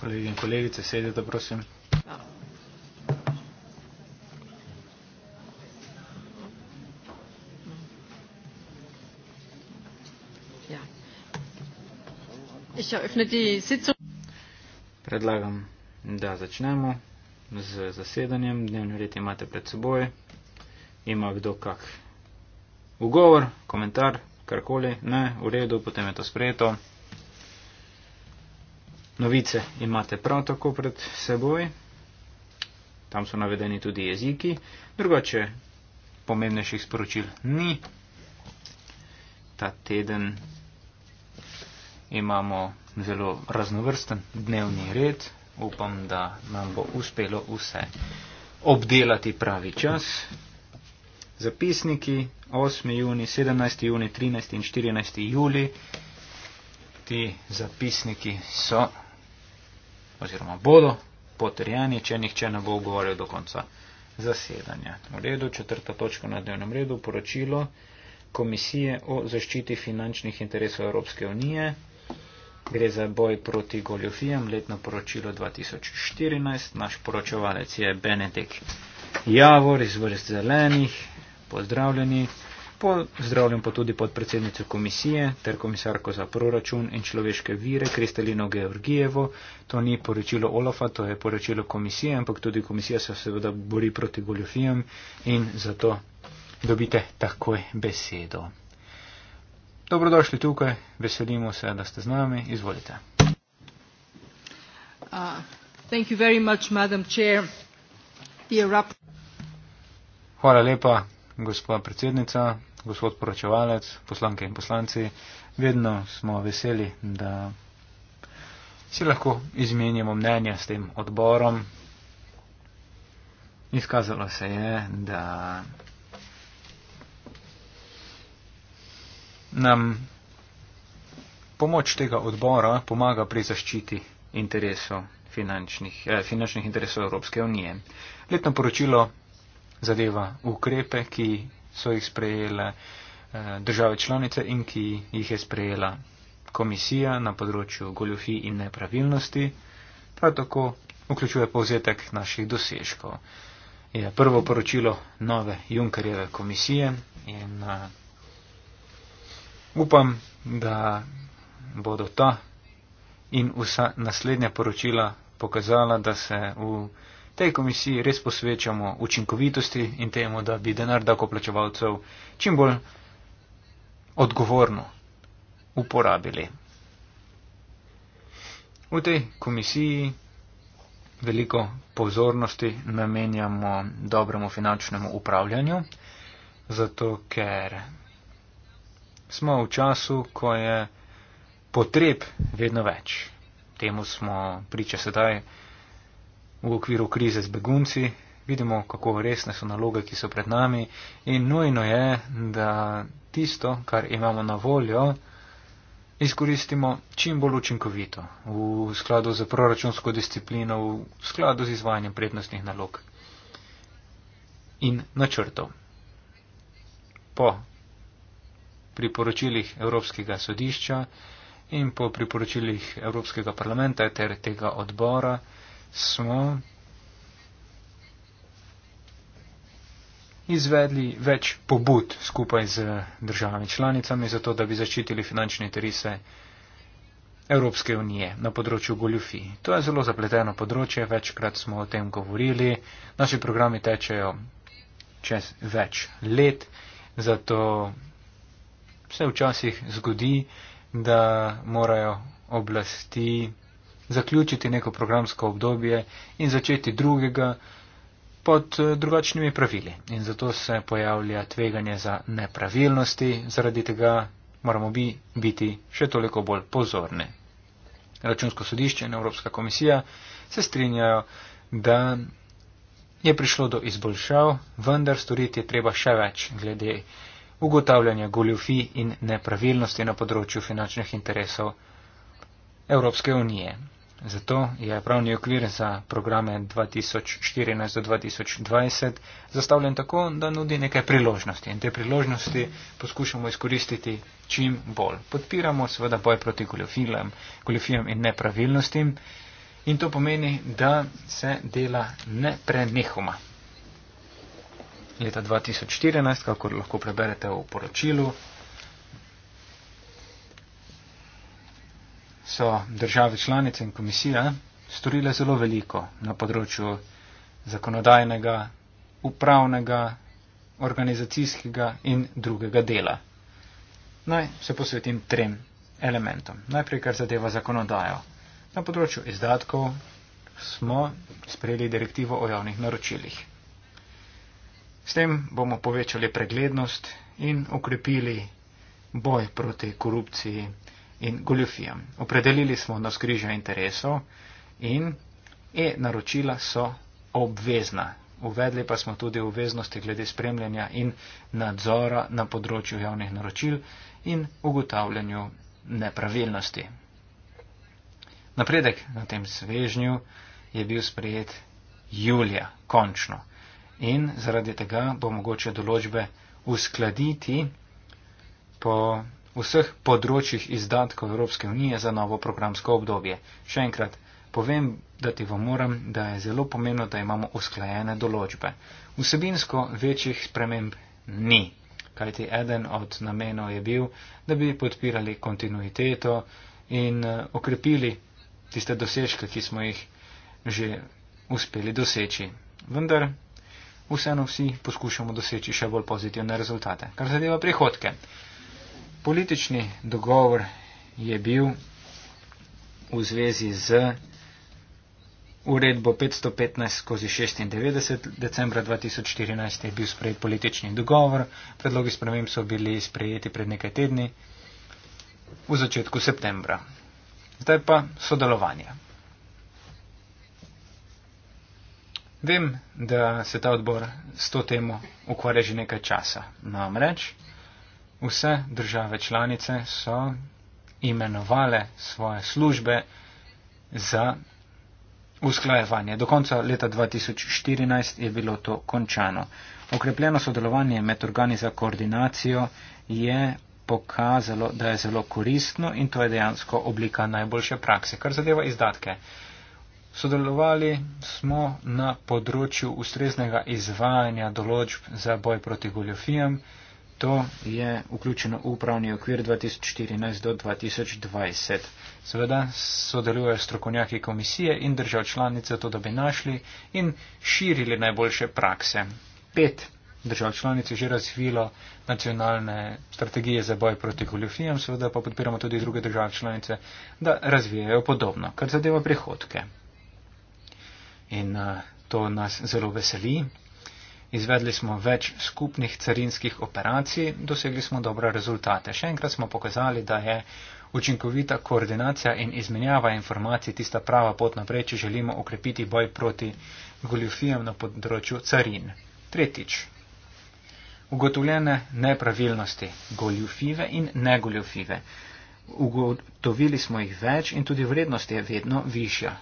Kolegi in kolegice, sedite, prosim. Ja. Predlagam, da začnemo z zasedanjem. Dnevni red imate pred seboj. Ima kdo kak ugovor, komentar? karkoli, ne, v redu, potem je to sprejeto. Novice imate prav tako pred seboj, tam so navedeni tudi jeziki, drugače pomembnejših sporočil ni. Ta teden imamo zelo raznovrsten dnevni red, upam, da nam bo uspelo vse obdelati pravi čas. Zapisniki, 8. juni, 17. juni, 13. in 14. juli. Ti zapisniki so oziroma bodo potrjeni, če nihče ne bo govoril do konca zasedanja. V redu, četrta točka na dnevnem redu, poročilo Komisije o zaščiti finančnih interesov Evropske unije. Gre za boj proti goljofijam, letno poročilo 2014. Naš poročevalec je Benedek Javor iz vrst zelenih. Pozdravljeni. Pozdravljam pa tudi podpredsednico komisije ter komisarko za proračun in človeške vire Kristalino Georgijevo. To ni poročilo Olafa, to je poročilo komisije, ampak tudi komisija se seveda bori proti goljofijam in zato dobite takoj besedo. Dobrodošli tukaj, veselimo se, da ste z nami, izvolite. Uh, Hvala lepa, gospod predsednica gospod poročevalec, poslanke in poslanci, vedno smo veseli, da si lahko izmenjamo mnenja s tem odborom. Izkazalo se je, da nam pomoč tega odbora pomaga pri zaščiti interesov finančnih, eh, finančnih interesov Evropske unije. Letno poročilo zadeva ukrepe, ki so jih sprejele eh, države članice in ki jih je sprejela komisija na področju goljofij in nepravilnosti. Prav tako vključuje povzetek naših dosežkov. Je prvo poročilo nove Junkerjeve komisije in eh, upam, da bodo ta in vsa naslednja poročila pokazala, da se v tej komisiji res posvečamo učinkovitosti in temu, da bi denar dakoplačevalcev čim bolj odgovorno uporabili. V tej komisiji veliko pozornosti namenjamo dobremu finančnemu upravljanju, zato ker smo v času, ko je potreb vedno več. Temu smo priča sedaj, v okviru krize z begunci, vidimo, kako resne so naloge, ki so pred nami in nujno je, da tisto, kar imamo na voljo, izkoristimo čim bolj učinkovito, v skladu z proračunsko disciplino, v skladu z izvajanjem prednostnih nalog in načrtov. Po priporočilih Evropskega sodišča in po priporočilih Evropskega parlamenta ter tega odbora, smo izvedli več pobud skupaj z državami članicami, zato da bi zaščitili finančne interese Evropske unije na področju goljufij. To je zelo zapleteno področje, večkrat smo o tem govorili, naši programi tečejo čez več let, zato se včasih zgodi, da morajo oblasti zaključiti neko programsko obdobje in začeti drugega pod eh, drugačnimi pravili. In zato se pojavlja tveganje za nepravilnosti, zaradi tega moramo bi biti še toliko bolj pozorni. Računsko sodišče in Evropska komisija se strinjajo, da je prišlo do izboljšav, vendar storiti je treba še več glede ugotavljanja goljufi in nepravilnosti na področju finančnih interesov Evropske unije. Zato je pravni okvir za programe 2014 do 2020 zastavljen tako, da nudi nekaj priložnosti in te priložnosti poskušamo izkoristiti čim bolj. Podpiramo seveda boj proti goljofijam in nepravilnostim in to pomeni, da se dela ne prenehoma. Leta 2014, kako lahko preberete v poročilu, so države članice in komisija storile zelo veliko na področju zakonodajnega, upravnega, organizacijskega in drugega dela. Naj se posvetim trem elementom. Najprej, kar zadeva zakonodajo. Na področju izdatkov smo sprejeli direktivo o javnih naročilih. S tem bomo povečali preglednost in ukrepili boj proti korupciji, in goljufijam. Opredelili smo nas križa interesov in e-naročila so obvezna. Uvedli pa smo tudi obveznosti glede spremljanja in nadzora na področju javnih naročil in ugotavljanju nepravilnosti. Napredek na tem svežnju je bil sprejet julija, končno. In zaradi tega bo mogoče določbe uskladiti po vseh področjih izdatkov Evropske unije za novo programsko obdobje. Še enkrat, povem, da ti vam moram, da je zelo pomembno, da imamo usklajene določbe. Vsebinsko večjih sprememb ni, kajti eden od namenov je bil, da bi podpirali kontinuiteto in eh, okrepili tiste dosežke, ki smo jih že uspeli doseči. Vendar vseeno vsi poskušamo doseči še bolj pozitivne rezultate. Kar zadeva prihodke. Politični dogovor je bil v zvezi z uredbo 515 skozi 96 decembra 2014 je bil sprejet politični dogovor. Predlogi sprememb so bili sprejeti pred nekaj tedni v začetku septembra. Zdaj pa sodelovanje. Vem, da se ta odbor s to temo ukvarja že nekaj časa. Namreč, no, Vse države članice so imenovale svoje službe za usklajevanje. Do konca leta 2014 je bilo to končano. Okrepljeno sodelovanje med organi za koordinacijo je pokazalo, da je zelo koristno in to je dejansko oblika najboljše prakse, kar zadeva izdatke. Sodelovali smo na področju ustreznega izvajanja določb za boj proti goljofijam, to je vključeno v upravni okvir 2014 do 2020. Seveda sodelujejo strokovnjaki komisije in držav članice to, da bi našli in širili najboljše prakse. Pet držav članic je že razvilo nacionalne strategije za boj proti goljofijam, seveda pa podpiramo tudi druge države članice, da razvijajo podobno, kar zadeva prihodke. In uh, to nas zelo veseli. Izvedli smo več skupnih carinskih operacij, dosegli smo dobre rezultate. Še enkrat smo pokazali, da je učinkovita koordinacija in izmenjava informacij tista prava pot naprej, če želimo ukrepiti boj proti goljufijam na področju carin. Tretjič. Ugotovljene nepravilnosti, goljufive in negoljufive. Ugotovili smo jih več in tudi vrednost je vedno višja.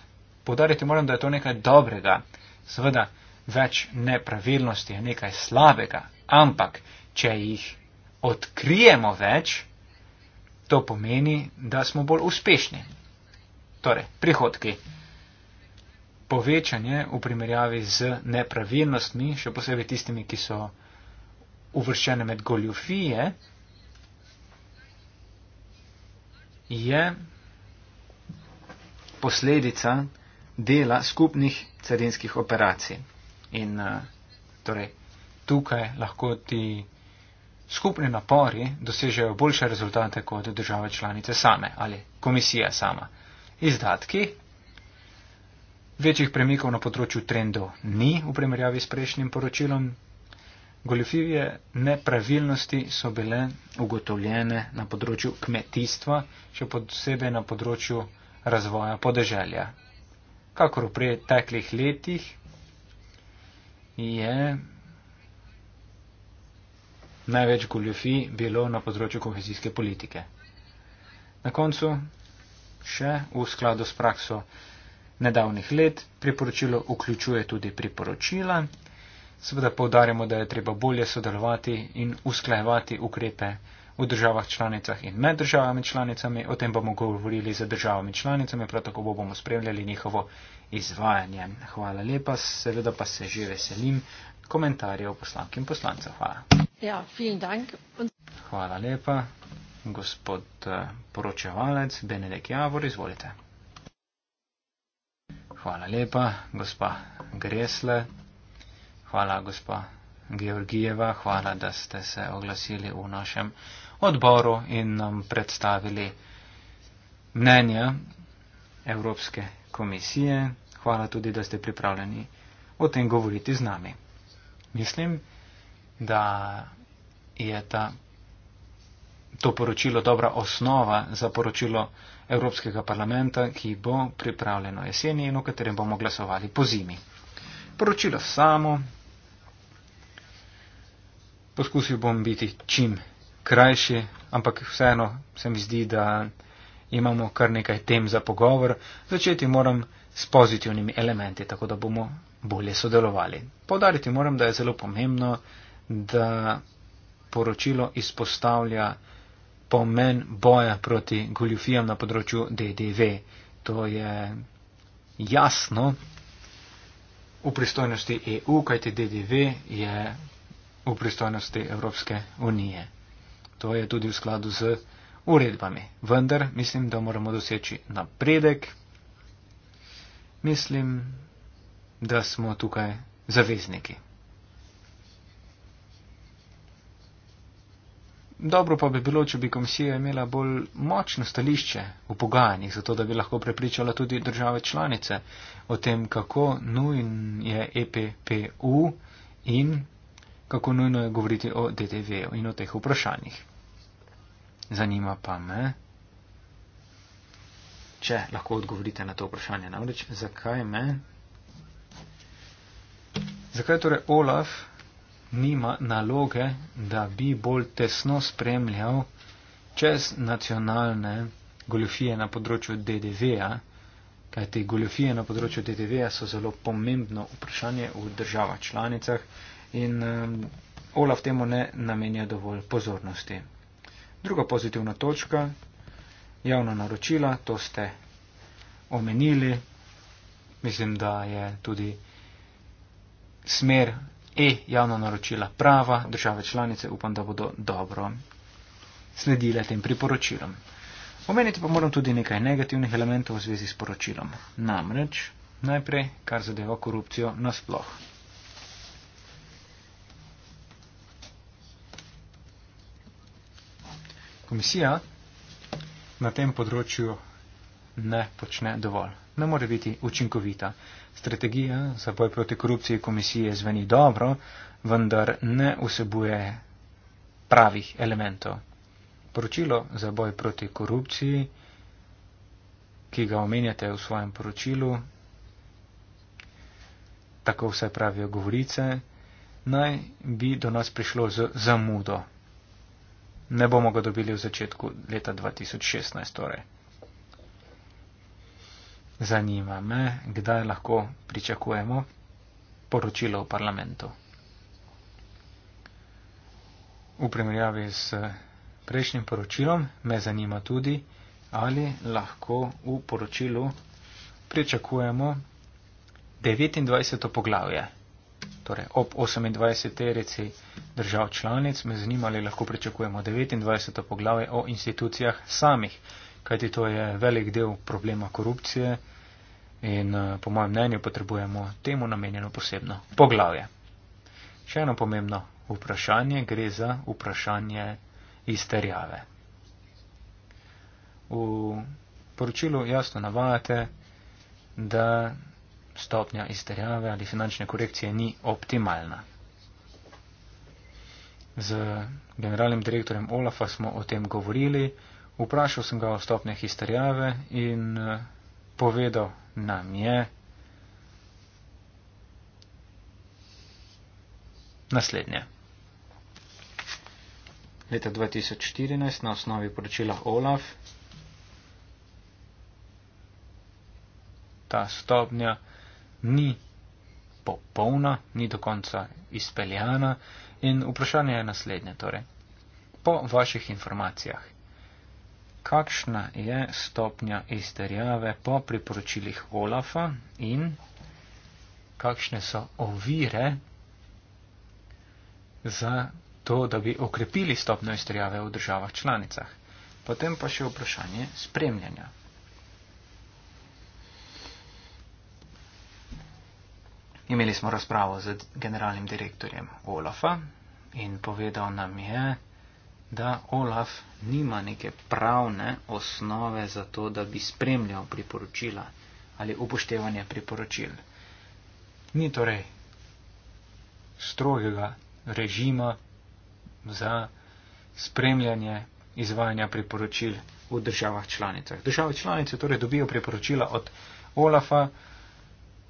Podariti moram, da je to nekaj dobrega. Seveda, več nepravilnosti, je nekaj slabega. Ampak, če jih odkrijemo več, to pomeni, da smo bolj uspešni. Torej, prihodki. Povečanje v primerjavi z nepravilnostmi, še posebej tistimi, ki so uvrščene med goljofije, je posledica dela skupnih carinskih operacij. In uh, torej, tukaj lahko ti skupni napori dosežejo boljše rezultate kot države članice same ali komisija sama. Izdatki. Večjih premikov na področju trendov ni v primerjavi s prejšnjim poročilom. Goljofivje nepravilnosti so bile ugotovljene na področju kmetijstva, še posebej na področju razvoja podeželja. Kakor v preteklih letih je največ goljofi bilo na področju kohezijske politike. Na koncu še v skladu s prakso nedavnih let priporočilo vključuje tudi priporočila. Seveda povdarjamo, da je treba bolje sodelovati in usklajevati ukrepe v državah članicah in med državami članicami. O tem bomo govorili z državami članicami, prav tako bomo spremljali njihovo izvajanjem. Hvala lepa, seveda pa se že veselim komentarjev poslank in poslancev. Hvala. Ja, Hvala lepa, gospod eh, poročevalec Benedek Javor, izvolite. Hvala lepa, gospa Gresle. Hvala, gospa Georgijeva. Hvala, da ste se oglasili v našem odboru in nam predstavili mnenja Evropske komisije, hvala tudi, da ste pripravljeni o tem govoriti z nami. Mislim, da je ta, to poročilo dobra osnova za poročilo Evropskega parlamenta, ki bo pripravljeno jeseni in o katerem bomo glasovali po zimi. Poročilo samo. Poskusil bom biti čim krajši, ampak vseeno se mi zdi, da imamo kar nekaj tem za pogovor, začeti moram s pozitivnimi elementi, tako da bomo bolje sodelovali. Povdariti moram, da je zelo pomembno, da poročilo izpostavlja pomen boja proti goljufijam na področju DDV. To je jasno v pristojnosti EU, kajti DDV je v pristojnosti Evropske unije. To je tudi v skladu z uredbami. Vendar mislim, da moramo doseči napredek. Mislim, da smo tukaj zavezniki. Dobro pa bi bilo, če bi komisija imela bolj močno stališče v pogajanjih, zato da bi lahko prepričala tudi države članice o tem, kako nujen je EPPU in kako nujno je govoriti o DDV-ju in o teh vprašanjih. Zanima pa me, če lahko odgovorite na to vprašanje. Namreč, zakaj me, zakaj torej Olaf nima naloge, da bi bolj tesno spremljal čez nacionalne goljofije na področju DDV-ja, kajti goljofije na področju DDV-ja so zelo pomembno vprašanje v državah članicah in um, Olaf temu ne namenja dovolj pozornosti. Druga pozitivna točka, javna naročila, to ste omenili, mislim, da je tudi smer e-javna naročila prava, države članice upam, da bodo dobro sledile tem priporočilom. Omeniti pa moram tudi nekaj negativnih elementov v zvezi s poročilom. Namreč, najprej, kar zadeva korupcijo nasploh. komisija na tem področju ne počne dovolj. Ne more biti učinkovita. Strategija za boj proti korupciji komisije zveni dobro, vendar ne vsebuje pravih elementov. Poročilo za boj proti korupciji, ki ga omenjate v svojem poročilu, tako vse pravijo govorice, naj bi do nas prišlo z zamudo ne bomo ga dobili v začetku leta 2016. Torej. Zanima me, kdaj lahko pričakujemo poročilo v parlamentu. V primerjavi s prejšnjim poročilom me zanima tudi, ali lahko v poročilu pričakujemo 29. poglavje torej ob 28-terici držav članic, me zanima, ali lahko pričakujemo 29. poglavje o institucijah samih, kajti to je velik del problema korupcije in eh, po mojem mnenju potrebujemo temu namenjeno posebno poglavje. Še eno pomembno vprašanje gre za vprašanje izterjave. V poročilu jasno navajate, da stopnja izterjave ali finančne korekcije ni optimalna. Z generalnim direktorjem Olafa smo o tem govorili, vprašal sem ga o stopnjah izterjave in eh, povedal nam je naslednje. Leta 2014 na osnovi poročila Olaf ta stopnja ni popolna, ni do konca izpeljana in vprašanje je naslednje. Torej, po vaših informacijah, kakšna je stopnja izterjave po priporočilih Olafa in kakšne so ovire za to, da bi okrepili stopnjo izterjave v državah članicah? Potem pa še vprašanje spremljanja. Imeli smo razpravo z generalnim direktorjem Olafa in povedal nam je, da Olaf nima neke pravne osnove za to, da bi spremljal priporočila ali upoštevanje priporočil. Ni torej strogega režima za spremljanje izvajanja priporočil v državah članicah. Države članice torej dobijo priporočila od Olafa,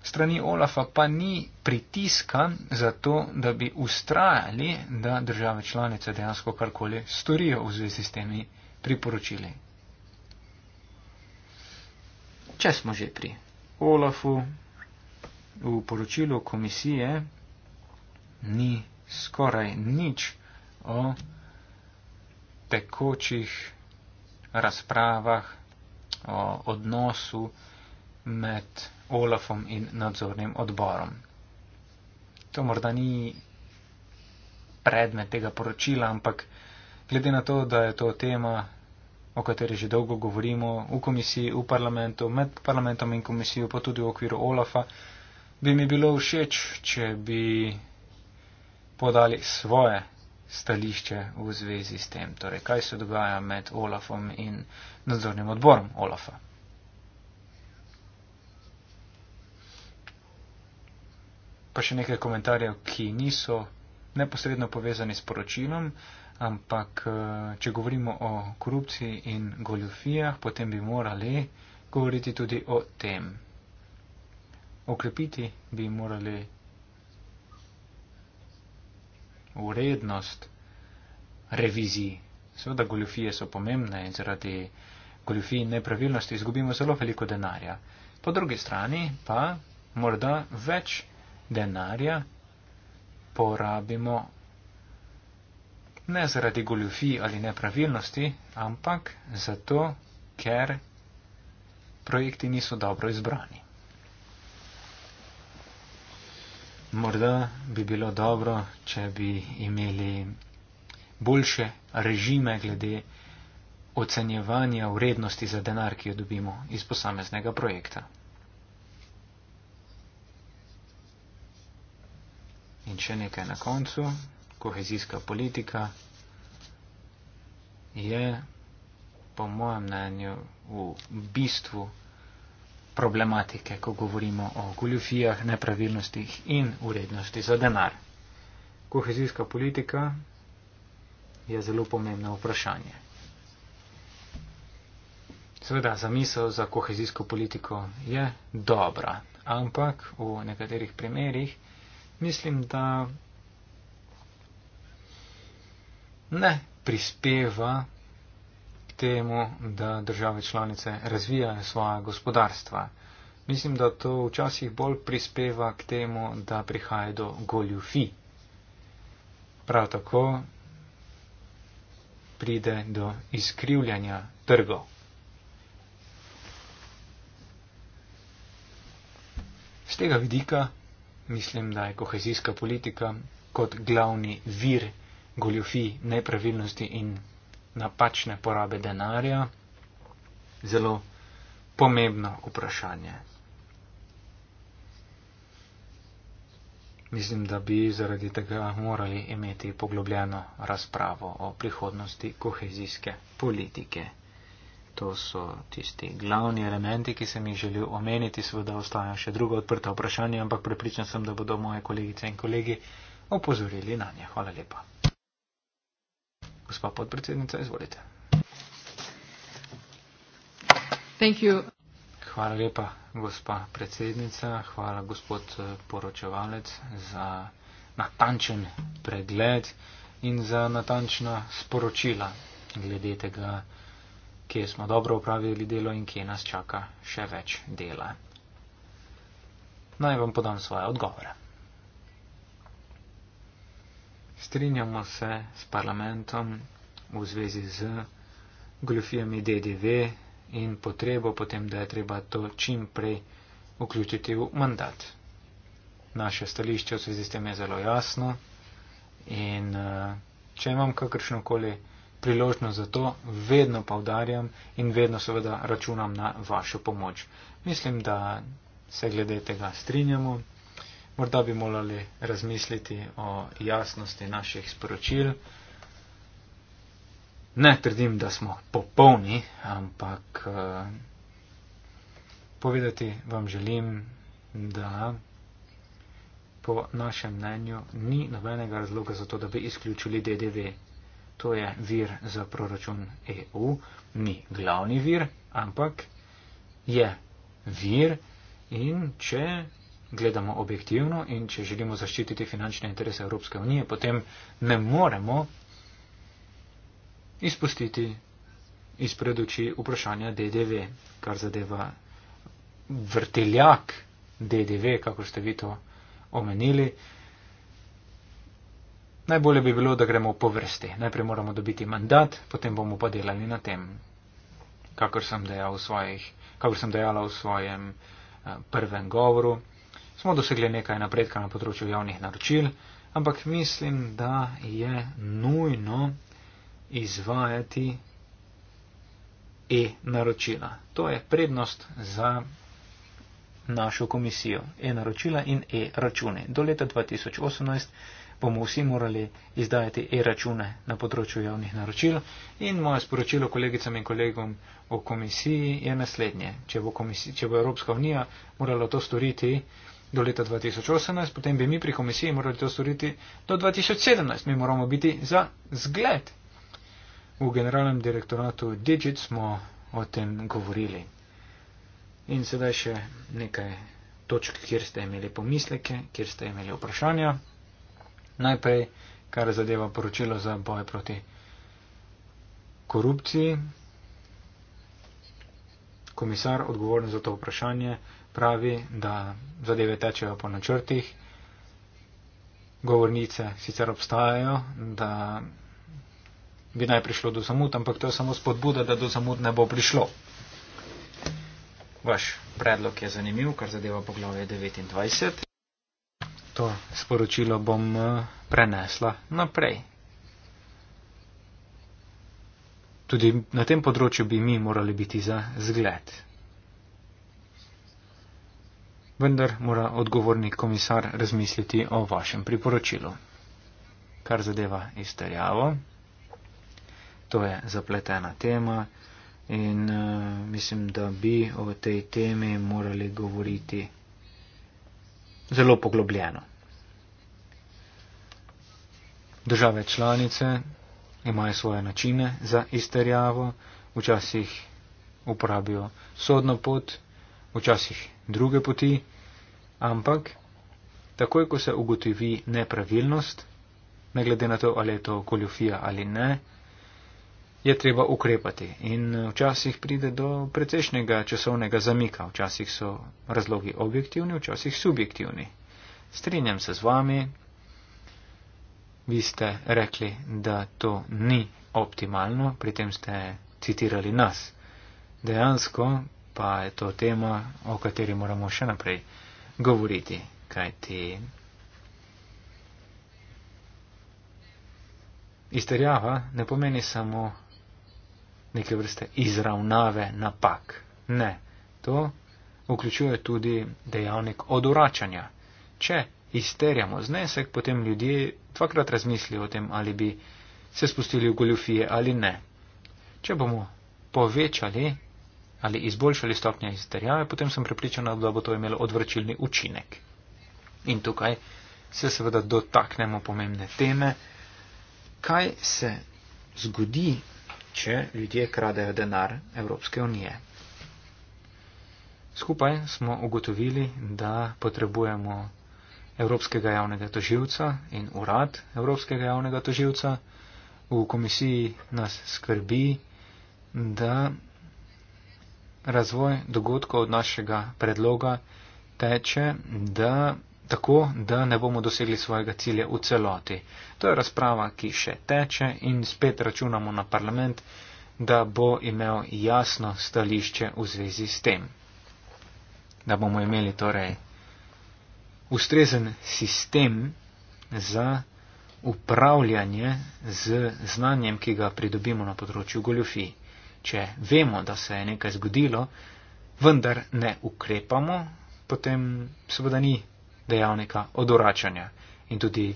strani Olafa pa ni pritiska za to, da bi ustrajali, da države članice dejansko karkoli storijo v zvezi s temi priporočili. Če smo že pri Olafu, v poročilu komisije ni skoraj nič o tekočih razpravah, o odnosu med Olafom in nadzornim odborom. To morda ni predmet tega poročila, ampak glede na to, da je to tema, o kateri že dolgo govorimo v komisiji, v parlamentu, med parlamentom in komisijo, pa tudi v okviru Olafa, bi mi bilo všeč, če bi podali svoje stališče v zvezi s tem, torej kaj se dogaja med Olafom in nadzornim odborom Olafa. pa še nekaj komentarjev, ki niso neposredno povezani s poročilom, ampak eh, če govorimo o korupciji in goljofijah, potem bi morali govoriti tudi o tem. Okrepiti bi morali urednost revizij. Seveda goljofije so pomembne in zaradi goljofij in nepravilnosti izgubimo zelo veliko denarja. Po drugi strani pa morda več denarja porabimo ne zaradi goljufij ali nepravilnosti, ampak zato, ker projekti niso dobro izbrani. Morda bi bilo dobro, če bi imeli boljše režime glede ocenjevanja vrednosti za denar, ki jo dobimo iz posameznega projekta. In še nekaj na koncu, kohezijska politika je po mojem mnenju v bistvu problematike, ko govorimo o goljufijah, nepravilnostih in urednosti za denar. Kohezijska politika je zelo pomembno vprašanje. Sveda, zamisel za kohezijsko politiko je dobra, ampak v nekaterih primerjih mislim, da ne prispeva k temu, da države članice razvijajo svoje gospodarstva. Mislim, da to včasih bolj prispeva k temu, da prihaja do goljufi. Prav tako pride do izkrivljanja trgov. Z tega vidika Mislim, da je kohezijska politika kot glavni vir goljofij, nepravilnosti in napačne porabe denarja zelo pomembno vprašanje. Mislim, da bi zaradi tega morali imeti poglobljeno razpravo o prihodnosti kohezijske politike. To so tisti glavni elementi, ki sem jih želel omeniti. Seveda ostaja še druga odprta vprašanja, ampak prepričan sem, da bodo moje kolegice in kolegi opozorili na nje. Hvala lepa. Gospa podpredsednica, izvolite. Hvala lepa, gospa predsednica, hvala gospod eh, poročevalec za natančen pregled in za natančna sporočila glede tega kje smo dobro upravili delo in kje nas čaka še več dela. Naj vam podam svoje odgovore. Strinjamo se s parlamentom v zvezi z goljofijami DDV in potrebo potem, da je treba to čim prej vključiti v mandat. Naše stališče v zvezi s tem je zelo jasno in eh, če imam kakršnokoli priložnost za to, vedno povdarjam in vedno seveda računam na vašo pomoč. Mislim, da se glede tega strinjamo. Morda bi morali razmisliti o jasnosti naših sporočil. Ne trdim, da smo popolni, ampak eh, povedati vam želim, da po našem mnenju ni nobenega razloga za to, da bi izključili DDV to je vir za proračun EU, ni glavni vir, ampak je vir in če gledamo objektivno in če želimo zaščititi finančne interese Evropske unije, potem ne moremo izpustiti izpred oči vprašanja DDV, kar zadeva vrteljak DDV, kako ste vi to omenili. Najbolje bi bilo, da gremo po vrsti. Najprej moramo dobiti mandat, potem bomo pa delali na tem, kakor sem, dejal v svojih, kakor sem dejala v svojem eh, prvem govoru. Smo dosegli nekaj napredka na področju javnih naročil, ampak mislim, da je nujno izvajati e-naročila. To je prednost za našo komisijo. E-naročila in e-računi. Do leta 2018 bomo vsi morali izdajati e-račune na področju javnih naročil. In moje sporočilo kolegicam in kolegom v komisiji je naslednje. Če bo, komisi, če bo Evropska unija morala to storiti do leta 2018, potem bi mi pri komisiji morali to storiti do 2017. Mi moramo biti za zgled. V generalnem direktoratu Digit smo o tem govorili. In sedaj še nekaj točk, kjer ste imeli pomisleke, kjer ste imeli vprašanja. Najprej, kar zadeva poročilo za boj proti korupciji. Komisar, odgovoren za to vprašanje, pravi, da zadeve tečejo po načrtih. Govornice sicer obstajajo, da bi naj prišlo do zamud, ampak to je samo spodbuda, da do zamud ne bo prišlo. Vaš predlog je zanimiv, kar zadeva poglavje 29 to sporočilo bom eh, prenesla naprej. Tudi na tem področju bi mi morali biti za zgled. Vendar mora odgovorni komisar razmisliti o vašem priporočilu. Kar zadeva izterjavo, to je zapletena tema in uh, mislim, da bi o tej temi morali govoriti zelo poglobljeno. Države članice imajo svoje načine za izterjavo, včasih uporabijo sodno pot, včasih druge poti, ampak takoj, ko se ugotovi nepravilnost, ne glede na to, ali je to goljofija ali ne, je treba ukrepati in eh, včasih pride do precejšnjega časovnega zamika. Včasih so razlogi objektivni, včasih subjektivni. Strinjam se z vami, vi ste rekli, da to ni optimalno, pri tem ste citirali nas. Dejansko pa je to tema, o kateri moramo še naprej govoriti, kajti. Izterjava ne pomeni samo neke vrste izravnave napak. Ne, to vključuje tudi dejavnik odoračanja. Če izterjamo znesek, potem ljudje dvakrat razmislijo o tem, ali bi se spustili v goljufije ali ne. Če bomo povečali ali izboljšali stopnje izterjave, potem sem prepričana, da bo to imelo odvračilni učinek. In tukaj se seveda dotaknemo pomembne teme, kaj se zgodi, če ljudje kradejo denar Evropske unije. Skupaj smo ugotovili, da potrebujemo Evropskega javnega toživca in urad Evropskega javnega toživca. V komisiji nas skrbi, da razvoj dogodkov od našega predloga teče, da tako, da ne bomo dosegli svojega cilja v celoti. To je razprava, ki še teče in spet računamo na parlament, da bo imel jasno stališče v zvezi s tem. Da bomo imeli torej ustrezen sistem za upravljanje z znanjem, ki ga pridobimo na področju goljofij. Če vemo, da se je nekaj zgodilo, vendar ne ukrepamo, potem seveda ni dejavnika odoračanja in tudi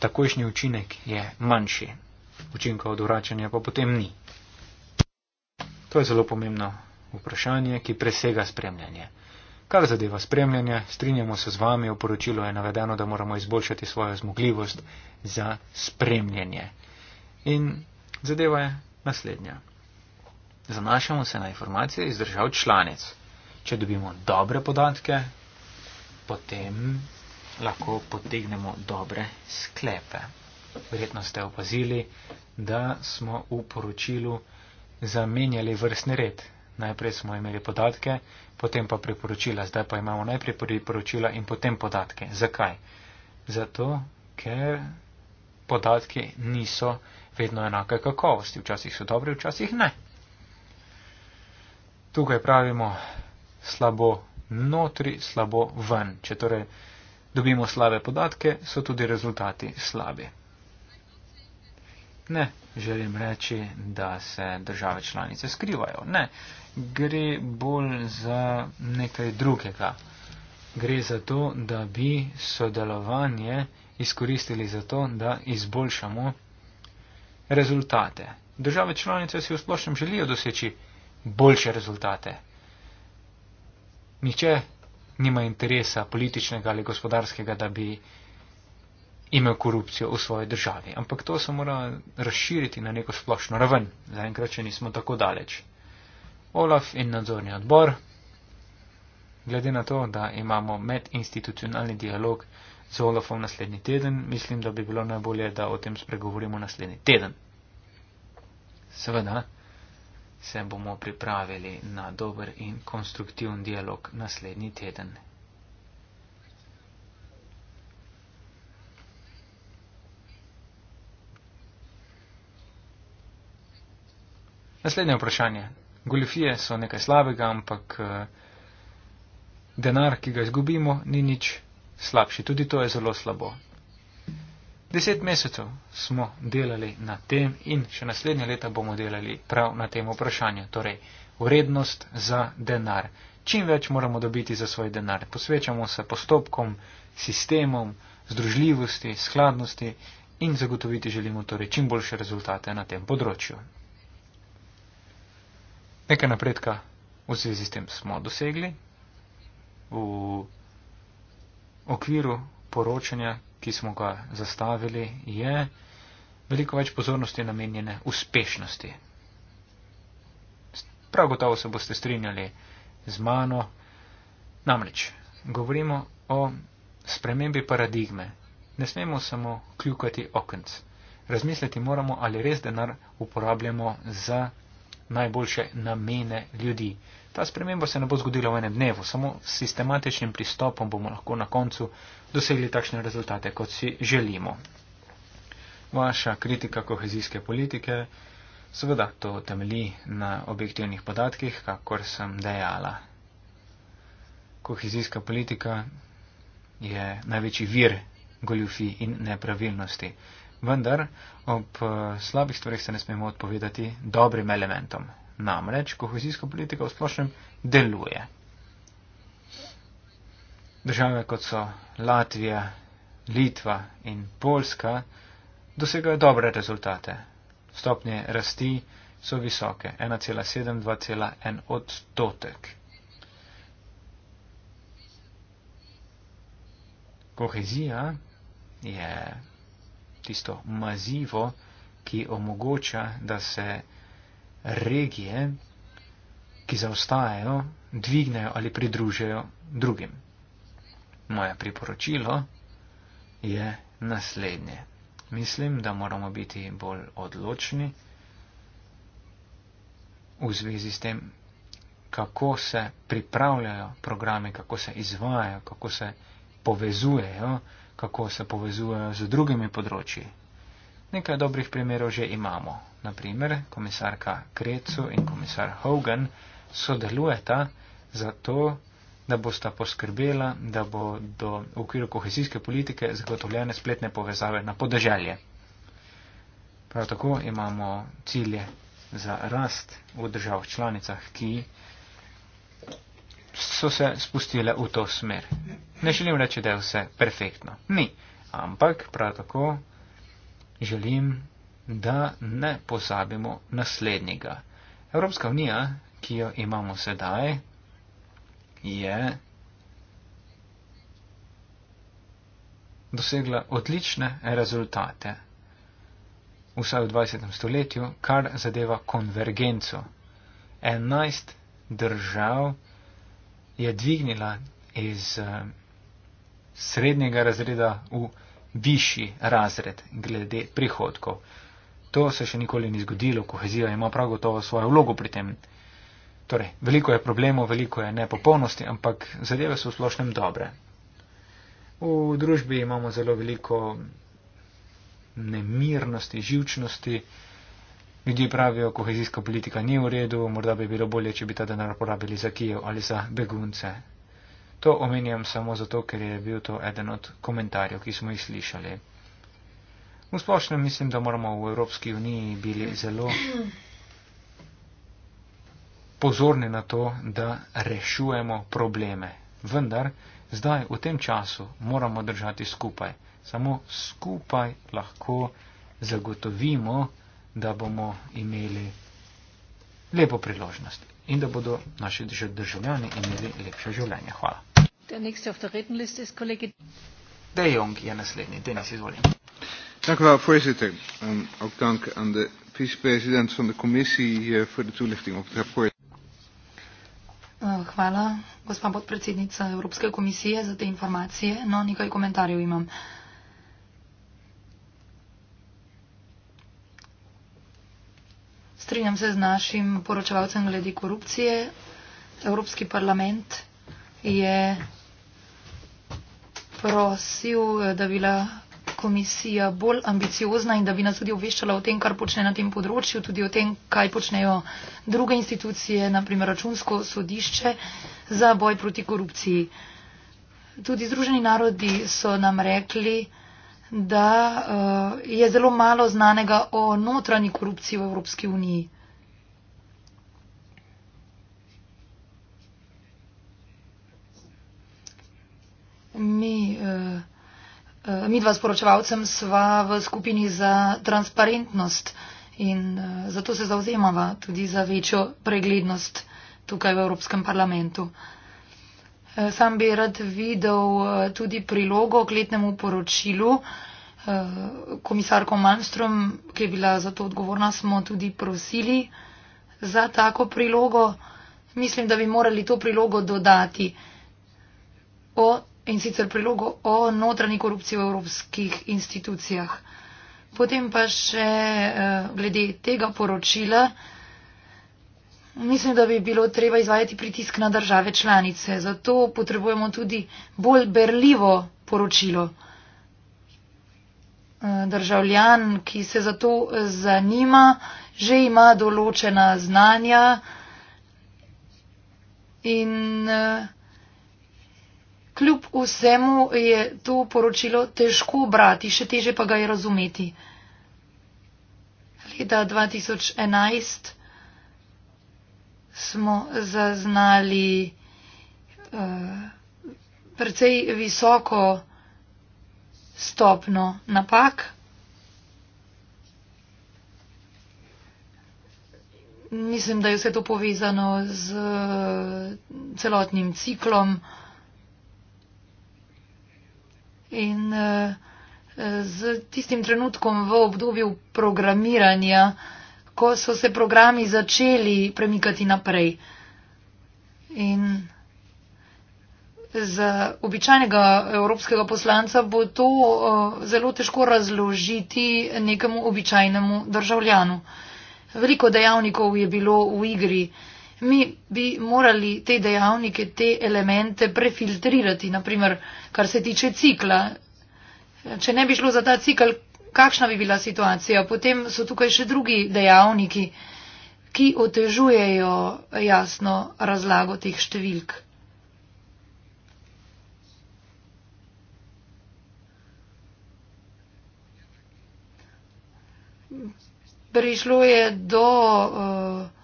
takojšnji učinek je manjši. Učinka odoračanja pa potem ni. To je zelo pomembno vprašanje, ki presega spremljanje. Kar zadeva spremljanje, strinjamo se z vami, v poročilu je navedeno, da moramo izboljšati svojo zmogljivost za spremljanje. In zadeva je naslednja. Zanašamo se na informacije iz držav članic. Če dobimo dobre podatke, potem lahko potegnemo dobre sklepe. Verjetno ste opazili, da smo v poročilu zamenjali vrstni red. Najprej smo imeli podatke, potem pa priporočila. Zdaj pa imamo najprej priporočila in potem podatke. Zakaj? Zato, ker podatki niso vedno enake kakovosti. Včasih so dobri, včasih ne. Tukaj pravimo slabo notri, slabo ven. Če torej dobimo slabe podatke, so tudi rezultati slabi. Ne, želim reči, da se države članice skrivajo. Ne, gre bolj za nekaj drugega. Gre za to, da bi sodelovanje izkoristili za to, da izboljšamo rezultate. Države članice si v splošnem želijo doseči boljše rezultate, Niče nima interesa političnega ali gospodarskega, da bi imel korupcijo v svoji državi. Ampak to se mora razširiti na neko splošno raven. Zaenkrat še nismo tako daleč. Olaf in nadzorni odbor, glede na to, da imamo medinstitucionalni dialog z Olafom naslednji teden, mislim, da bi bilo najbolje, da o tem spregovorimo naslednji teden. Seveda. Ne? se bomo pripravili na dober in konstruktiven dialog naslednji teden. Naslednje vprašanje. Goljofije so nekaj slabega, ampak eh, denar, ki ga izgubimo, ni nič slabši. Tudi to je zelo slabo. Deset mesecev smo delali na tem in še naslednje leta bomo delali prav na tem vprašanju, torej vrednost za denar. Čim več moramo dobiti za svoj denar. Posvečamo se postopkom, sistemom, združljivosti, skladnosti in zagotoviti želimo torej čim boljše rezultate na tem področju. Nekaj napredka v zvezi s tem smo dosegli v okviru poročanja, ki smo ga zastavili, je veliko več pozornosti namenjene uspešnosti. Prav gotovo se boste strinjali z mano. Namreč, govorimo o spremembi paradigme. Ne smemo samo kljukati okenc. Razmisliti moramo, ali res denar uporabljamo za najboljše namene ljudi. Ta sprememba se ne bo zgodila v enem dnevu, samo s sistematičnim pristopom bomo lahko na koncu dosegli takšne rezultate, kot si želimo. Vaša kritika kohezijske politike seveda to temelji na objektivnih podatkih, kakor sem dejala. Kohezijska politika je največji vir goljufi in nepravilnosti. Vendar ob slabih stvarih se ne smemo odpovedati dobrim elementom. Namreč kohezijska politika v splošnem deluje. Države kot so Latvija, Litva in Poljska dosegajo dobre rezultate. Stopnje rasti so visoke 1,7-2,1 odstotek. Kohezija je tisto mazivo, ki omogoča, da se regije, ki zaostajajo, dvignejo ali pridružijo drugim. Moje priporočilo je naslednje. Mislim, da moramo biti bolj odločni v zvezi s tem, kako se pripravljajo programe, kako se izvajajo, kako se povezujejo, kako se povezujejo z drugimi področji. Nekaj dobrih primerov že imamo, naprimer komisarka Krecu in komisar Hogan, sodelujeta za to, da bosta poskrbela, da bo do, v okviru kohezijske politike zagotovljene spletne povezave na podeželje. Prav tako imamo cilje za rast v državah članicah, ki so se spustile v to smer. Ne želim reči, da je vse perfektno. Ni. Ampak prav tako želim da ne pozabimo naslednjega. Evropska unija, ki jo imamo sedaj, je dosegla odlične rezultate vsaj v 20. stoletju, kar zadeva konvergenco. 11 držav je dvignila iz eh, srednjega razreda v višji razred glede prihodkov. To se še nikoli ni zgodilo, kohezija ima prav gotovo svojo vlogo pri tem. Torej, veliko je problemov, veliko je nepopolnosti, ampak zadeve so v splošnem dobre. V družbi imamo zelo veliko nemirnosti, živčnosti. Ljudje pravijo, kohezijska politika ni v redu, morda bi bilo bolje, če bi ta denar porabili za Kijev ali za begunce. To omenjam samo zato, ker je bil to eden od komentarjev, ki smo jih slišali. V splošnem mislim, da moramo v Evropski uniji bili zelo pozorni na to, da rešujemo probleme. Vendar zdaj v tem času moramo držati skupaj. Samo skupaj lahko zagotovimo, da bomo imeli lepo priložnost in da bodo naši državljani imeli lepše življenje. Hvala. De Jong je naslednji. Denis, izvolim voorzitter ehm, ook dank aan de vicepresident van de commissie eh, voor de toelichting op het rapport. Eh, hvala, gospa podpredsednica Evropske komisije, za te informacije. No, nekaj komentarjev imam. Strinjam se z našim poročevalcem glede korupcije. Evropski parlament je prosil eh, Davila komisija bolj ambiciozna in da bi nas tudi obveščala o tem, kar počne na tem področju, tudi o tem, kaj počnejo druge institucije, naprimer računsko sodišče za boj proti korupciji. Tudi Združeni narodi so nam rekli, da uh, je zelo malo znanega o notranji korupciji v Evropski uniji. Mi uh, Eh, Mi dva sporočevalcem sva v skupini za transparentnost in eh, zato se zauzemava tudi za večjo preglednost tukaj v Evropskem parlamentu. Eh, sam bi rad videl tudi prilogo k letnemu poročilu. Komisarko Malmström, ki je bila za to odgovorna, smo tudi prosili za tako prilogo. Mislim, da bi morali to prilogo dodati o in sicer prilogo o notranji korupciji v evropskih institucijah. Potem pa še eh, glede tega poročila. Mislim, da bi bilo treba izvajati pritisk na države članice. Zato potrebujemo tudi bolj berljivo poročilo. Eh, državljan, ki se za to zanima, že ima določena znanja in eh, kljub vsemu je to poročilo težko brati, še teže pa ga je razumeti. Leta 2011 smo zaznali uh, precej visoko stopno napak. Mislim, da je vse to povezano z eh, celotnim ciklom. In eh, eh, z tistim trenutkom v obdobju programiranja, ko so se programi začeli premikati naprej. In za običajnega evropskega poslanca bo to eh, zelo težko razložiti nekemu običajnemu državljanu. Veliko dejavnikov je bilo v igri mi bi morali te dejavnike, te elemente prefiltrirati, naprimer, kar se tiče cikla. Če ne bi šlo za ta cikl, kakšna bi bila situacija? Potem so tukaj še drugi dejavniki, ki otežujejo jasno razlago teh številk. Prišlo je do uh,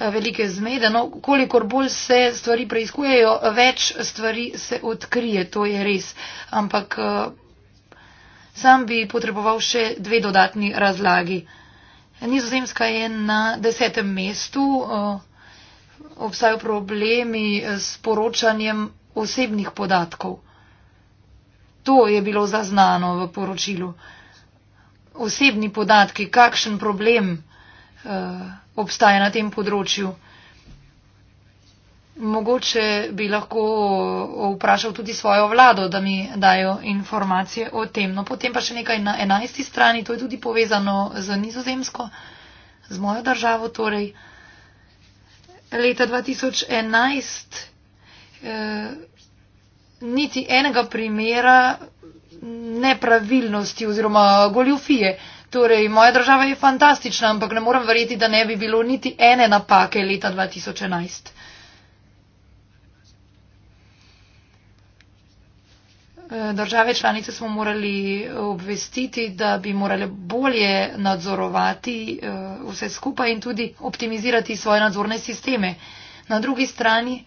Eh, velike zmede. No, kolikor bolj se stvari preizkujejo, več stvari se odkrije, to je res. Ampak eh, sam bi potreboval še dve dodatni razlagi. Nizozemska je na desetem mestu, eh, obstajajo problemi s poročanjem osebnih podatkov. To je bilo zaznano v poročilu. Osebni podatki, kakšen problem. Eh, obstaja na tem področju. Mogoče bi lahko eh, vprašal tudi svojo vlado, da mi dajo informacije o tem. No, potem pa še nekaj na enajsti strani, to je tudi povezano z nizozemsko, z mojo državo. Torej, leta 2011 eh, niti enega primera nepravilnosti oziroma goljufije eh, Torej, moja država je fantastična, ampak ne moram verjeti, da ne bi bilo niti ene napake leta 2011. E, države članice smo morali obvestiti, da bi morali bolje nadzorovati e, vse skupaj in tudi optimizirati svoje nadzorne sisteme. Na drugi strani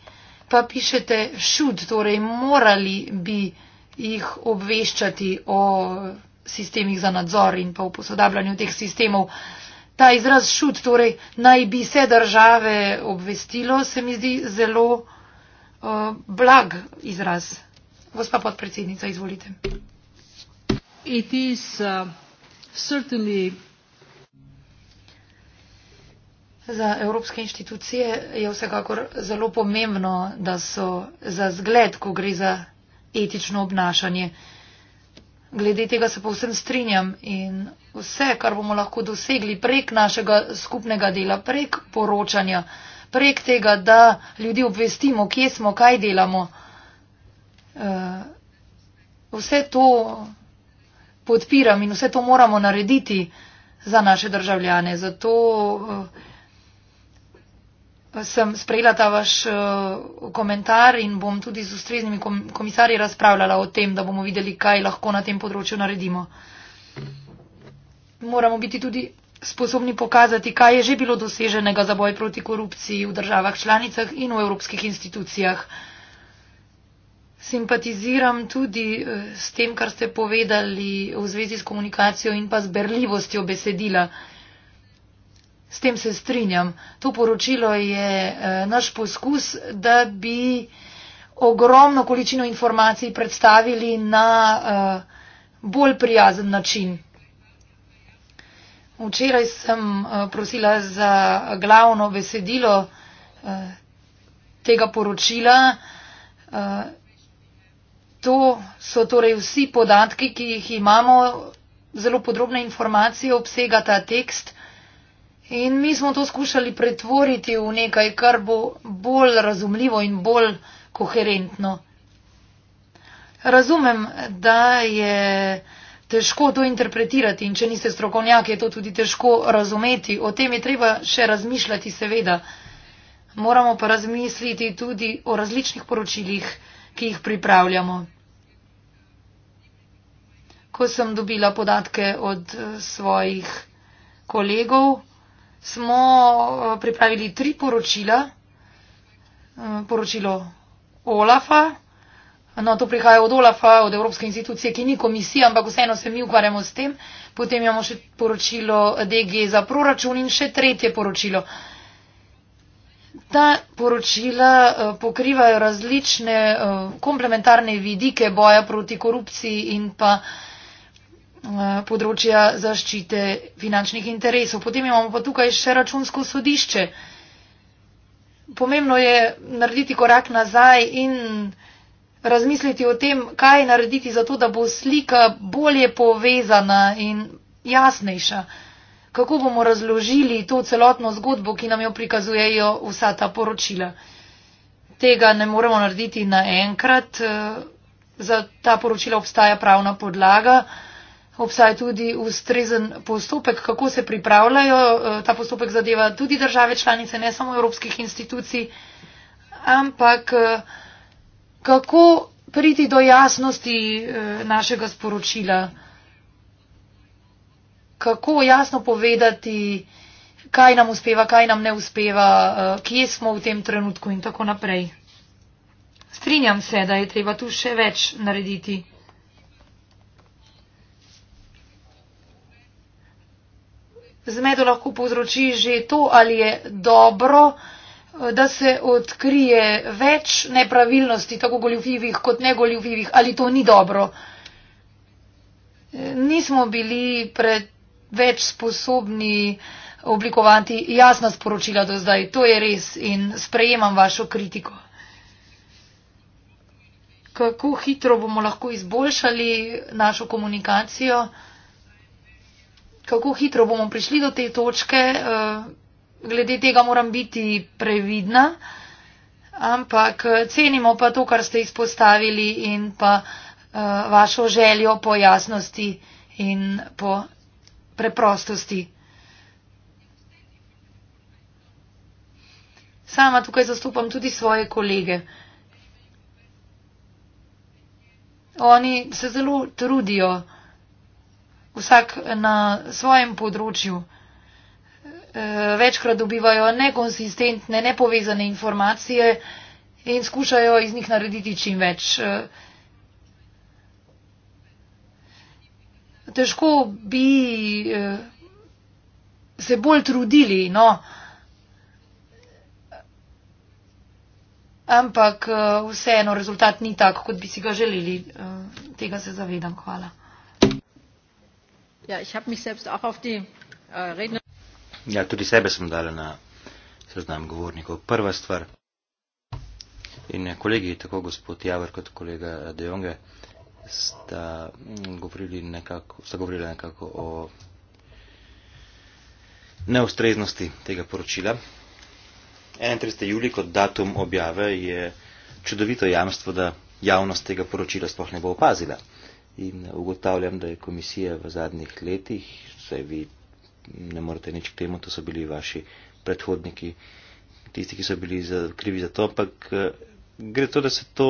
pa pišete šud, torej morali bi jih obveščati o sistemih za nadzor in pa v posodabljanju teh sistemov. Ta izraz šut, torej naj bi se države obvestilo, se mi zdi zelo uh, blag izraz. Gospa podpredsednica, izvolite. Uh, za evropske inštitucije je vsekakor zelo pomembno, da so za zgled, ko gre za etično obnašanje. Uh, Glede tega se povsem strinjam in vse, kar bomo lahko dosegli prek našega skupnega dela, prek poročanja, prek tega, da ljudi obvestimo, kje smo, kaj delamo, eh, vse to podpiram in vse to moramo narediti za naše državljane. Zato eh, sem sprejela ta vaš uh, komentar in bom tudi z ustreznimi kom komisarji razpravljala o tem, da bomo videli, kaj lahko na tem področju naredimo. Moramo biti tudi sposobni pokazati, kaj je že bilo doseženega za boj proti korupciji v državah članicah in v evropskih institucijah. Simpatiziram tudi eh, s tem, kar ste povedali v zvezi s komunikacijo in pa z berljivostjo besedila. Uh, S tem se strinjam. To poročilo je eh, naš poskus, da bi ogromno količino informacij predstavili na eh, bolj prijazen način. Včeraj sem eh, prosila za glavno besedilo tega poročila. To so torej vsi podatki, ki jih imamo, zelo podrobne informacije obsegata tekst. In mi smo to skušali pretvoriti v nekaj, kar bo bolj razumljivo in bolj koherentno. Razumem, da je težko to interpretirati in če niste strokovnjak, je to tudi težko razumeti. O tem je treba še razmišljati, seveda. Moramo pa razmisliti tudi o različnih poročilih, ki jih pripravljamo. Ko sem dobila podatke od eh, svojih kolegov, smo eh, pripravili tri poročila. Eh, poročilo Olafa. No, to prihaja od Olafa, od Evropske institucije, ki ni komisija, ampak vseeno se mi ukvarjamo s tem. Potem imamo še poročilo DG za proračun in še tretje poročilo. Ta poročila eh, pokrivajo različne komplementarne vidike boja proti korupciji in pa uh, Eh, področja zaščite finančnih interesov. Potem imamo pa tukaj še računsko sodišče. Pomembno je narediti korak nazaj in razmisliti o tem, kaj narediti za to, da bo slika bolje povezana in jasnejša. Kako bomo razložili to celotno zgodbo, ki nam jo prikazujejo vsa ta poročila. Tega ne moremo narediti naenkrat. Eh, za ta poročila obstaja pravna podlaga obstaja tudi ustrezen postopek, kako se pripravljajo. Eh, ta postopek zadeva tudi države članice, ne samo evropskih institucij, ampak eh, kako priti do jasnosti eh, našega sporočila, kako jasno povedati, kaj nam uspeva, kaj nam ne uspeva, kje smo v tem trenutku in tako naprej. Strinjam se, da je treba tu še več narediti. zmedo lahko povzroči že to, ali je dobro, eh, da se odkrije več nepravilnosti, tako goljufivih kot negoljufivih, ali to ni dobro. Eh, nismo bili preveč sposobni oblikovati jasna sporočila do zdaj. To je res in sprejemam vašo kritiko. Kako hitro bomo lahko izboljšali našo komunikacijo? kako hitro bomo prišli do te točke, eh, glede tega moram biti previdna, ampak eh, cenimo pa to, kar ste izpostavili in pa eh, vašo željo po jasnosti in po preprostosti. Sama tukaj zastupam tudi svoje kolege. Oni se zelo trudijo vsak na svojem področju eh, večkrat dobivajo nekonsistentne, nepovezane informacije in skušajo iz njih narediti čim več. Eh. Težko bi eh, se bolj trudili, no. Ampak vseeno rezultat ni tak, kot bi si ga želeli. Tega se zavedam. Hvala. Ja, ich habe mich selbst auch auf die äh, Redner. Ja, tudi sebe sem dala na seznam govornikov. Prva stvar in eh, kolegi, tako gospod Javr kot kolega eh, De Jonge, sta mm, govorili nekako, sta govorila nekako o neustreznosti tega poročila. 31. juli kot datum objave je čudovito jamstvo, da javnost tega poročila sploh ne bo opazila. In ugotavljam, da je komisija v zadnjih letih, saj vi ne morete nič k temu, to so bili vaši predhodniki, tisti, ki so bili za, krivi za to, ampak eh, gre to, da se to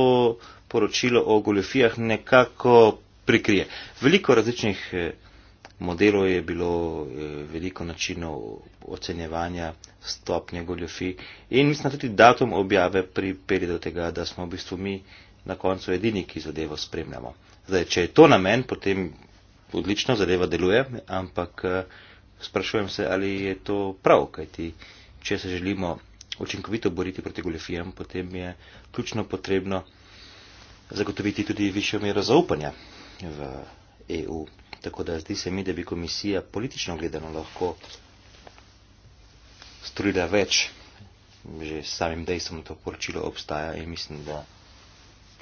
poročilo o goljofijah nekako prikrije. Veliko različnih eh, modelov je bilo, eh, veliko načinov ocenjevanja stopnje goljofij in mislim, da tudi datum objave pripelje do tega, da smo v bistvu mi na koncu edini, ki zadevo spremljamo. Zdaj, če je to namen, potem odlično zadeva deluje, ampak eh, sprašujem se, ali je to prav, kajti če se želimo učinkovito boriti proti goljofijam, potem je ključno potrebno zagotoviti tudi višjo mero zaupanja v EU. Tako da zdi se mi, da bi komisija politično gledano lahko storila več, že samim dejstvom to poročilo obstaja in mislim, da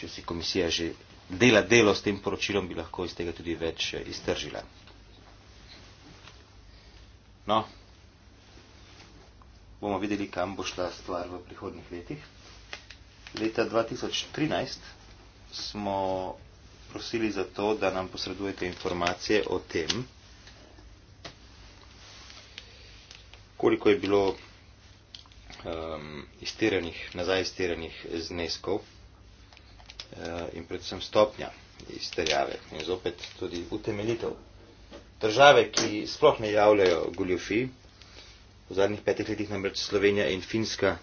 če si komisija že dela delo s tem poročilom, bi lahko iz tega tudi več eh, iztržila. No, bomo videli, kam bo šla stvar v prihodnih letih. Leta 2013 smo prosili za to, da nam posredujete informacije o tem, koliko je bilo um, ehm, izterenih, nazaj izterenih zneskov Eh, in predvsem stopnja izterjave in zopet tudi utemeljitev. Države, ki sploh ne javljajo goljofi, v zadnjih petih letih namreč Slovenija in Finska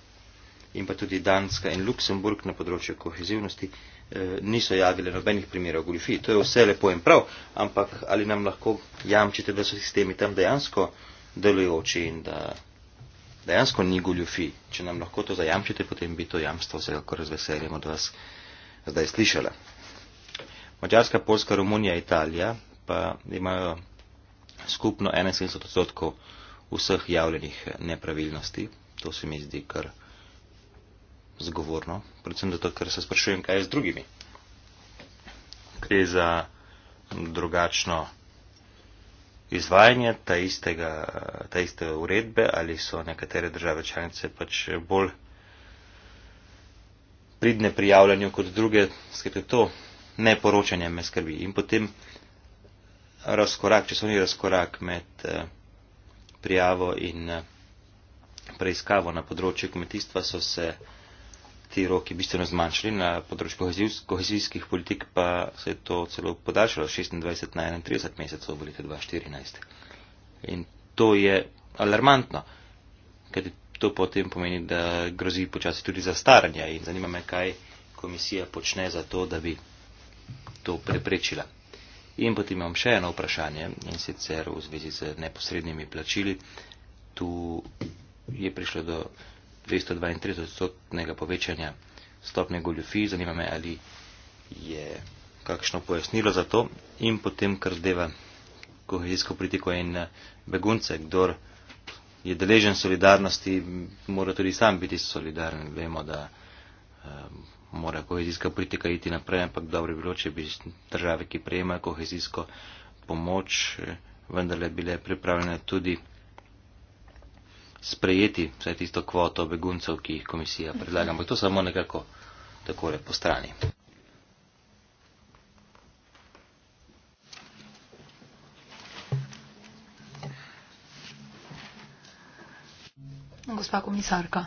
in pa tudi Danska in Luksemburg na področju kohezivnosti, eh, niso javile nobenih primerov goljofi. To je vse lepo in prav, ampak ali nam lahko jamčite, da so sistemi tam dejansko delujoči in da dejansko ni goljofi. Če nam lahko to zajamčite, potem bi to jamstvo vsekakor z veseljem od vas zdaj slišala. Mačarska, Polska, Romunija, Italija pa imajo skupno 71 odstotkov vseh javljenih nepravilnosti. To se mi zdi kar zgovorno, predvsem zato, ker se sprašujem, kaj je z drugimi. Gre za drugačno izvajanje ta, istega, ta iste uredbe ali so nekatere države članice pač bolj pridne prijavljanju kot druge, skrbi to neporočanje me skrbi. In potem razkorak, če so ni razkorak med eh, prijavo in eh, preiskavo na področju kmetijstva, so se ti roki bistveno zmanjšali, na področju kohezijskih politik pa se je to celo podaljšalo 26 na 31 mesecev v letu 2014. In to je alarmantno, ker to potem pomeni, da grozi počasi tudi zastaranje in zanima me, kaj komisija počne za to, da bi to preprečila. In potem imam še eno vprašanje in sicer v zvezi z neposrednimi plačili. Tu je prišlo do 232-stotnega povečanja stopne goljufi. Zanima me, ali je kakšno pojasnilo za to. In potem, kar zdeva kohezijsko politiko in begunce, kdor je deležen solidarnosti, mora tudi sam biti solidaren. Vemo, da uh, mora kohezijska politika iti naprej, ampak dobro bi bilo, če bi države, ki prejemajo kohezijsko pomoč, eh, vendarle bile pripravljene tudi sprejeti vse tisto kvoto beguncev, ki jih komisija predlaga. Ampak to samo nekako takole po strani. gospa komisarka.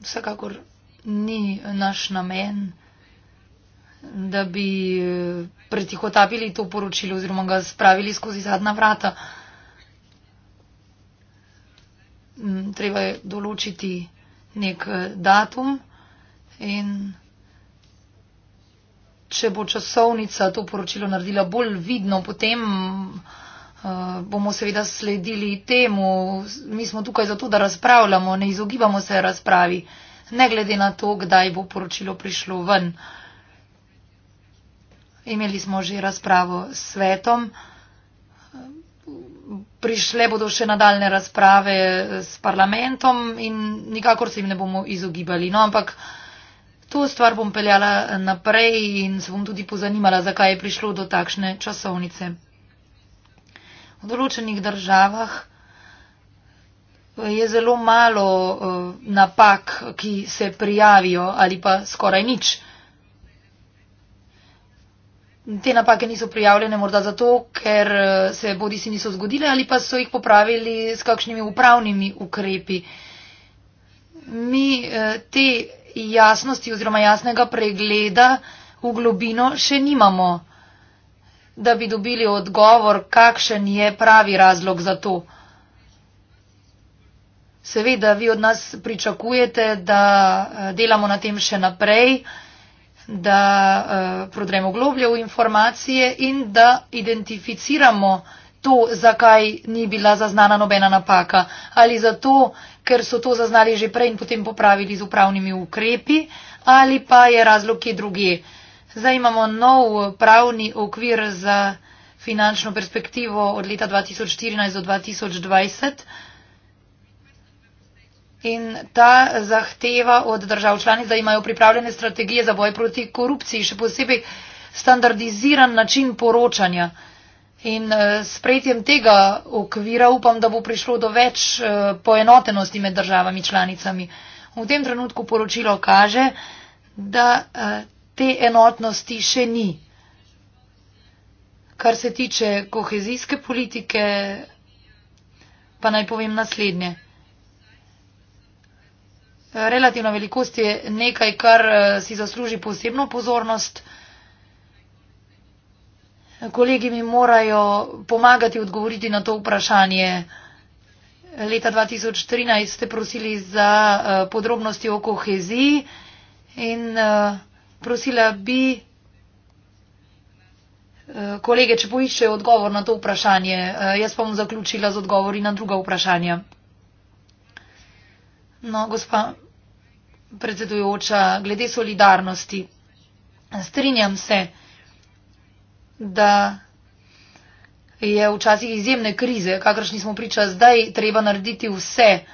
Vsekakor ni naš namen, da bi eh, pretihotapili to poročilo oziroma ga spravili skozi zadnja vrata. Mm, treba je določiti nek eh, datum in če bo časovnica to poročilo naredila bolj vidno, potem Eh, bomo seveda sledili temu. Mi smo tukaj zato, da razpravljamo, ne izogibamo se razpravi, ne glede na to, kdaj bo poročilo prišlo ven. Imeli smo že razpravo s svetom. Prišle bodo še nadaljne razprave s parlamentom in nikakor se jim ne bomo izogibali. No, ampak to stvar bom peljala naprej in se bom tudi pozanimala, zakaj je prišlo do takšne časovnice v določenih državah je zelo malo eh, napak, ki se prijavijo ali pa skoraj nič. Te napake niso prijavljene morda zato, ker eh, se bodi si niso zgodile ali pa so jih popravili s kakšnimi upravnimi ukrepi. Mi eh, te jasnosti oziroma jasnega pregleda v globino še nimamo da bi dobili odgovor, kakšen je pravi razlog za to. Seveda, vi od nas pričakujete, da eh, delamo na tem še naprej, da eh, prodremo globlje v informacije in da identificiramo to, zakaj ni bila zaznana nobena napaka. Ali zato, ker so to zaznali že prej in potem popravili z upravnimi ukrepi, ali pa je razlog, ki je drugi. Zdaj imamo nov pravni okvir za finančno perspektivo od leta 2014 do 2020 in ta zahteva od držav članic, da imajo pripravljene strategije za boj proti korupciji, še posebej standardiziran način poročanja. In eh, s prejtjem tega okvira upam, da bo prišlo do več eh, poenotenosti med državami članicami. V tem trenutku poročilo kaže, da eh, te enotnosti še ni. Kar se tiče kohezijske politike, pa naj povem naslednje. Relativna velikost je nekaj, kar eh, si zasluži posebno pozornost. Kolegi mi morajo pomagati odgovoriti na to vprašanje. Leta 2013 ste prosili za eh, podrobnosti o koheziji in. Eh, prosila bi eh, kolege, če poiščejo odgovor na to vprašanje. Eh, jaz pa bom zaključila z odgovori na druga vprašanja. No, gospa predsedujoča, glede solidarnosti. Strinjam se, da je včasih izjemne krize, kakršni smo priča zdaj, treba narediti vse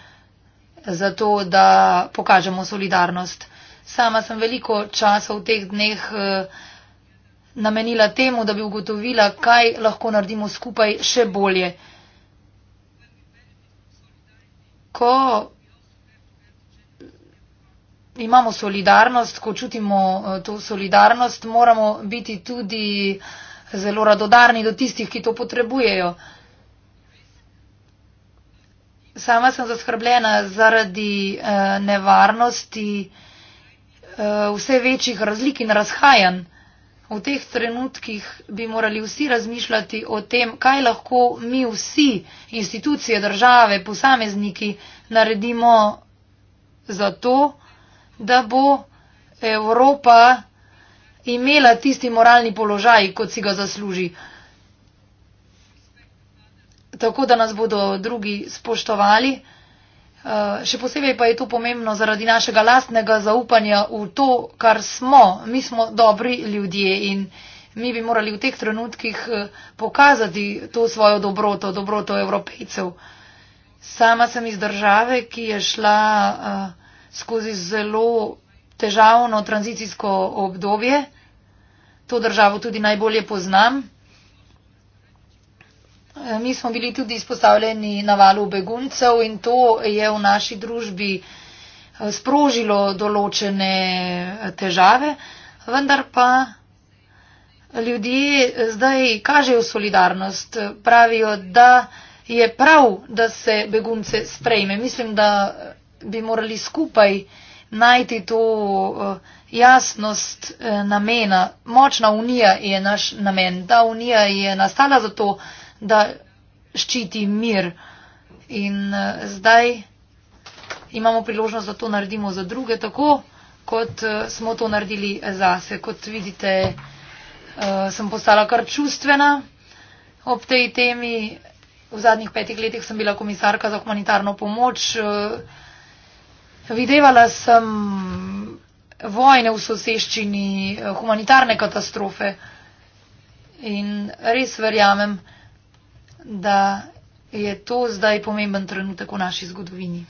za to, da pokažemo solidarnost. Sama sem veliko časa v teh dneh eh, namenila temu, da bi ugotovila, kaj lahko naredimo skupaj še bolje. Ko imamo solidarnost, ko čutimo eh, to solidarnost, moramo biti tudi zelo radodarni do tistih, ki to potrebujejo. Sama sem zaskrbljena zaradi eh, nevarnosti, Eh, vse večjih razlik in razhajanj. V teh trenutkih bi morali vsi razmišljati o tem, kaj lahko mi vsi, institucije, države, posamezniki, naredimo za to, da bo Evropa imela tisti moralni položaj, kot si ga zasluži. Tako da nas bodo drugi spoštovali. Eh, še posebej pa je to pomembno zaradi našega lastnega zaupanja v to, kar smo. Mi smo dobri ljudje in mi bi morali v teh trenutkih eh, pokazati to svojo dobroto, dobroto evropejcev. Sama sem iz države, ki je šla uh, skozi zelo težavno tranzicijsko obdobje. To državo tudi najbolje poznam. Eh, mi smo bili tudi izpostavljeni na valu beguncev in to je v naši družbi eh, sprožilo določene eh, težave, vendar pa ljudje zdaj kažejo solidarnost, pravijo, da je prav, da se begunce sprejme. Mislim, da bi morali skupaj najti to jasnost namena. Močna unija je naš namen. Ta unija je nastala zato, da da ščiti mir. In eh, zdaj imamo priložnost, da to naredimo za druge, tako kot eh, smo to naredili zase. Kot vidite, eh, sem postala kar čustvena ob tej temi. V zadnjih petih letih sem bila komisarka za humanitarno pomoč. Videvala sem vojne v soseščini, humanitarne katastrofe in res verjamem, da je to zdaj pomemben trenutek v naši zgodovini.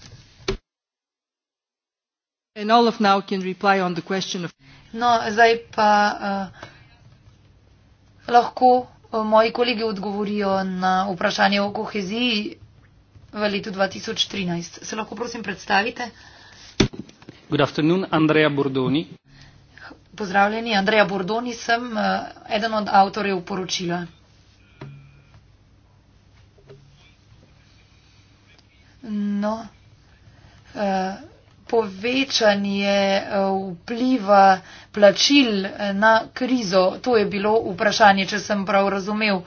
No, zdaj pa uh, lahko eh, moji kolegi odgovorijo na vprašanje o koheziji v letu 2013. Se lahko prosim predstavite? Good afternoon, Andreja Bordoni. Pozdravljeni, Andreja Bordoni sem, uh, eden od avtorjev poročila. No, eh, povečanje eh, vpliva plačil eh, na krizo, to je bilo vprašanje, če sem prav razumel.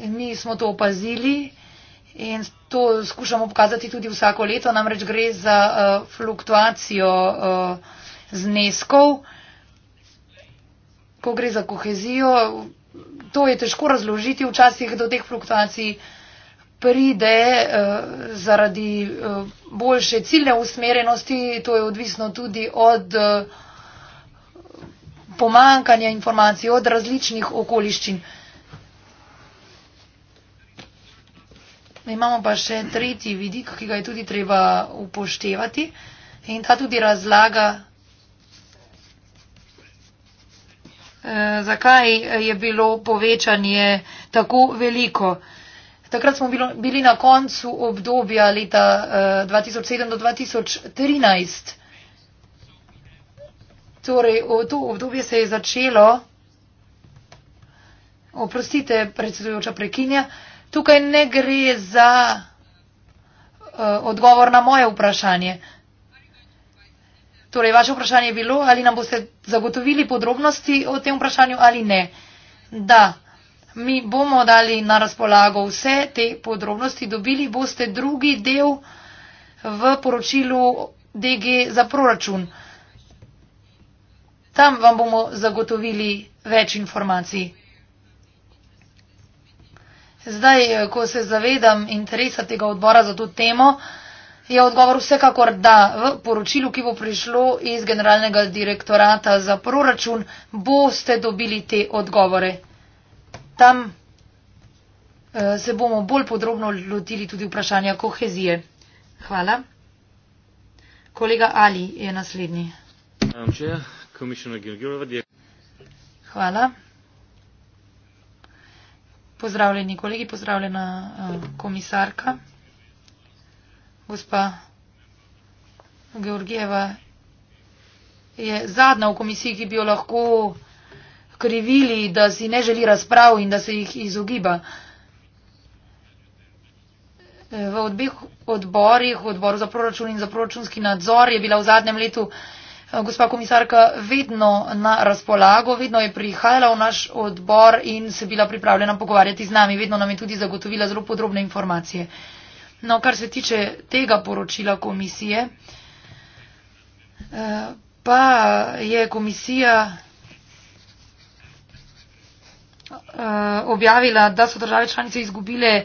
Mi smo to opazili in to skušamo pokazati tudi vsako leto, namreč gre za fluktuacijo zneskov. Ko gre za kohezijo, to je težko razložiti, včasih do teh fluktuacij uh, pride eh, zaradi eh, boljše ciljne usmerjenosti, to je odvisno tudi od eh, pomankanja informacij, od različnih okoliščin. Imamo pa še tretji vidik, ki ga je tudi treba upoštevati in ta tudi razlaga, zakaj je bilo povečanje tako veliko. Takrat smo bilo, bili na koncu obdobja leta uh, eh, 2007 do 2013. Torej, o, to obdobje se je začelo. Oprostite, predsedujoča prekinja. Tukaj ne gre za uh, odgovor na moje vprašanje. Torej, vaše vprašanje je bilo, ali nam boste zagotovili podrobnosti o tem vprašanju ali ne. Da, mi bomo dali na razpolago vse te podrobnosti. Dobili boste drugi del v poročilu DG za proračun. Tam vam bomo zagotovili več informacij. Zdaj, eh, ko se zavedam interesa tega odbora za to temo, je odgovor vsekakor da. V poročilu, ki bo prišlo iz Generalnega direktorata za proračun, boste dobili te odgovore. Tam eh, se bomo bolj podrobno lotili tudi vprašanja kohezije. Hvala. Kolega Ali je naslednji. Hvala. Pozdravljeni kolegi, pozdravljena eh, komisarka. Gospa Georgijeva je zadnja v komisiji, ki bi jo lahko krivili, da si ne želi razprav in da se jih izogiba. V odbih odborih, odboru za proračun in za proračunski nadzor je bila v zadnjem letu eh, gospa komisarka vedno na razpolago, vedno je prihajala v naš odbor in se bila pripravljena pogovarjati z nami, vedno nam je tudi zagotovila zelo podrobne informacije. No, kar se tiče tega poročila komisije, eh, pa je komisija. Eh, objavila, da so države članice izgubile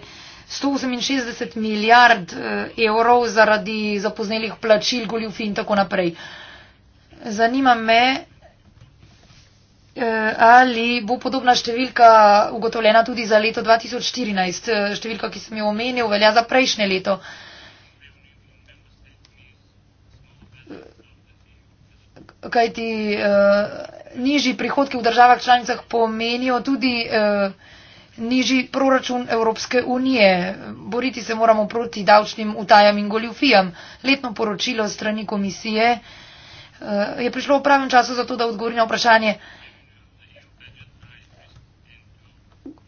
168 milijard eh, evrov zaradi zapoznelih plačil, goljufi in tako naprej. Zanima me, eh, ali bo podobna številka ugotovljena tudi za leto 2014. Številka, ki sem jo omenil, velja za prejšnje leto. Kaj ti nižji prihodki v državah članicah pomenijo tudi eh, nižji proračun Evropske unije. Boriti se moramo proti davčnim utajam in goljufijam. Letno poročilo strani komisije eh, je prišlo v pravem času za to, da odgovori na vprašanje,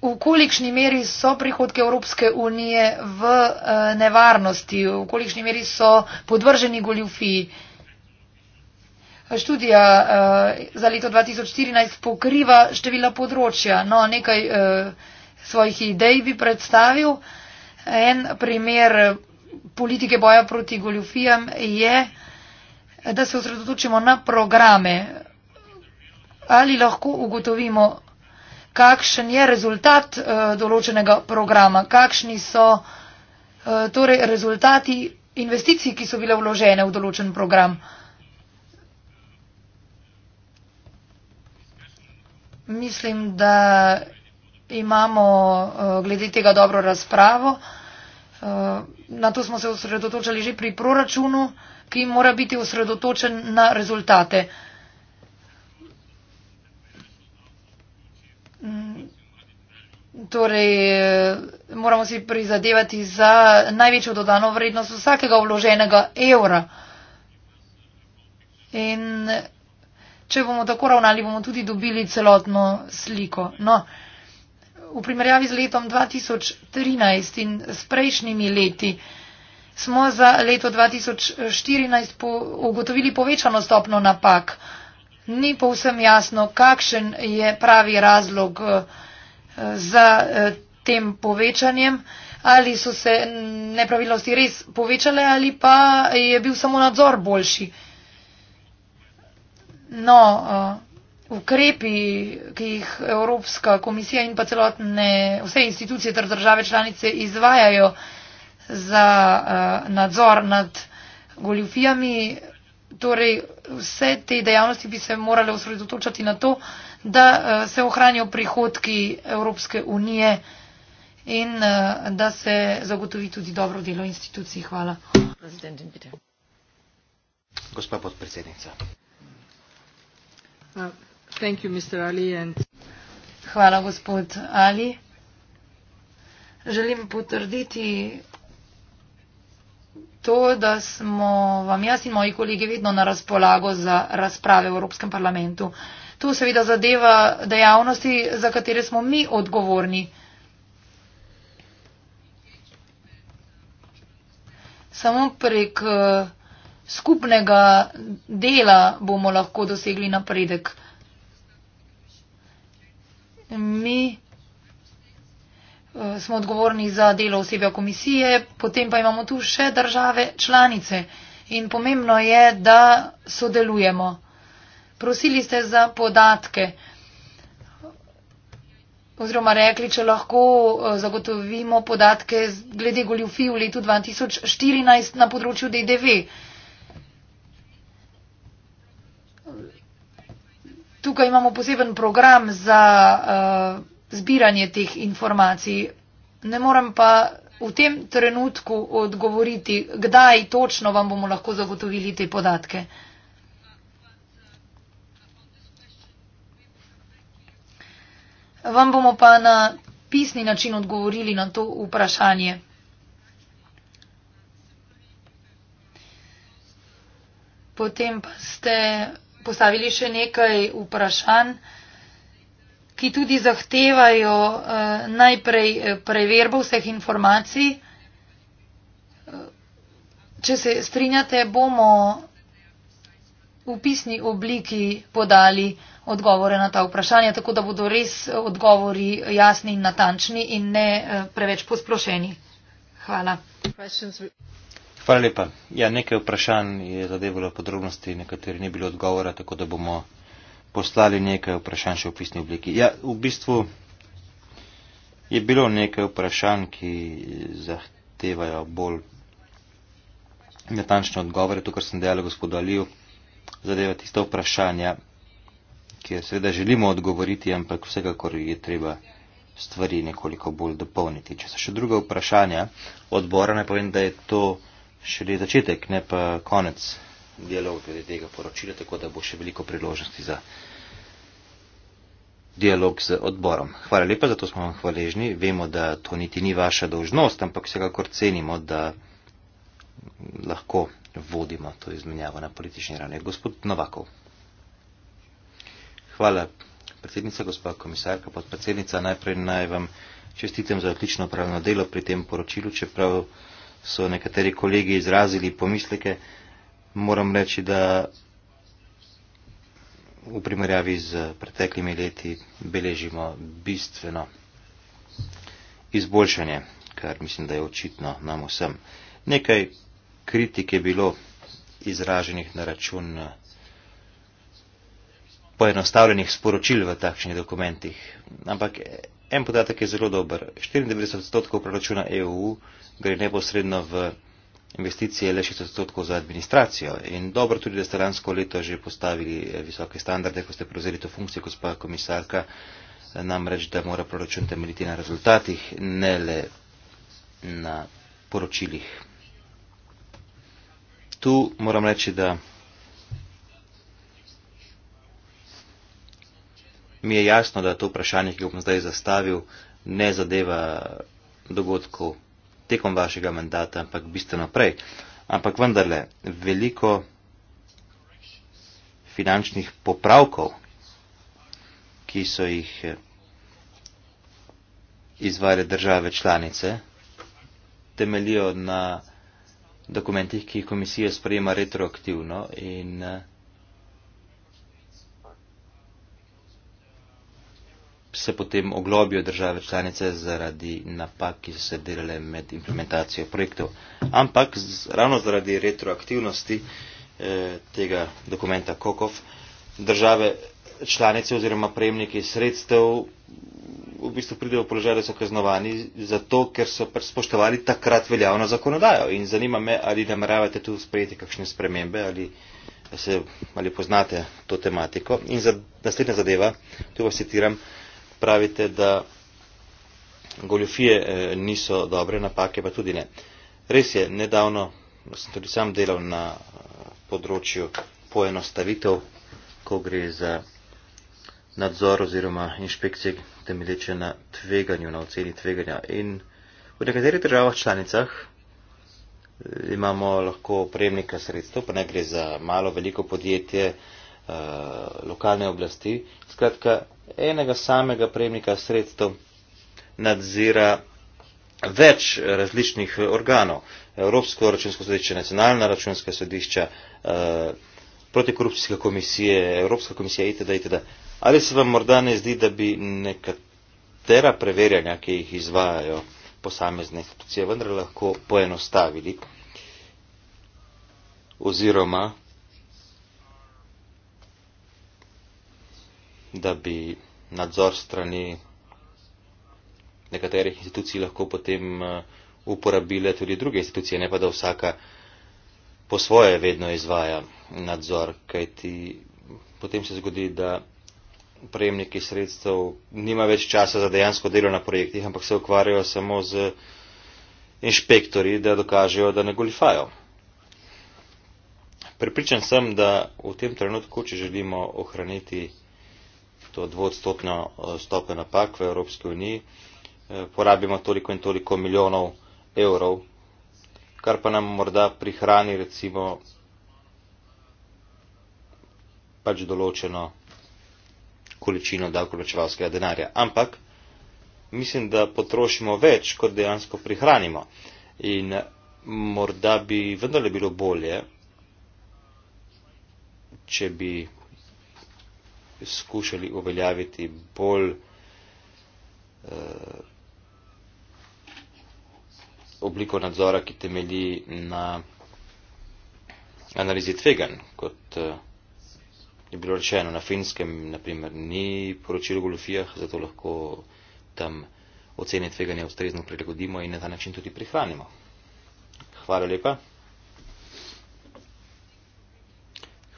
v kolikšni meri so prihodke Evropske unije v eh, nevarnosti, v kolikšni meri so podvrženi goljufiji. Eh, študija eh, za leto 2014 pokriva števila področja. No, nekaj eh, svojih idej bi predstavil. En primer politike boja proti goljufijam je, da se osredotočimo na programe. Ali lahko ugotovimo, kakšen je rezultat eh, določenega programa, kakšni so torej, rezultati investicij, ki so bile vložene v določen program. Mislim, da imamo eh, glede tega dobro razpravo. Eh, na to smo se osredotočali že pri proračunu, ki mora biti osredotočen na rezultate. Mm, torej, eh, moramo si prizadevati za največjo dodano vrednost vsakega vloženega evra. In če bomo tako ravnali, bomo tudi dobili celotno sliko. No, v primerjavi z letom 2013 in s prejšnjimi leti smo za leto 2014 po, ugotovili povečano stopno napak. Ni povsem jasno, kakšen je pravi razlog eh, za eh, tem povečanjem, ali so se nepravilnosti res povečale ali pa je bil samo nadzor boljši. No, uh, ukrepi, ki jih Evropska komisija in pa celotne vse institucije ter države članice izvajajo za uh, nadzor nad goljufijami, torej vse te dejavnosti bi se morale osredotočati na to, da uh, se ohranijo prihodki Evropske unije in uh, da se zagotovi tudi dobro delo institucij. Hvala. Gospa podpredsednica. Thank you, Mr. Ali and... Hvala, gospod Ali. Želim potrditi to, da smo vam jaz in moji kolegi vedno na razpolago za razprave v Evropskem parlamentu. To seveda zadeva dejavnosti, za katere smo mi odgovorni. Samo prek uh, skupnega dela bomo lahko dosegli napredek. Mi eh, smo odgovorni za delo osebja komisije, potem pa imamo tu še države članice in pomembno je, da sodelujemo. Prosili ste za podatke oziroma rekli, če lahko eh, zagotovimo podatke glede goljufi v letu 2014 na področju DDV. tukaj imamo poseben program za uh, zbiranje teh informacij. Ne morem pa v tem trenutku odgovoriti, kdaj točno vam bomo lahko zagotovili te podatke. Vam bomo pa na pisni način odgovorili na to vprašanje. Potem pa ste postavili še nekaj vprašanj, ki tudi zahtevajo eh, najprej eh, preverbo vseh informacij. Eh, če se strinjate, bomo v pisni obliki podali odgovore na ta vprašanja, tako da bodo res odgovori jasni in natančni in ne preveč posplošeni. Hvala. Questions. Hvala lepa. Ja, nekaj vprašanj je zadevalo podrobnosti, nekateri ni bilo odgovora, tako da bomo poslali nekaj vprašanj še v pisni obliki. Ja, v bistvu je bilo nekaj vprašanj, ki zahtevajo bolj natančne odgovore. To, kar sem dejala gospodu Aliju, zadeva tista vprašanja, kjer seveda želimo odgovoriti, ampak vsekakor je treba stvari nekoliko bolj dopolniti. Če so še druga vprašanja odbora, naj povem, da je to šele začetek, ne pa konec dialoga glede tega poročila, tako da bo še veliko priložnosti za dialog z odborom. Hvala lepa, zato smo vam hvaležni. Vemo, da to niti ni vaša dožnost, ampak vsekakor cenimo, da lahko vodimo to izmenjavo na politični ravni. Gospod Novakov. Hvala, predsednica, gospod komisarka, podpredsednica. Najprej naj vam čestitem za odlično upravljeno delo pri tem poročilu, čeprav so nekateri kolegi izrazili pomisleke, moram reči, da v primerjavi z preteklimi leti beležimo bistveno izboljšanje, kar mislim, da je očitno nam vsem. Nekaj kritik je bilo izraženih na račun eh, poenostavljenih sporočil v takšnih dokumentih, ampak En podatek je zelo dober. 94 odstotkov proračuna EU gre neposredno v investicije, le 60 odstotkov za administracijo. In dobro tudi, da ste lansko leto že postavili eh, visoke standarde, ko ste prevzeli to funkcijo, gospa komisarka, eh, namreč, da mora proračun temeljiti na rezultatih, ne le na poročilih. Tu moram reči, da mi je jasno, da to vprašanje, ki ga bom zdaj zastavil, ne zadeva dogodkov tekom vašega mandata, ampak bistveno prej. Ampak vendarle, veliko finančnih popravkov, ki so jih eh, izvajale države članice, temeljijo na dokumentih, ki jih komisija sprejema retroaktivno in uh, se potem oglobijo države članice zaradi napak, ki so se delale med implementacijo projektov. Ampak z, ravno zaradi retroaktivnosti eh, tega dokumenta KOKOV, države članice oziroma prejemniki sredstev v bistvu pridejo v položaj, da so kaznovani zato, ker so pač spoštovali takrat veljavno zakonodajo. In zanima me, ali nameravate tu sprejeti kakšne spremembe ali. Se, ali poznate to tematiko. In za, naslednja zadeva, tu vas citiram, pravite, da goljofije eh, niso dobre napake, pa tudi ne. Res je, nedavno sem tudi sam delal na eh, področju poenostavitev, ko gre za nadzor oziroma inšpekcije, temelječe na tveganju, na oceni tveganja. In v nekaterih državah članicah eh, imamo lahko prejemnika sredstev, pa ne gre za malo, veliko podjetje, Eh, lokalne oblasti. Skratka, enega samega prejemnika sredstev nadzira več različnih organov. Evropsko računsko sodišče, nacionalna računska sodišča, eh, protikorupcijske komisije, Evropska komisija itd. itd. Ali se vam morda ne zdi, da bi nekatera preverjanja, ki jih izvajajo posamezne institucije, vendar lahko poenostavili oziroma da bi nadzor strani nekaterih institucij lahko potem eh, uporabile tudi druge institucije, ne pa da vsaka po svoje vedno izvaja nadzor, kajti potem se zgodi, da prejemniki sredstev nima več časa za dejansko delo na projektih, ampak se ukvarjajo samo z inšpektori, da dokažejo, da ne golifajo. Pripričan sem, da v tem trenutku, če želimo ohraniti to dvodstotno eh, stopnjo napak v Evropski uniji, eh, porabimo toliko in toliko milijonov evrov, kar pa nam morda prihrani recimo pač določeno količino davkoplačevalskega denarja. Ampak mislim, da potrošimo več, kot dejansko prihranimo. In morda bi vendarle bilo bolje, če bi skušali uveljaviti bolj eh, obliko nadzora, ki temelji na analizi tvegan, kot eh, je bilo rečeno na finskem, naprimer, ni poročil o golfijah, zato lahko tam ocene tveganja ustrezno prilagodimo in na ta način tudi prihranimo. Hvala lepa.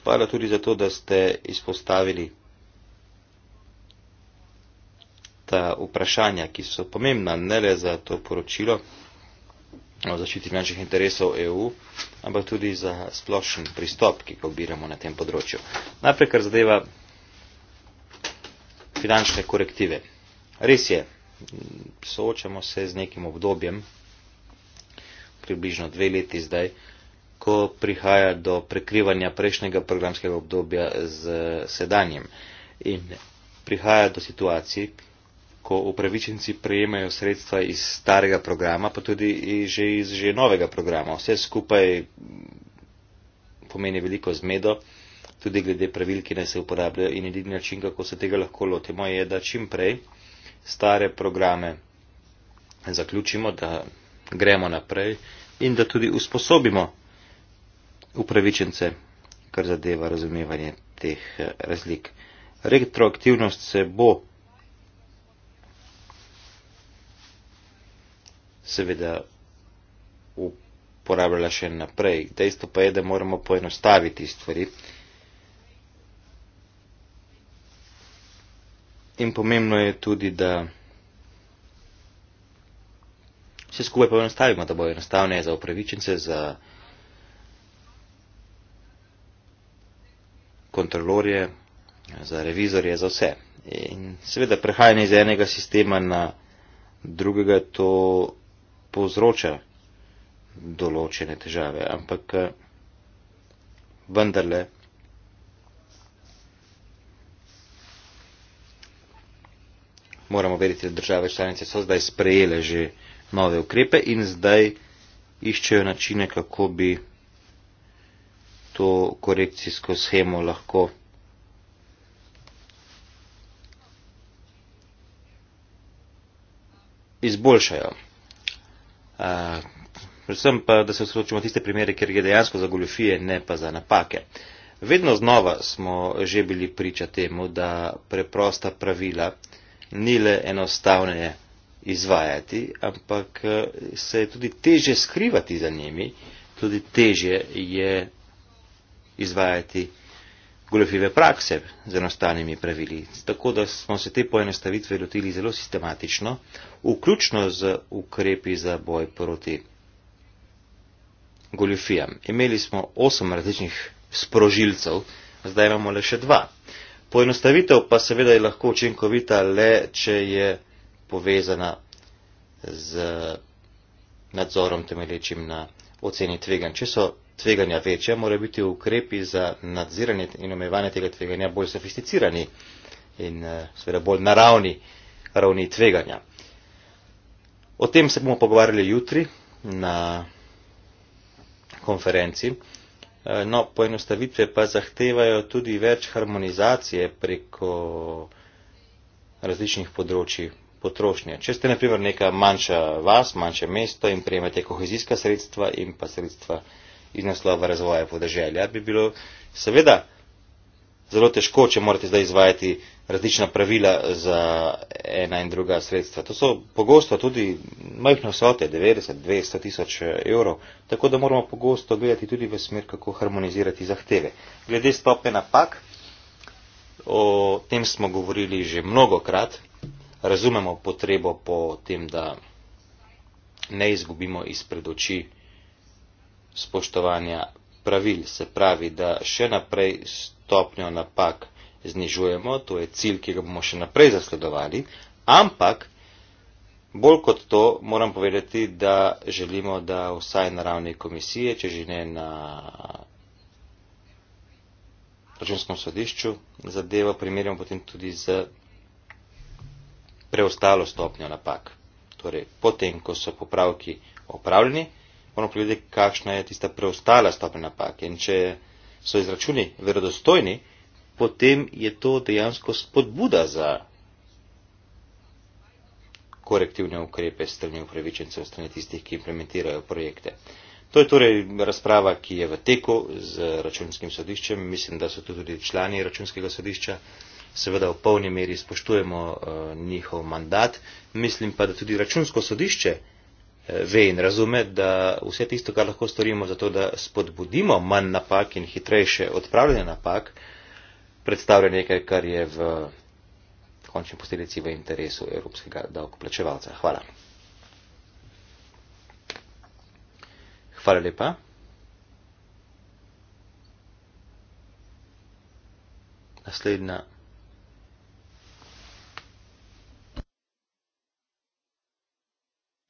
Hvala tudi za to, da ste izpostavili odprta vprašanja, ki so pomembna ne le za to poročilo o zaščiti finančnih interesov EU, ampak tudi za splošen pristop, ki ga obiramo na tem področju. Najprej, kar zadeva finančne korektive. Res je, soočamo se z nekim obdobjem, približno dve leti zdaj, ko prihaja do prekrivanja prejšnjega programskega obdobja z sedanjem. In prihaja do situacij, ko upravičenci prejemajo sredstva iz starega programa, pa tudi že iz že novega programa. Vse skupaj pomeni veliko zmedo, tudi glede pravil, ki naj se uporabljajo in edini način, kako se tega lahko lotimo, je, da čim prej stare programe zaključimo, da gremo naprej in da tudi usposobimo upravičence, kar zadeva razumevanje teh eh, razlik. Retroaktivnost se bo seveda uporabljala še naprej. Dejstvo pa je, da moramo poenostaviti stvari. In pomembno je tudi, da vse skupaj poenostavimo, da bo enostavneje za upravičence, za kontrolorje, za revizorje, za vse. In seveda prehajanje iz enega sistema na drugega to povzroča določene težave, ampak eh, vendarle moramo veriti, da države članice so zdaj sprejele že nove ukrepe in zdaj iščejo načine, kako bi to korekcijsko schemo lahko izboljšajo predvsem pa da se osredotočimo na tiste primere, kjer gre dejansko za goljofije, ne pa za napake. Vedno znova smo že bili priča temu, da preprosta pravila ni le enostavne izvajati, ampak e, se je tudi teže skrivati za njimi, tudi teže je izvajati goljofive prakse z enostavnimi pravili. Tako da smo se te poenostavitve lotili zelo sistematično, vključno z ukrepi za boj proti goljofijam. Imeli smo osem različnih sprožilcev, zdaj imamo le še dva. Poenostavitev pa seveda je lahko učinkovita le, če je povezana z nadzorom temelječim na oceni tvegan. Če so tveganja večja, morajo biti ukrepi za nadziranje in omejevanje tega tveganja bolj sofisticirani in eh, seveda bolj naravni ravni tveganja. O tem se bomo pogovarjali jutri na konferenci. Eh, no, poenostavitve pa zahtevajo tudi več harmonizacije preko različnih področji potrošnje. Če ste, na primer, neka manjša vas, manjše mesto in prejemate kohezijska sredstva in pa sredstva iz naslova razvoja podeželja, bi bilo seveda zelo težko, če morate zdaj izvajati različna pravila za ena in druga sredstva. To so pogosto tudi majhne vsote, 90, 200 tisoč eh, evrov, tako da moramo pogosto gledati tudi v smer, kako harmonizirati zahteve. Glede stope napak, o tem smo govorili že mnogokrat, razumemo potrebo po tem, da ne izgubimo iz pred oči spoštovanja pravil. Se pravi, da še naprej stopnjo napak znižujemo, to je cilj, ki ga bomo še naprej zasledovali, ampak bolj kot to moram povedati, da želimo, da vsaj na ravni komisije, če že ne na računskom sodišču, zadevo primerjamo potem tudi z preostalo stopnjo napak. Torej, potem, ko so popravki opravljeni, moramo pogledati, kakšna je tista preostala stopnja napake. In če so izračuni verodostojni, potem je to dejansko spodbuda za korektivne ukrepe strani upravičencev, strani tistih, ki implementirajo projekte. To je torej razprava, ki je v teku z računskim sodiščem. Mislim, da so tudi člani računskega sodišča. Seveda v polni meri spoštujemo uh, njihov mandat. Mislim pa, da tudi računsko sodišče uh, Eh, ve in razume, da vse tisto, kar lahko storimo za to, da spodbudimo manj napak in hitrejše odpravljanje napak, predstavlja nekaj, kar je v končni posledici v interesu evropskega davkoplačevalca. Hvala. Hvala lepa. Naslednja.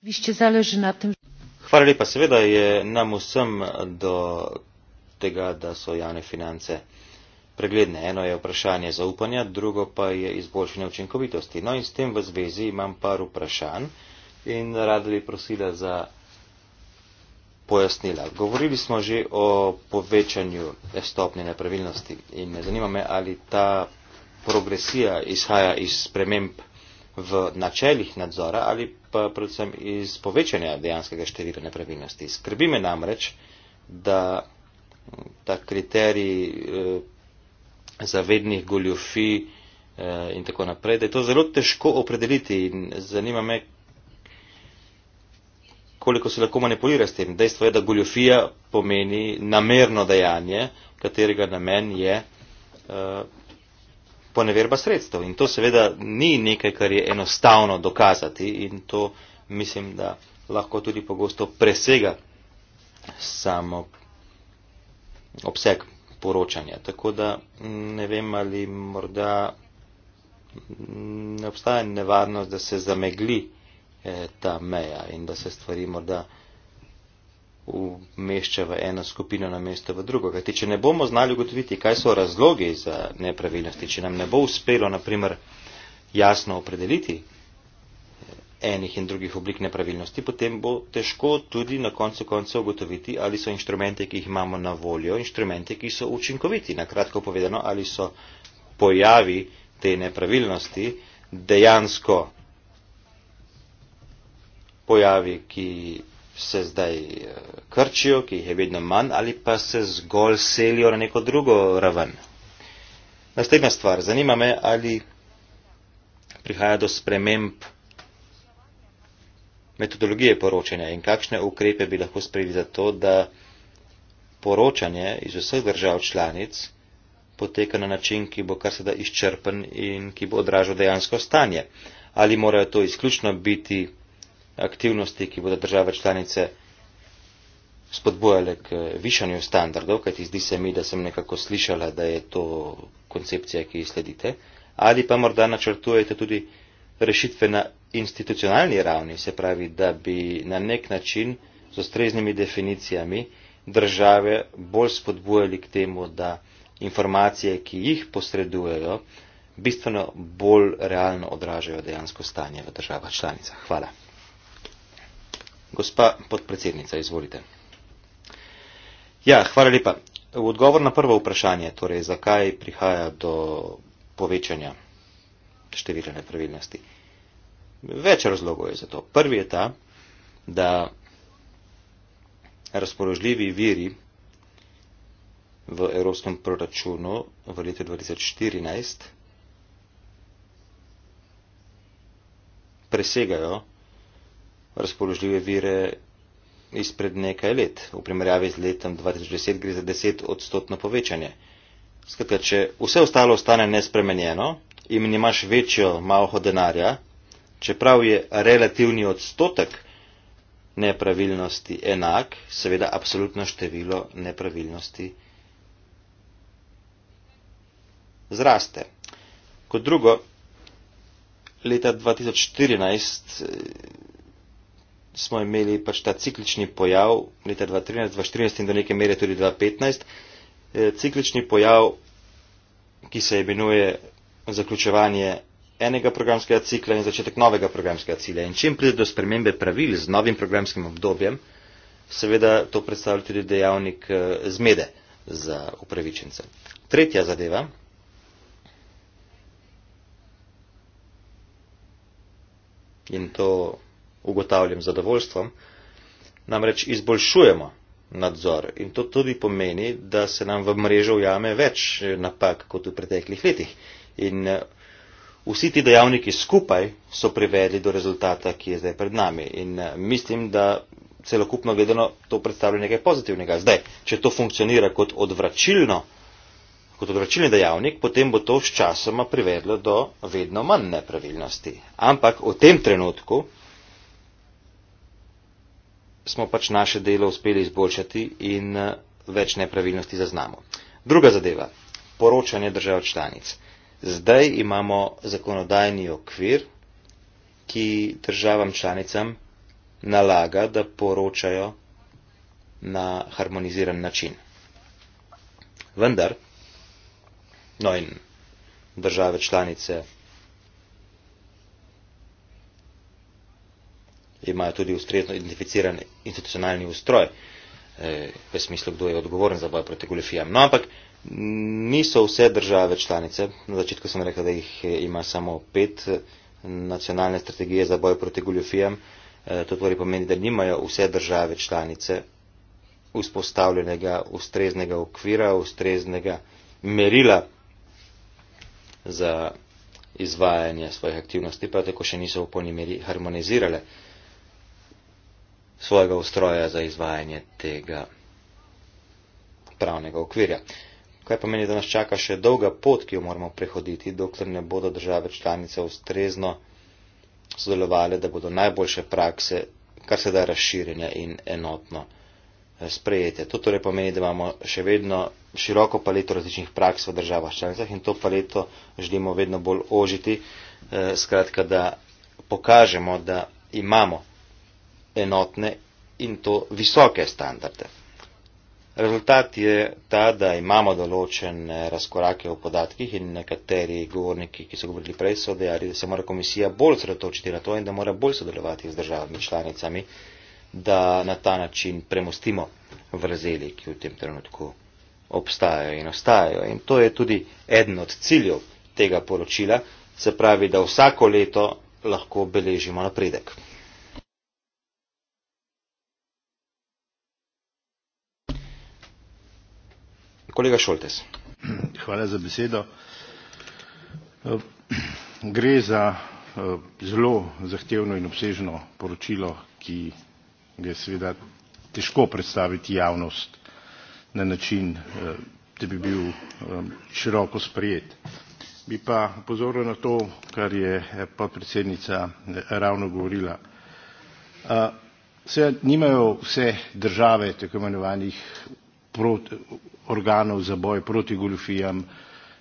Višče zaleži na tem. Hvala lepa, seveda je nam vsem do tega, da so javne finance pregledne. Eno je vprašanje zaupanja, drugo pa je izboljšanje učinkovitosti. No in s tem v zvezi imam par vprašanj in rada bi prosila za pojasnila. Govorili smo že o povečanju stopnje nepravilnosti in me zanima me, ali ta progresija izhaja iz sprememb v načeljih nadzora ali pa predvsem iz povečanja dejanskega števila nepravilnosti. Skrbi me namreč, da ta kriterij eh, zavednih goljofi eh, in tako naprej, da je to zelo težko opredeliti in zanima me, koliko se lahko manipulira s tem. Dejstvo je, da goljofija pomeni namerno dejanje, katerega namen je. Eh, poneverba sredstev. In to seveda ni nekaj, kar je enostavno dokazati in to mislim, da lahko tudi pogosto presega samo obseg poročanja. Tako da ne vem, ali morda ne obstaja nevarnost, da se zamegli eh, ta meja in da se stvari morda umešča v eno skupino na mesto v drugo. Kajti, če ne bomo znali ugotoviti, kaj so razlogi za nepravilnosti, če nam ne bo uspelo, naprimer, jasno opredeliti eh, enih in drugih oblik nepravilnosti, potem bo težko tudi na koncu konca ugotoviti, ali so inštrumente, ki jih imamo na voljo, inštrumente, ki so učinkoviti. Na kratko povedano, ali so pojavi te nepravilnosti dejansko pojavi, ki se zdaj eh, krčijo, ki jih je vedno manj, ali pa se zgolj selijo na neko drugo raven. Naslednja stvar, zanima me, ali prihaja do sprememb metodologije poročanja in kakšne ukrepe bi lahko sprejeli za to, da poročanje iz vseh držav članic poteka na način, ki bo kar sedaj izčrpen in ki bo odražal dejansko stanje. Ali morajo to izključno biti aktivnosti, ki bodo države članice spodbojale k višanju standardov, kajti zdi se mi, da sem nekako slišala, da je to koncepcija, ki sledite, ali pa morda načrtujete tudi rešitve na institucionalni ravni, se pravi, da bi na nek način z ustreznimi definicijami države bolj spodbojali k temu, da informacije, ki jih posredujejo, bistveno bolj realno odražajo dejansko stanje v državah članicah. Hvala. Gospa podpredsednica, izvolite. Ja, hvala lepa. V odgovor na prvo vprašanje, torej zakaj prihaja do povečanja števila nepravilnosti. Več razlogov je za to. Prvi je ta, da razpoložljivi viri v evropskem proračunu v letu 2014 presegajo razpoložljive vire izpred nekaj let. V primerjavi z letom 2010 gre za 10 odstotno povečanje. Skratka, če vse ostalo ostane nespremenjeno in imaš večjo malho denarja, čeprav je relativni odstotek nepravilnosti enak, seveda absolutno število nepravilnosti zraste. Kot drugo, leta 2014 smo imeli pač ta ciklični pojav leta 2013, 2014 in do neke mere tudi 2015. E, ciklični pojav, ki se imenuje zaključevanje enega programskega cikla in začetek novega programskega cilja. In čim pride do spremembe pravil z novim programskim obdobjem, seveda to predstavlja tudi dejavnik e, zmede za upravičence. Tretja zadeva. In to ugotavljam zadovoljstvom, namreč izboljšujemo nadzor in to tudi pomeni, da se nam v mrežo ujame več napak kot v preteklih letih. In eh, vsi ti dejavniki skupaj so privedli do rezultata, ki je zdaj pred nami. In eh, mislim, da celokupno gledano to predstavlja nekaj pozitivnega. Zdaj, če to funkcionira kot odvračilno, kot odvračilni dejavnik, potem bo to s časoma privedlo do vedno manj nepravilnosti. Ampak v tem trenutku smo pač naše delo uspeli izboljšati in eh, več nepravilnosti zaznamo. Druga zadeva, poročanje držav članic. Zdaj imamo zakonodajni okvir, ki državam članicam nalaga, da poročajo na harmoniziran način. Vendar, no in države članice imajo tudi ustrezno identificiran institucionalni ustroj, eh, v smislu, kdo je odgovoren za boj proti goljofijam. No, ampak niso vse države članice, na začetku sem rekel, da jih eh, ima samo pet eh, nacionalne strategije za boj proti goljofijam, to torej pomeni, da nimajo vse države članice vzpostavljenega ustreznega okvira, ustreznega merila za izvajanje svojih aktivnosti, pa tako še niso v polni meri harmonizirale svojega ustroja za izvajanje tega pravnega okvirja. Kaj pomeni, da nas čaka še dolga pot, ki jo moramo prehoditi, dokler ne bodo države članice ustrezno sodelovali, da bodo najboljše prakse, kar se da razširjene in enotno eh, sprejete. To torej pomeni, da imamo še vedno široko paleto različnih praks v državah članicah in to paleto želimo vedno bolj ožiti, eh, skratka, da pokažemo, da imamo enotne in to visoke standarde. Rezultat je ta, da imamo določene razkorake v podatkih in nekateri govorniki, ki so govorili prej, so dejali, da se mora komisija bolj sredotočiti na to in da mora bolj sodelovati z državami članicami, da na ta način premostimo vrzeli, ki v tem trenutku obstajajo in ostajajo. In to je tudi eden od ciljev tega poročila, se pravi, da vsako leto lahko beležimo napredek. Eh, gre za eh, zelo zahtevno in obsežno poročilo ki ga je seveda težko predstaviti javnost na način eh, da bi bil široko sprejet bi pa opozoril na to kar je podpredsednica ravno govorila seveda nimajo vse države tako imenovanih prot organov za boj proti goljufijam,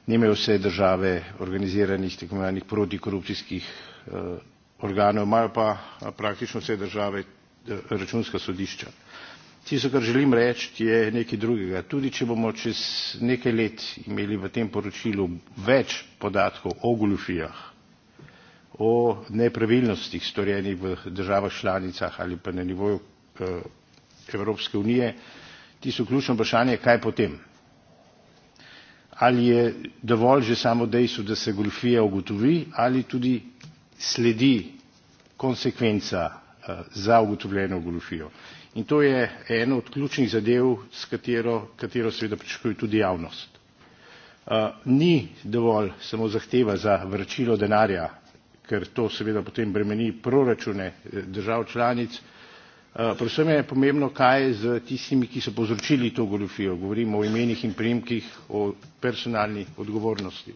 nimajo vse države organiziranih tako imenovanih protikorupcijskih eh, organov, imajo pa eh, praktično vse države eh, računska sodišča. Tisto, kar želim reči, je nekaj drugega. Tudi če bomo čez nekaj let imeli v tem poročilu več podatkov o goljufijah, o nepravilnostih storjenih v državah članicah ali pa na nivoju eh, Evropske unije, eh, tisto ključno vprašanje kaj potem ali je dovolj že samo dejstvo da se goljufija ugotovi ali tudi sledi konsekvenca eh, za ugotovljeno goljufijo in to je ena od ključnih zadev s katero, katero seveda pričakuje tudi javnost eh, ni dovolj samo zahteva za vračilo denarja ker to seveda potem bremeni proračune eh, držav članic Eh, predvsem je pomembno kaj je s tistimi ki so povzročili to goljufijo govorim o imenih in priimkih o personalni odgovornosti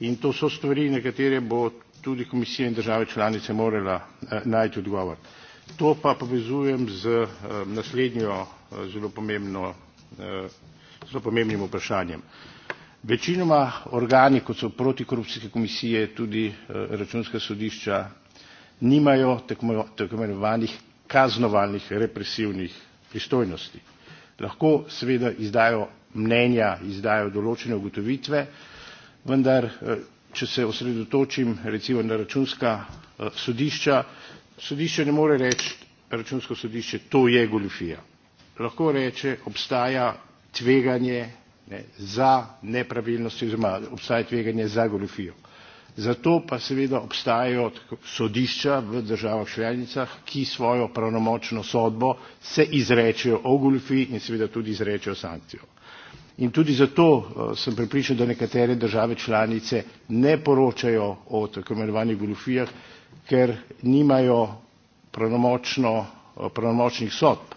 in to so stvari na katere bo tudi komisija in države članice morala eh, najti odgovor to pa povezujem z eh, naslednjo zelo pomembno zelo pomembnim vprašanjem večinoma organi kot so protikorupcijske komisije tudi računska sodišča nimajo tako imenovanih kaznovalnih represivnih pristojnosti. Lahko seveda izdajo mnenja, izdajo določene ugotovitve, vendar eh, če se osredotočim recimo na računska eh, sodišča, sodišče ne more reči računsko sodišče, to je goljufija. Lahko reče, obstaja tveganje ne, za nepravilnosti oziroma obstaja tveganje za goljufijo zato pa seveda obstajajo sodišča v državah članicah ki svojo pravnomočno sodbo se izrečejo o goljufi in seveda tudi izrečejo sankcijo in tudi zato eh, sem prepričan da nekatere države članice ne poročajo o tako imenovanih goljufijah ker nimajo pravnomočno eh, pravnomočnih sodb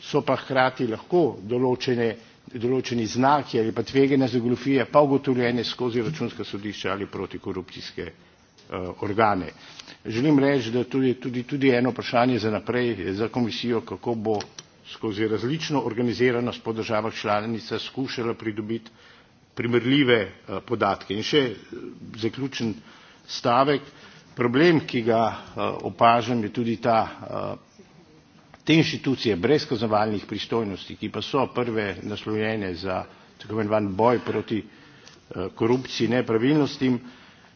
so pa hkrati lahko določene določeni znaki ali pa tveganja za goljufije pa ugotovljene skozi računska sodišča ali protikorupcijske eh, organe. Želim reči, da tudi, tudi, tudi eno vprašanje za naprej za komisijo, kako bo skozi različno organiziranost po državah članica skušala pridobiti primerljive eh, podatke. In še eh, zaključen stavek. Problem, ki ga opažam, je tudi ta, te inštitucije brez kaznovalnih pristojnosti, ki pa so prve naslovljene za tako imenovan boj proti eh, korupciji, nepravilnostim,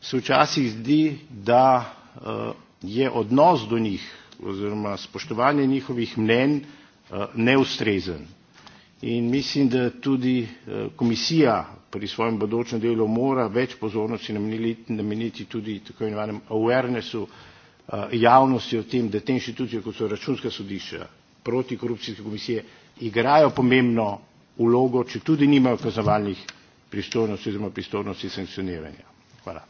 se včasih zdi, da eh, je odnos do njih oziroma spoštovanje njihovih mnen eh, neustrezen. In mislim, da tudi komisija pri svojem bodočem delu mora več pozornosti nameniti tudi tako imenovanem awarenessu Eh, javnosti o tem, da te inštitucije, kot so računska sodišča, protikorupcijske komisije, igrajo pomembno ulogo, če tudi nimajo kaznovalnih pristojnosti oziroma pristojnosti sankcioniranja. Hvala.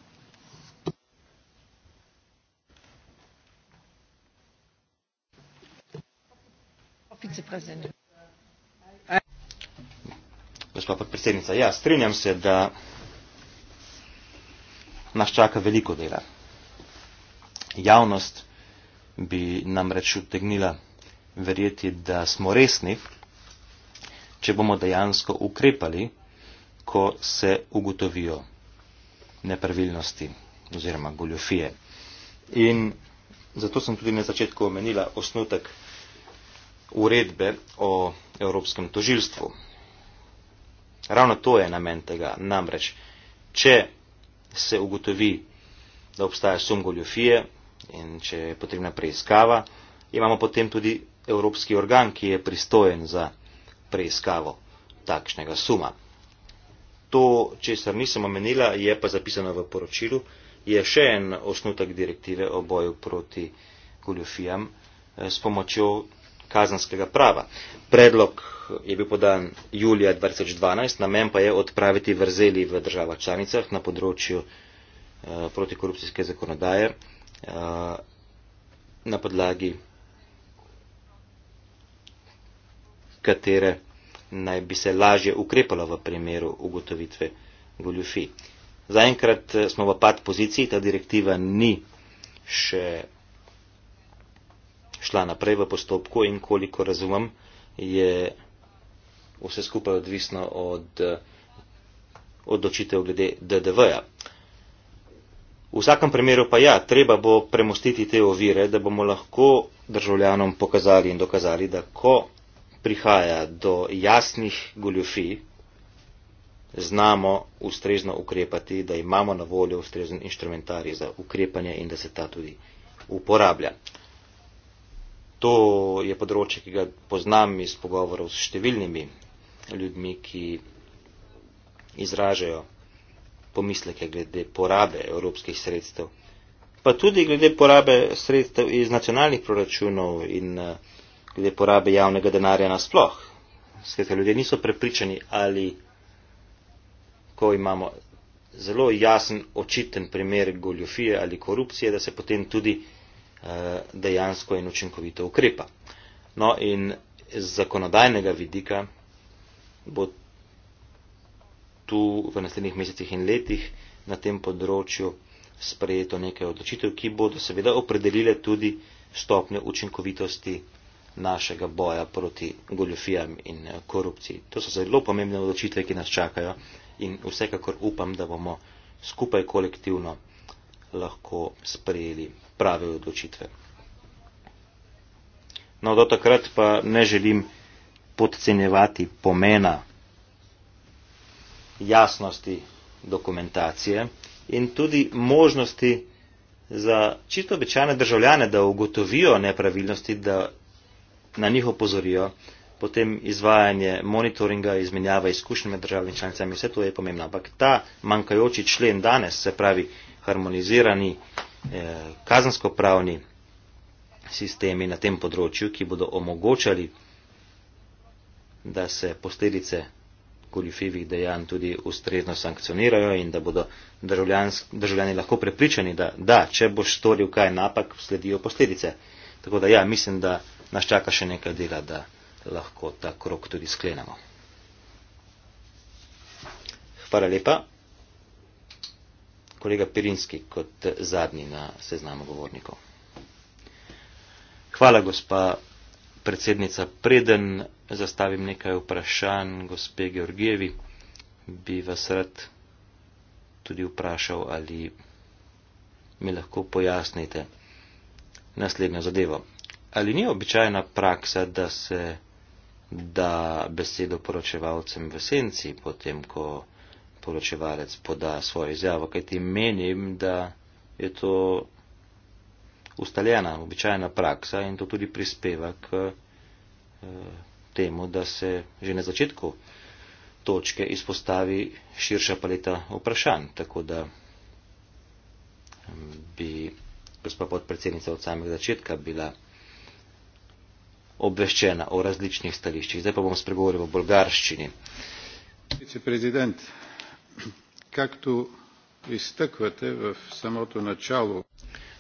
Gospod podpredsednica, ja, strinjam se, da nas čaka veliko dela javnost bi namreč utegnila verjeti, da smo resni, če bomo dejansko ukrepali, ko se ugotovijo nepravilnosti oziroma goljofije. In zato sem tudi na začetku omenila osnutek uredbe o evropskem tožilstvu. Ravno to je namen tega, namreč, če se ugotovi, da obstaja sum goljofije, in če je potrebna preiskava, imamo potem tudi evropski organ, ki je pristojen za preiskavo takšnega suma. To, če se nisem omenila, je pa zapisano v poročilu, je še en osnutek direktive o boju proti goljofijam eh, s pomočjo kazanskega prava. Predlog je bil podan julija 2012, namen pa je odpraviti vrzeli v država članicah na področju eh, protikorupcijske zakonodaje, Eh, na podlagi katere naj bi se lažje ukrepalo v primeru ugotovitve goljufi. Zaenkrat eh, smo v pad poziciji, ta direktiva ni še šla naprej v postopku in koliko razumem, je vse skupaj odvisno od eh, odločitev glede DDV-ja. V vsakem primeru pa ja, treba bo premostiti te ovire, da bomo lahko državljanom pokazali in dokazali, da ko prihaja do jasnih goljofij, znamo ustrezno ukrepati, da imamo na voljo ustrezen inštrumentari za ukrepanje in da se ta tudi uporablja. To je področje, ki ga poznam iz pogovorov s številnimi ljudmi, ki izražajo pomisleke glede porabe evropskih sredstev, pa tudi glede porabe sredstev iz nacionalnih proračunov in eh, glede porabe javnega denarja nasploh. Svetka ljudje niso prepričani, ali ko imamo zelo jasen, očiten primer goljofije ali korupcije, da se potem tudi eh, dejansko in učinkovito ukrepa. No in z zakonodajnega vidika bo tu v naslednjih mesecih in letih na tem področju sprejeto nekaj odločitev, ki bodo seveda opredelile tudi stopnje učinkovitosti našega boja proti goljofijam in eh, korupciji. To so zelo pomembne odločitve, ki nas čakajo in vsekakor upam, da bomo skupaj kolektivno lahko sprejeli prave odločitve. No, do takrat pa ne želim podcenjevati pomena jasnosti dokumentacije in tudi možnosti za čisto običajne državljane, da ugotovijo nepravilnosti, da na njih opozorijo, potem izvajanje monitoringa, izmenjava izkušnje med državami članicami, vse to je pomembno. Ampak ta manjkajoči člen danes, se pravi harmonizirani eh, kazansko-pravni sistemi na tem področju, ki bodo omogočali, da se posledice goljufivih dejanj tudi ustrezno sankcionirajo in da bodo državljani lahko prepričani, da, da če boš storil kaj napak, sledijo posledice. Tako da ja, mislim, da nas čaka še nekaj dela, da lahko ta krok tudi sklenemo. Hvala lepa. Kolega Pirinski kot zadnji na seznamu govornikov. Hvala, gospa predsednica Preden zastavim nekaj vprašanj gospe Georgijevi, bi vas rad tudi vprašal, ali mi lahko pojasnite naslednjo zadevo. Ali ni običajna praksa, da se da besedo poročevalcem v senci, potem ko poročevalec poda svojo izjavo, kajti menim, da je to ustaljena, običajna praksa in to tudi prispeva k eh, temu, da se že na začetku točke izpostavi širša paleta vprašanj. Tako da bi gospod podpredsednica od samega začetka bila obveščena o različnih stališčih. Zdaj pa bom spregovoril o bolgarščini.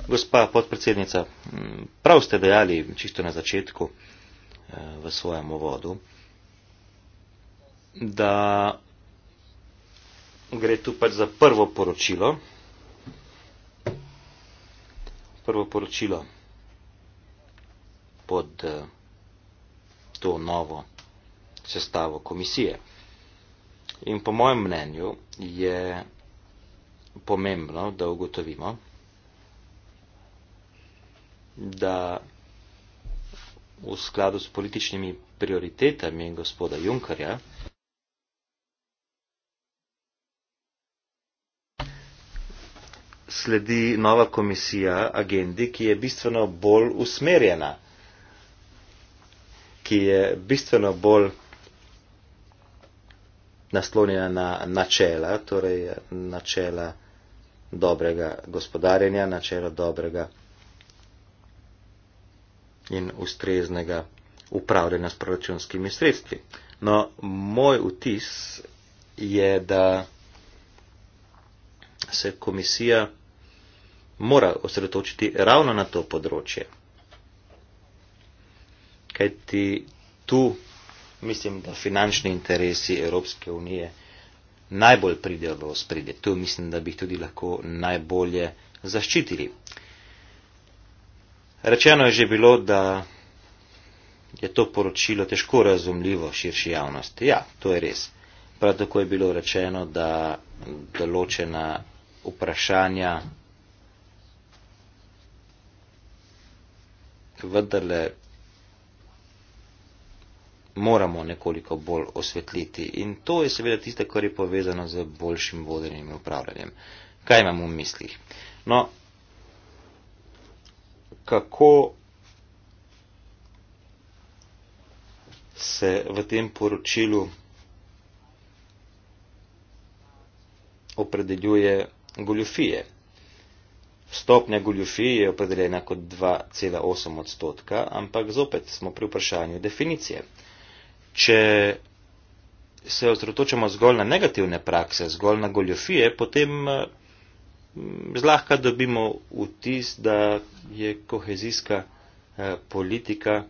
Gospa podpredsednica, prav ste dejali čisto na začetku, v svojem uvodu, da gre tu pač za prvo poročilo. Prvo poročilo pod eh, to novo sestavo komisije. In po mojem mnenju je pomembno, da ugotovimo, da v skladu s političnimi prioritetami gospoda Junkarja. Sledi nova komisija agendi, ki je bistveno bolj usmerjena, ki je bistveno bolj naslonjena na načela, torej načela dobrega gospodarjenja, načela dobrega in ustreznega upravljanja s proračunskimi sredstvi. No, moj vtis je, da se komisija mora osredotočiti ravno na to področje. Kaj ti tu, mislim, da finančni interesi Evropske unije najbolj pridejo v ospredje. Tu mislim, da bi jih tudi lahko najbolje zaščitili. Rečeno je že bilo, da je to poročilo težko razumljivo širši javnosti. Ja, to je res. Prav tako je bilo rečeno, da določena vprašanja vendarle moramo nekoliko bolj osvetliti. In to je seveda tisto, kar je povezano z boljšim vodenjem in upravljanjem. Kaj imamo v mislih? No, kako se v tem poročilu opredeljuje goljofije. Stopnja goljofije je opredeljena kot 2,8 odstotka, ampak zopet smo pri vprašanju definicije. Če se osredotočamo zgolj na negativne prakse, zgolj na goljofije, potem eh, Mm, zlahka dobimo vtis, da je kohezijska eh, politika,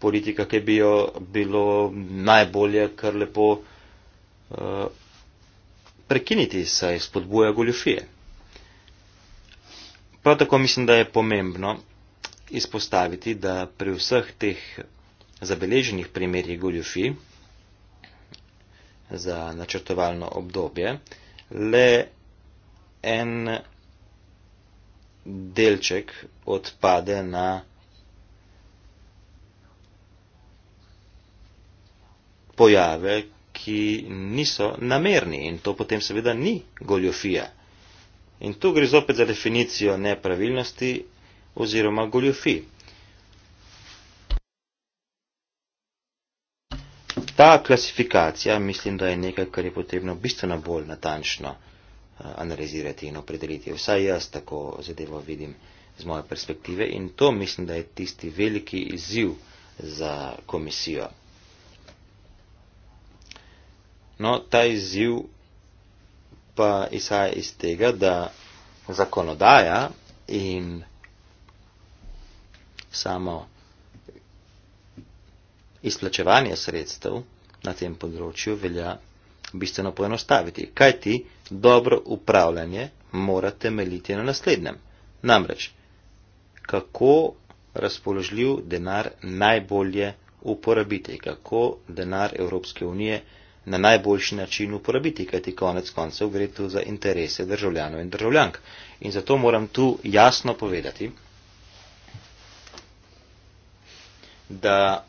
politika, ki bi jo bilo najbolje kar lepo eh, prekiniti, saj spodbuja goljofije. Prav tako mislim, da je pomembno izpostaviti, da pri vseh teh zabeleženih primerjih goljofij za načrtovalno obdobje le en delček odpade na pojave, ki niso namerni in to potem seveda ni goljofija. In tu gre zopet za definicijo nepravilnosti oziroma goljofij. Ta klasifikacija mislim, da je nekaj, kar je potrebno bistveno bolj natančno. Eh, analizirati in opredeliti. Vsaj jaz tako zadevo vidim z moje perspektive in to mislim, da je tisti veliki izziv za komisijo. No, ta izziv pa izhaja iz tega, da zakonodaja in samo izplačevanje sredstev na tem področju velja bistveno poenostaviti. Kaj ti? Dobro upravljanje mora temeljiti na naslednjem. Namreč, kako razpoložljiv denar najbolje uporabiti, kako denar Evropske unije na najboljši način uporabiti, kajti konec koncev gre tu za interese državljanov in državljank. In zato moram tu jasno povedati, da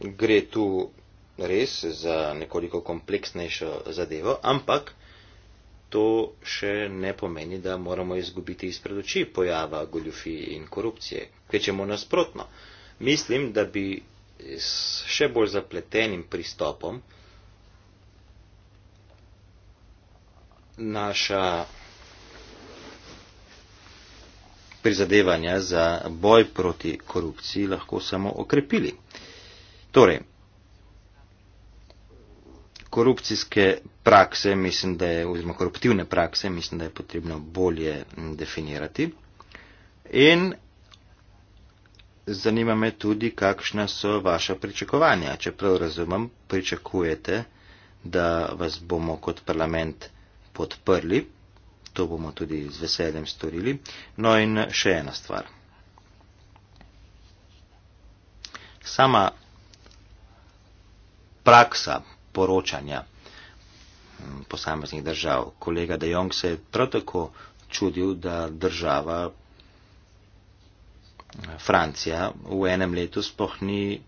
gre tu res za nekoliko kompleksnejšo zadevo, ampak to še ne pomeni, da moramo izgubiti izpred oči pojava goljufije in korupcije. Kvečemo nasprotno. Mislim, da bi s še bolj zapletenim pristopom naša prizadevanja za boj proti korupciji lahko samo okrepili. Torej, korupcijske prakse, mislim, da je, oziroma koruptivne prakse, mislim, da je potrebno bolje definirati. In zanima me tudi, kakšna so vaša pričakovanja. Če prav razumem, pričakujete, da vas bomo kot parlament podprli. To bomo tudi z veseljem storili. No in še ena stvar. Sama praksa poročanja hm, posameznih držav. Kolega De Jong se je prav tako čudil, da država hm, Francija v enem letu sploh ni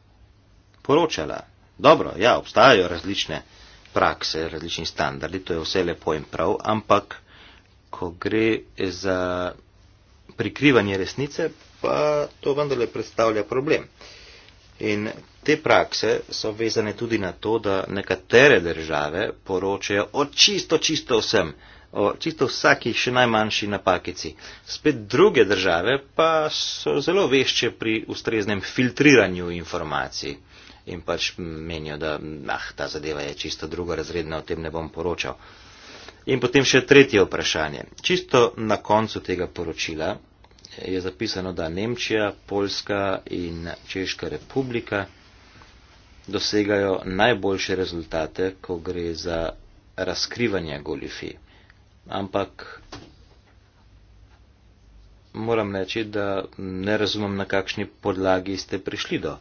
poročala. Dobro, ja, obstajajo različne prakse, različni standardi, to je vse lepo in prav, ampak ko gre za prikrivanje resnice, pa to vendarle predstavlja problem. Uh, In te prakse so vezane tudi na to, da nekatere države poročajo o čisto, čisto vsem, o čisto vsaki še najmanjši napakici. Spet druge države pa so zelo vešče pri ustreznem filtriranju informacij in pač menijo, da ah, ta zadeva je čisto druga razredna, o tem ne bom poročal. In potem še tretje vprašanje. Čisto na koncu tega poročila je zapisano, da Nemčija, Poljska in Češka republika dosegajo najboljše rezultate, ko gre za razkrivanje golifi. Ampak moram reči, da ne razumem, na kakšni podlagi ste prišli do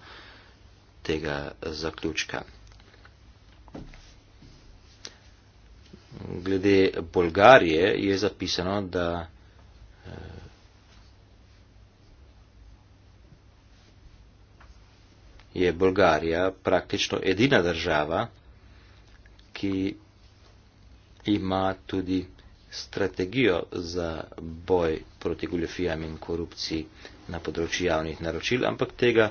tega zaključka. Glede Bolgarije je zapisano, da eh, je Bolgarija praktično edina država, ki ima tudi strategijo za boj proti goljofijam in korupciji na področju javnih naročil, ampak tega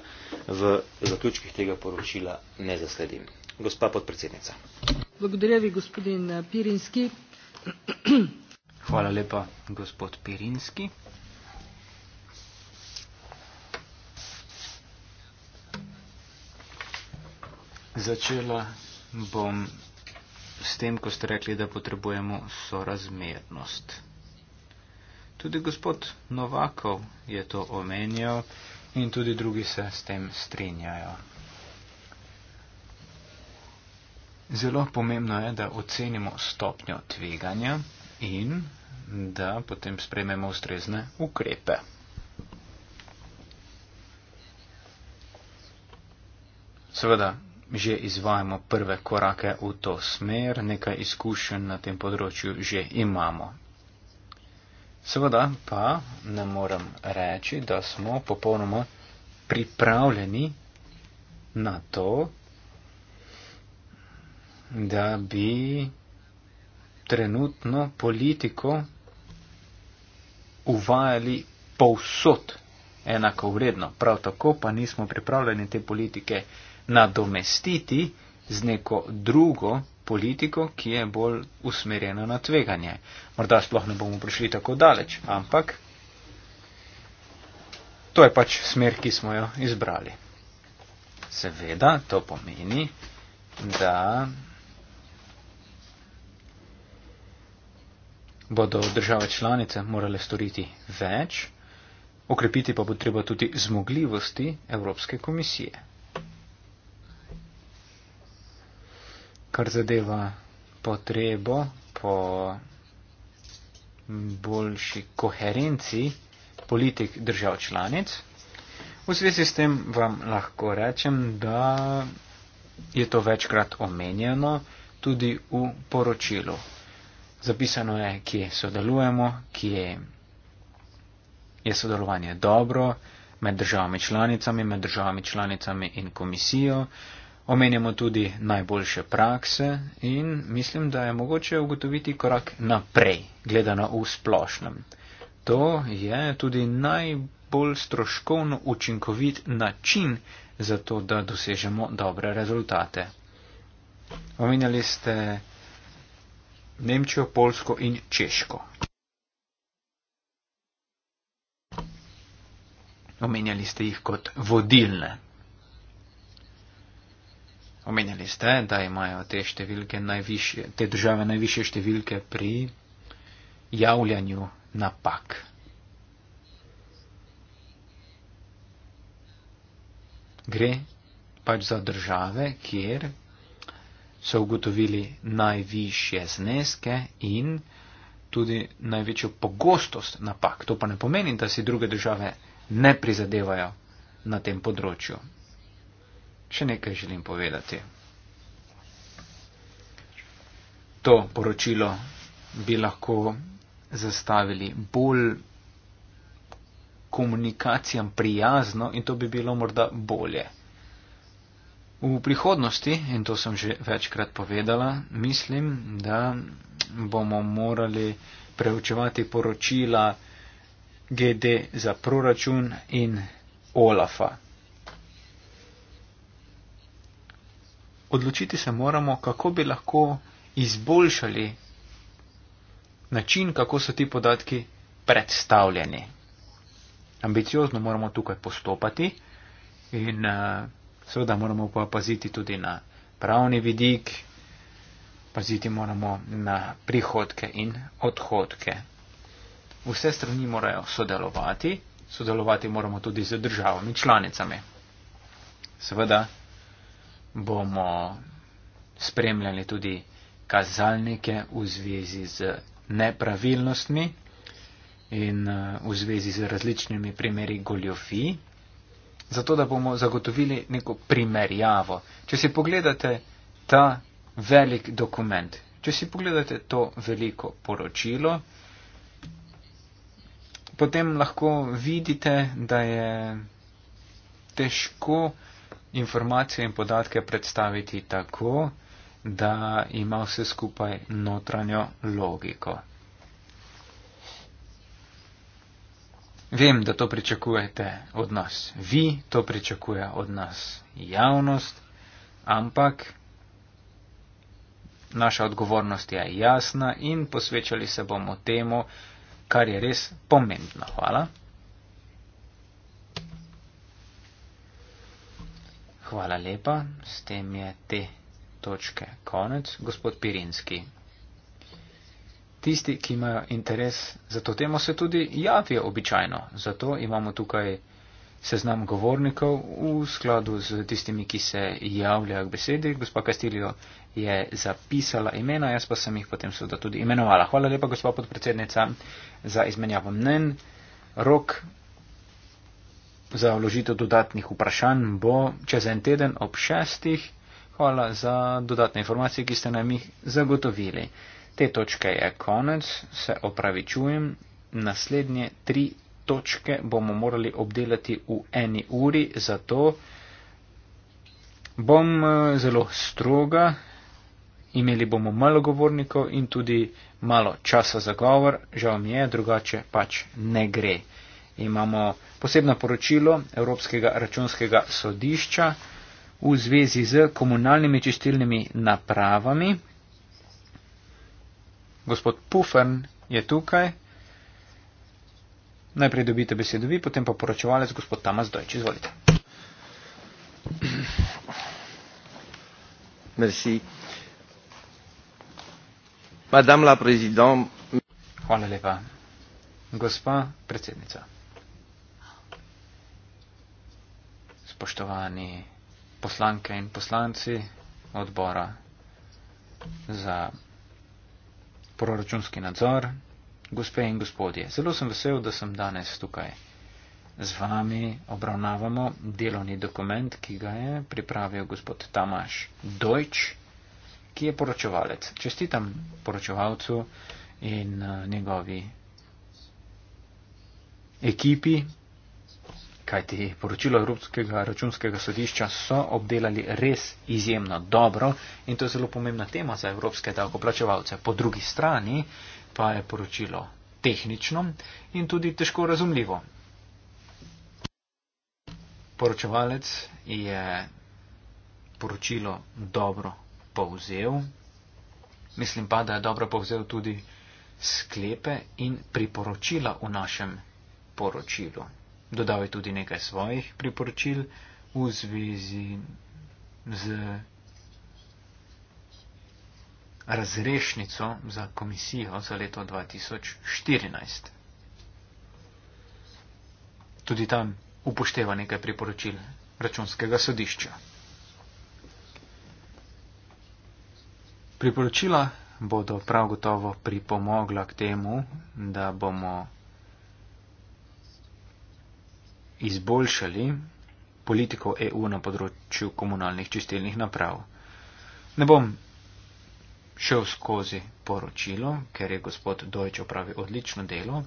v zaključkih tega poročila ne zasledim. Gospa podpredsednica. Благодаря ви, господин Пирински. Хвала лепа, господ Пирински. Začela bom s tem, ko ste rekli, da potrebujemo sorazmernost. Tudi gospod Novakov je to omenjal in tudi drugi se s tem strinjajo. Zelo pomembno je, da ocenimo stopnjo tveganja in da potem sprememo ustrezne ukrepe. Seveda, že izvajamo prve korake v to smer, nekaj izkušenj na tem področju že imamo. Seveda pa ne morem reči, da smo popolnoma pripravljeni na to, da bi trenutno politiko uvajali povsod enako vredno. Prav tako pa nismo pripravljeni te politike nadomestiti z neko drugo politiko, ki je bolj usmerjena na tveganje. Morda sploh ne bomo prišli tako daleč, ampak to je pač smer, ki smo jo izbrali. Seveda, to pomeni, da bodo države članice morale storiti več, okrepiti pa bo treba tudi zmogljivosti Evropske komisije. kar zadeva potrebo po boljši koherenci politik držav članic. V zvezi s tem vam lahko rečem, da je to večkrat omenjeno tudi v poročilu. Zapisano je, kje sodelujemo, kje je sodelovanje dobro med državami članicami, med državami članicami in komisijo, Omenjamo tudi najboljše prakse in mislim, da je mogoče ugotoviti korak naprej, gledano v splošnem. To je tudi najbolj stroškovno učinkovit način za to, da dosežemo dobre rezultate. Omenjali ste Nemčijo, Polsko in Češko. Omenjali ste jih kot vodilne. Omenjali ste, da imajo te, številke, najvišje, te države najviše številke pri javljanju napak. Gre pač za države, kjer so ugotovili najvišje zneske in tudi največjo pogostost napak. To pa ne pomeni, da si druge države ne prizadevajo na tem področju še nekaj želim povedati. To poročilo bi lahko zastavili bolj komunikacijam prijazno in to bi bilo morda bolje. V prihodnosti, in to sem že večkrat povedala, mislim, da bomo morali preučevati poročila GD za proračun in OLAFA. odločiti se moramo, kako bi lahko izboljšali način, kako so ti podatki predstavljeni. Ambiciozno moramo tukaj postopati in eh, seveda moramo pa paziti tudi na pravni vidik, paziti moramo na prihodke in odhodke. Vse strani morajo sodelovati, sodelovati moramo tudi z državami članicami. Seveda bomo spremljali tudi kazalnike v zvezi z nepravilnostmi in eh, v zvezi z različnimi primeri goljofij, zato da bomo zagotovili neko primerjavo. Če si pogledate ta velik dokument, če si pogledate to veliko poročilo, potem lahko vidite, da je težko informacije in podatke predstaviti tako, da ima vse skupaj notranjo logiko. Vem, da to pričakujete od nas. Vi to pričakuje od nas javnost, ampak naša odgovornost je jasna in posvečali se bomo temu, kar je res pomembno. Hvala. Hvala lepa. S tem je te točke konec. Gospod Pirinski. Tisti, ki imajo interes za to temo, se tudi javijo običajno. Zato imamo tukaj seznam govornikov v skladu z tistimi, ki se javljajo k besedi. Gospa Kastilijo je zapisala imena, jaz pa sem jih potem seveda tudi imenovala. Hvala lepa, gospa podpredsednica, za izmenjavo mnen. Rok za vložitev dodatnih vprašanj bo čez en teden ob šestih. Hvala za dodatne informacije, ki ste nam jih zagotovili. Te točke je konec, se opravičujem. Naslednje tri točke bomo morali obdelati v eni uri, zato bom eh, zelo stroga. Imeli bomo malo govornikov in tudi malo časa za govor. Žal mi je, drugače pač ne gre imamo posebno poročilo Evropskega računskega sodišča v zvezi z komunalnimi čistilnimi napravami. Gospod Pufern je tukaj. Najprej dobite besedo vi, potem pa poročevalec gospod Tamas Dojč. Izvolite. Merci. Madame la Président. Hvala lepa. Gospa predsednica. spoštovani poslanke in poslanci odbora za proračunski nadzor, gospe in gospodje. Zelo sem vesel, da sem danes tukaj z vami obravnavamo delovni dokument, ki ga je pripravil gospod Tamaš Dojč, ki je poročevalec. Čestitam poročevalcu in eh, njegovi ekipi, kajti poročilo Evropskega računskega sodišča so obdelali res izjemno dobro in to je zelo pomembna tema za evropske davkoplačevalce. Po drugi strani pa je poročilo tehnično in tudi težko razumljivo. Poročevalec je poročilo dobro povzel, mislim pa, da je dobro povzel tudi sklepe in priporočila v našem poročilu. Dodal je tudi nekaj svojih priporočil v zvezi z razrešnico za komisijo za leto 2014. Tudi tam upošteva nekaj priporočil računskega sodišča. Priporočila bodo prav gotovo pripomogla k temu, da bomo izboljšali politiko EU na področju komunalnih čistilnih naprav. Ne bom šel skozi poročilo, ker je gospod Dojč opravil odlično delo.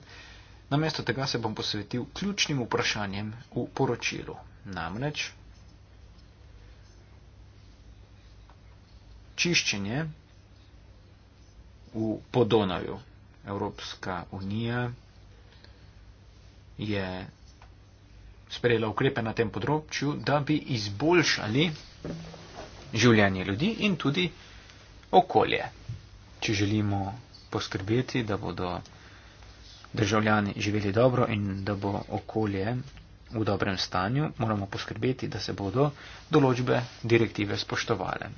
Namesto tega se bom posvetil ključnim vprašanjem v poročilu. Namreč čiščenje v Podonaju. Evropska unija je sprejela ukrepe na tem področju, da bi izboljšali življenje ljudi in tudi okolje. Če želimo poskrbeti, da bodo državljani živeli dobro in da bo okolje v dobrem stanju, moramo poskrbeti, da se bodo določbe direktive spoštovale.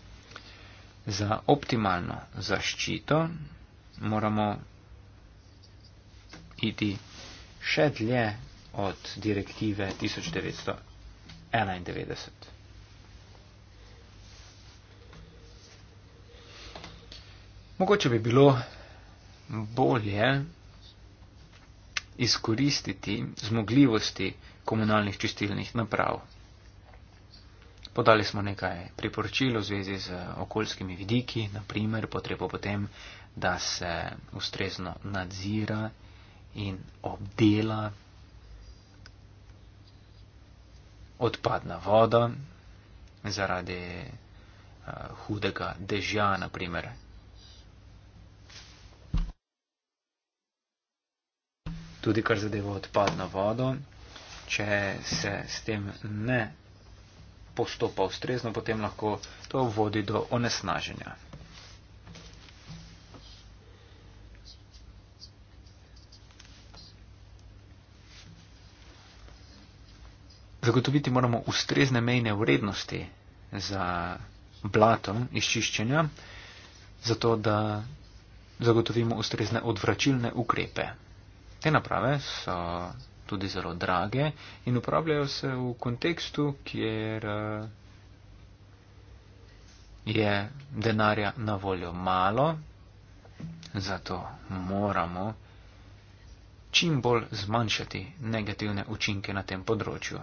Za optimalno zaščito moramo iti še dlje od direktive 1991. Mogoče bi bilo bolje izkoristiti zmogljivosti komunalnih čistilnih naprav. Podali smo nekaj priporočil v zvezi z okoljskimi vidiki, naprimer potrebo potem, da se ustrezno nadzira in obdela odpadna voda zaradi uh, hudega dežja, na primer. Tudi kar zadeva odpadno vodo, če se s tem ne postopa ustrezno, potem lahko to vodi do onesnaženja. Zagotoviti moramo ustrezne mejne vrednosti za blato izčiščenja, zato da zagotovimo ustrezne odvračilne ukrepe. Te naprave so tudi zelo drage in uporabljajo se v kontekstu, kjer eh, je denarja na voljo malo, zato moramo čim bolj zmanjšati negativne učinke na tem področju.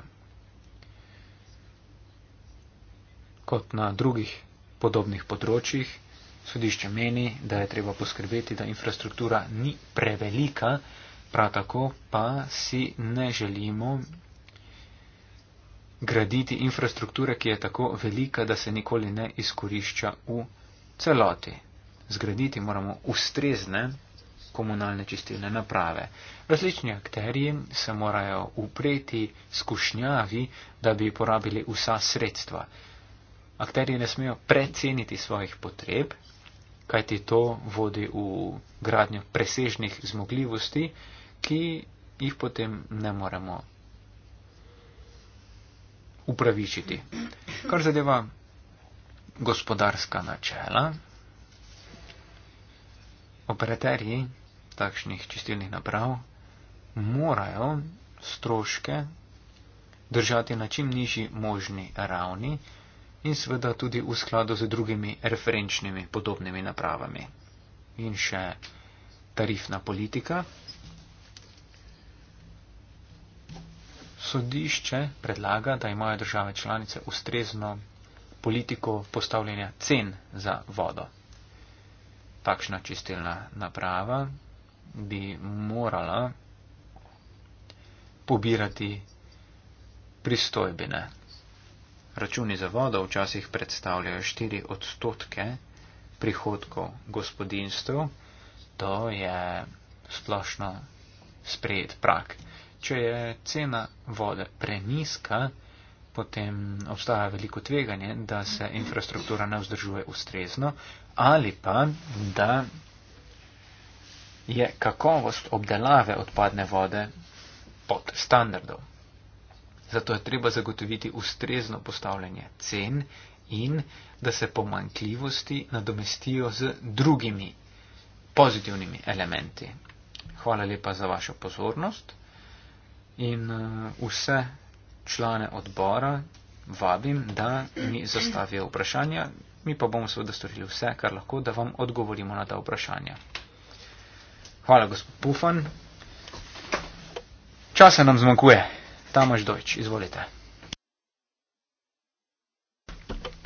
kot na drugih podobnih področjih. Sodišče meni, da je treba poskrbeti, da infrastruktura ni prevelika, prav tako pa si ne želimo graditi infrastrukture, ki je tako velika, da se nikoli ne izkorišča v celoti. Zgraditi moramo ustrezne komunalne čistilne naprave. Različni akterji se morajo upreti skušnjavi, da bi porabili vsa sredstva akteri ne smejo preceniti svojih potreb, kajti to vodi v gradnjo presežnih zmogljivosti, ki jih potem ne moremo upravičiti. Kar zadeva gospodarska načela, operaterji takšnih čistilnih naprav morajo stroške držati na čim nižji možni ravni, in seveda tudi v skladu z drugimi referenčnimi podobnimi napravami. In še tarifna politika. Sodišče predlaga, da imajo države članice ustrezno politiko postavljanja cen za vodo. Takšna čistilna naprava bi morala pobirati pristojbine Računi za vodo včasih predstavljajo 4 odstotke prihodkov gospodinstv. To je splošno sprejet prak. Če je cena vode preniska, potem obstaja veliko tveganje, da se infrastruktura ne vzdržuje ustrezno ali pa da je kakovost obdelave odpadne vode pod standardom. Zato je treba zagotoviti ustrezno postavljanje cen in da se pomankljivosti nadomestijo z drugimi pozitivnimi elementi. Hvala lepa za vašo pozornost in eh, vse člane odbora vabim, da mi zastavijo vprašanja. Mi pa bomo seveda storili vse, kar lahko, da vam odgovorimo na ta vprašanja. Hvala, gospod Pufan. Časa nam zmanjkuje. Tamoš Dojč, izvolite.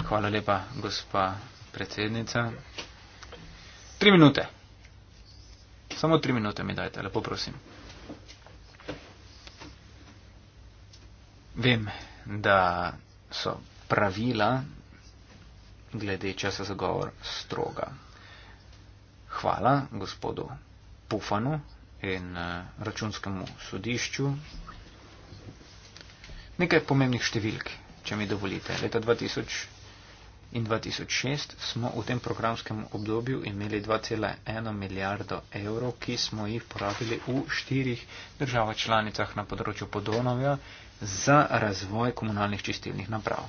Hvala lepa, gospa predsednica. Tri minute. Samo tri minute mi dajte, lepo prosim. Vem, da so pravila glede časa za govor stroga. Hvala gospodu Pufanu in eh, računskemu sodišču, Nekaj pomembnih številk, če mi dovolite. Leta 2000 in 2006 smo v tem programskem obdobju imeli 2,1 milijardo evrov, ki smo jih porabili v štirih državah članicah na področju Podonovja za razvoj komunalnih čistilnih naprav.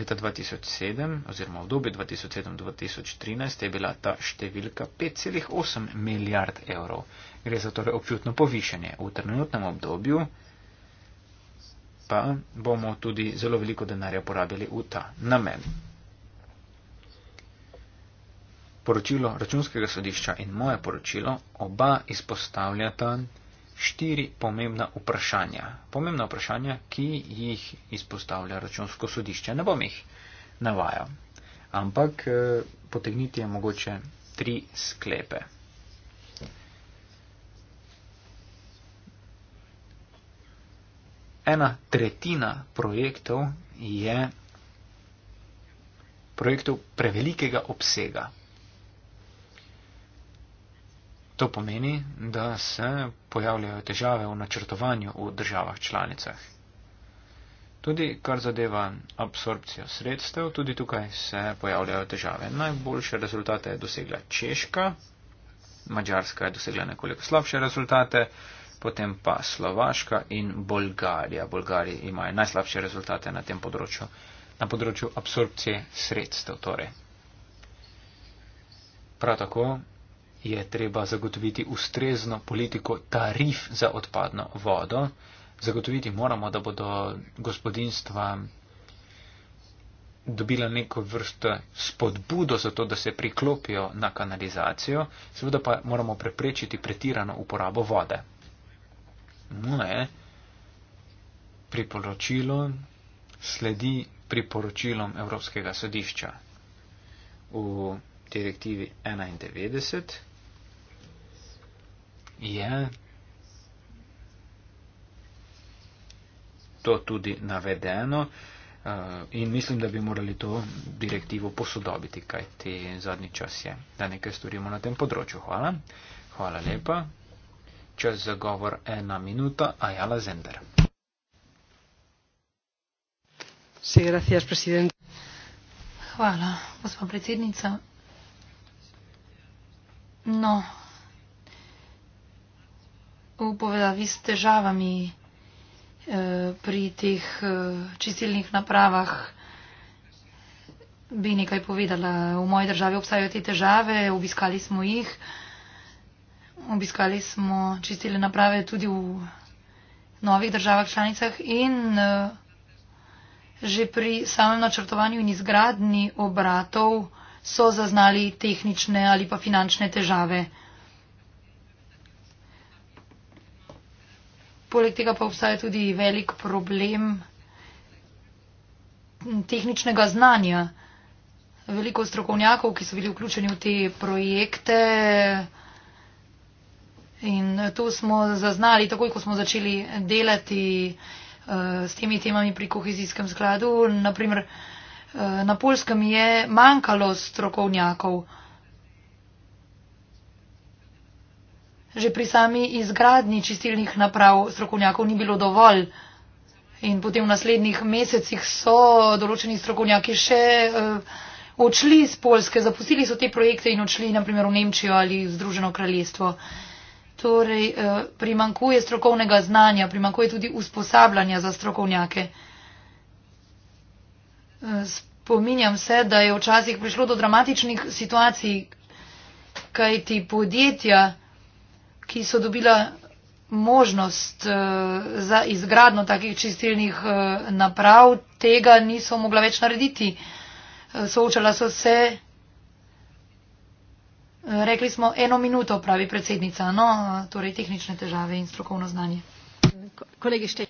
Leta 2007 oziroma v dobi 2007-2013 je bila ta številka 5,8 milijard evrov. Gre za torej občutno povišanje. V trenutnem obdobju pa bomo tudi zelo veliko denarja porabili v ta namen. Poročilo računskega sodišča in moje poročilo oba izpostavljata štiri pomembna vprašanja. Pomembna vprašanja, ki jih izpostavlja računsko sodišče. Ne bom jih navajal, ampak eh, potegniti je mogoče tri sklepe. ena tretjina projektov je projektov prevelikega obsega. To pomeni, da se pojavljajo težave v načrtovanju v državah članicah. Tudi kar zadeva absorpcijo sredstev, tudi tukaj se pojavljajo težave. Najboljše rezultate je dosegla Češka, Mačarska je dosegla nekoliko slabše rezultate, uh, potem pa Slovaška in Bolgarija. Bolgari imajo najslabše rezultate na tem področju, na področju absorpcije sredstev. Torej. Prav tako je treba zagotoviti ustrezno politiko tarif za odpadno vodo. Zagotoviti moramo, da bodo gospodinstva dobila neko vrsto spodbudo za to, da se priklopijo na kanalizacijo, seveda pa moramo preprečiti pretirano uporabo vode moje priporočilo sledi priporočilom Evropskega sodišča v direktivi 91 je to tudi navedeno eh, in mislim, da bi morali to direktivo posodobiti, kaj ti zadnji čas je, da nekaj storimo na tem področju. Hvala. Hvala lepa. Čas za govor ena minuta, Ajala Zender. Sí, gracias, presidente. Hvala, gospa predsednica. No, v povedavi s težavami eh, pri teh eh, čistilnih napravah bi nekaj povedala. V moji državi obstajajo te težave, obiskali smo jih. Eh, obiskali smo čistile naprave tudi v novih državah članicah in eh, že pri samem načrtovanju in izgradni obratov so zaznali tehnične ali pa finančne težave. Poleg tega pa obstaja tudi velik problem tehničnega znanja. Veliko strokovnjakov, ki so bili vključeni v te projekte, In to smo zaznali takoj, ko smo začeli delati uh, s temi temami pri kohezijskem skladu. Naprimer, uh, na eh, polskem je manjkalo strokovnjakov. Že pri sami izgradnji čistilnih naprav strokovnjakov ni bilo dovolj. In potem v naslednjih mesecih so določeni strokovnjaki še uh, odšli iz Polske, zapustili so te projekte in odšli naprimer v Nemčijo ali v Združeno kraljestvo. Uh, Torej, eh, primankuje strokovnega znanja, primankuje tudi usposabljanja za strokovnjake. Eh, spominjam se, da je včasih prišlo do dramatičnih situacij, kaj ti podjetja, ki so dobila možnost eh, za izgradno takih čistilnih naprav, tega niso mogla več narediti. Soočala so se Rekli smo eno minuto, pravi predsednica, no, torej tehnične težave in strokovno znanje. Kolegi Štej.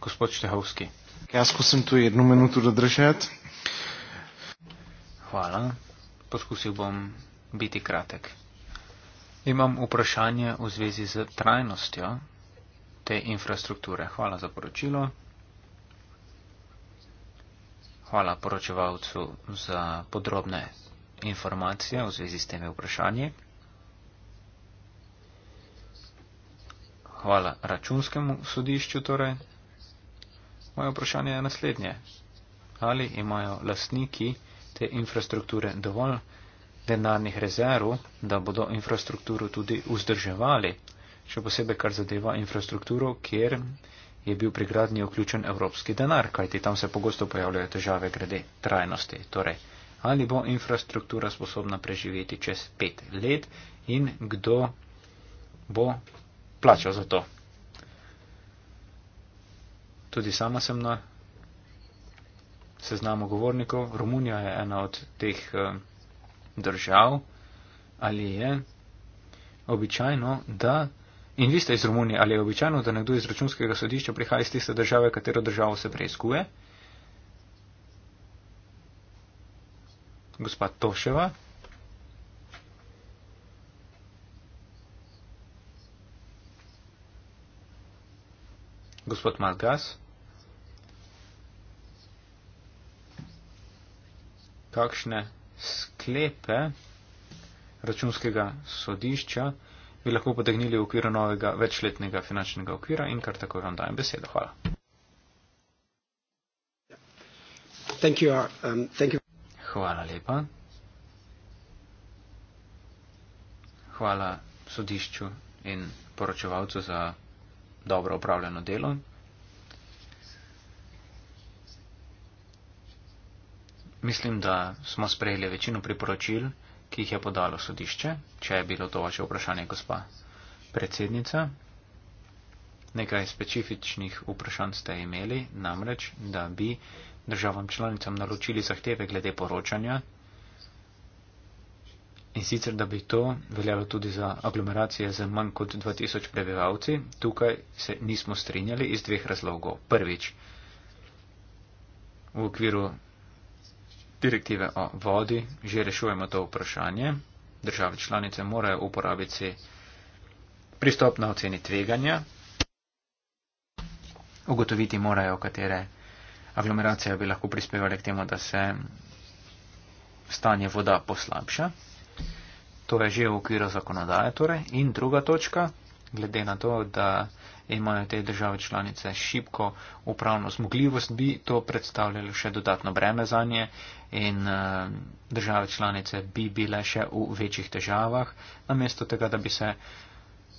Gospod Štehovski. Jaz poskusim tu eno minuto zadržati. Hvala. Poskusil bom biti kratek. Imam vprašanje v zvezi z trajnostjo te infrastrukture. Hvala za poročilo. Hvala poročevalcu za podrobne informacije v zvezi s temi vprašanji. Hvala računskemu sodišču torej. Moje vprašanje je naslednje. Ali imajo lastniki te infrastrukture dovolj denarnih rezerv, da bodo infrastrukturo tudi vzdrževali, še posebej kar zadeva infrastrukturo, kjer je bil pri gradnji vključen evropski denar, kajti tam se pogosto pojavljajo težave glede trajnosti. Torej, ali bo infrastruktura sposobna preživeti čez pet let in kdo bo plačal za to. Tudi sama sem na seznamu govornikov. Romunija je ena od teh eh, držav, ali je običajno, da. In vi ste iz Romunije, ali je običajno, da nekdo iz računskega sodišča prihaja iz tiste države, katero državo se preizkuje? gospa Toševa. Gospod Malgas. Kakšne sklepe računskega sodišča bi lahko potegnili v okviru novega večletnega finančnega okvira in kar takoj vam dajem besedo. Hvala. Thank you, uh, um, thank you Hvala lepa. Hvala sodišču in poročevalcu za dobro upravljeno delo. Mislim, da smo sprejeli večino priporočil, ki jih je podalo sodišče, če je bilo to vaše vprašanje, gospa predsednica. Nekaj specifičnih vprašanj ste imeli, namreč, da bi državam članicam naročili zahteve glede poročanja. In sicer, da bi to veljalo tudi za aglomeracije z manj kot 2000 prebivalci, tukaj se nismo strinjali iz dveh razlogov. Prvič, v okviru direktive o vodi že rešujemo to vprašanje. Države članice morajo uporabiti pristop na oceni tveganja, ugotoviti morajo, katere aglomeracije bi lahko prispevali k temu, da se stanje voda poslabša. To je že v okviru zakonodaje. Torej. In druga točka, glede na to, da imajo te države članice šibko upravno zmogljivost, bi to predstavljalo še dodatno breme za nje in eh, države članice bi bile še v večjih težavah, namesto tega, da bi se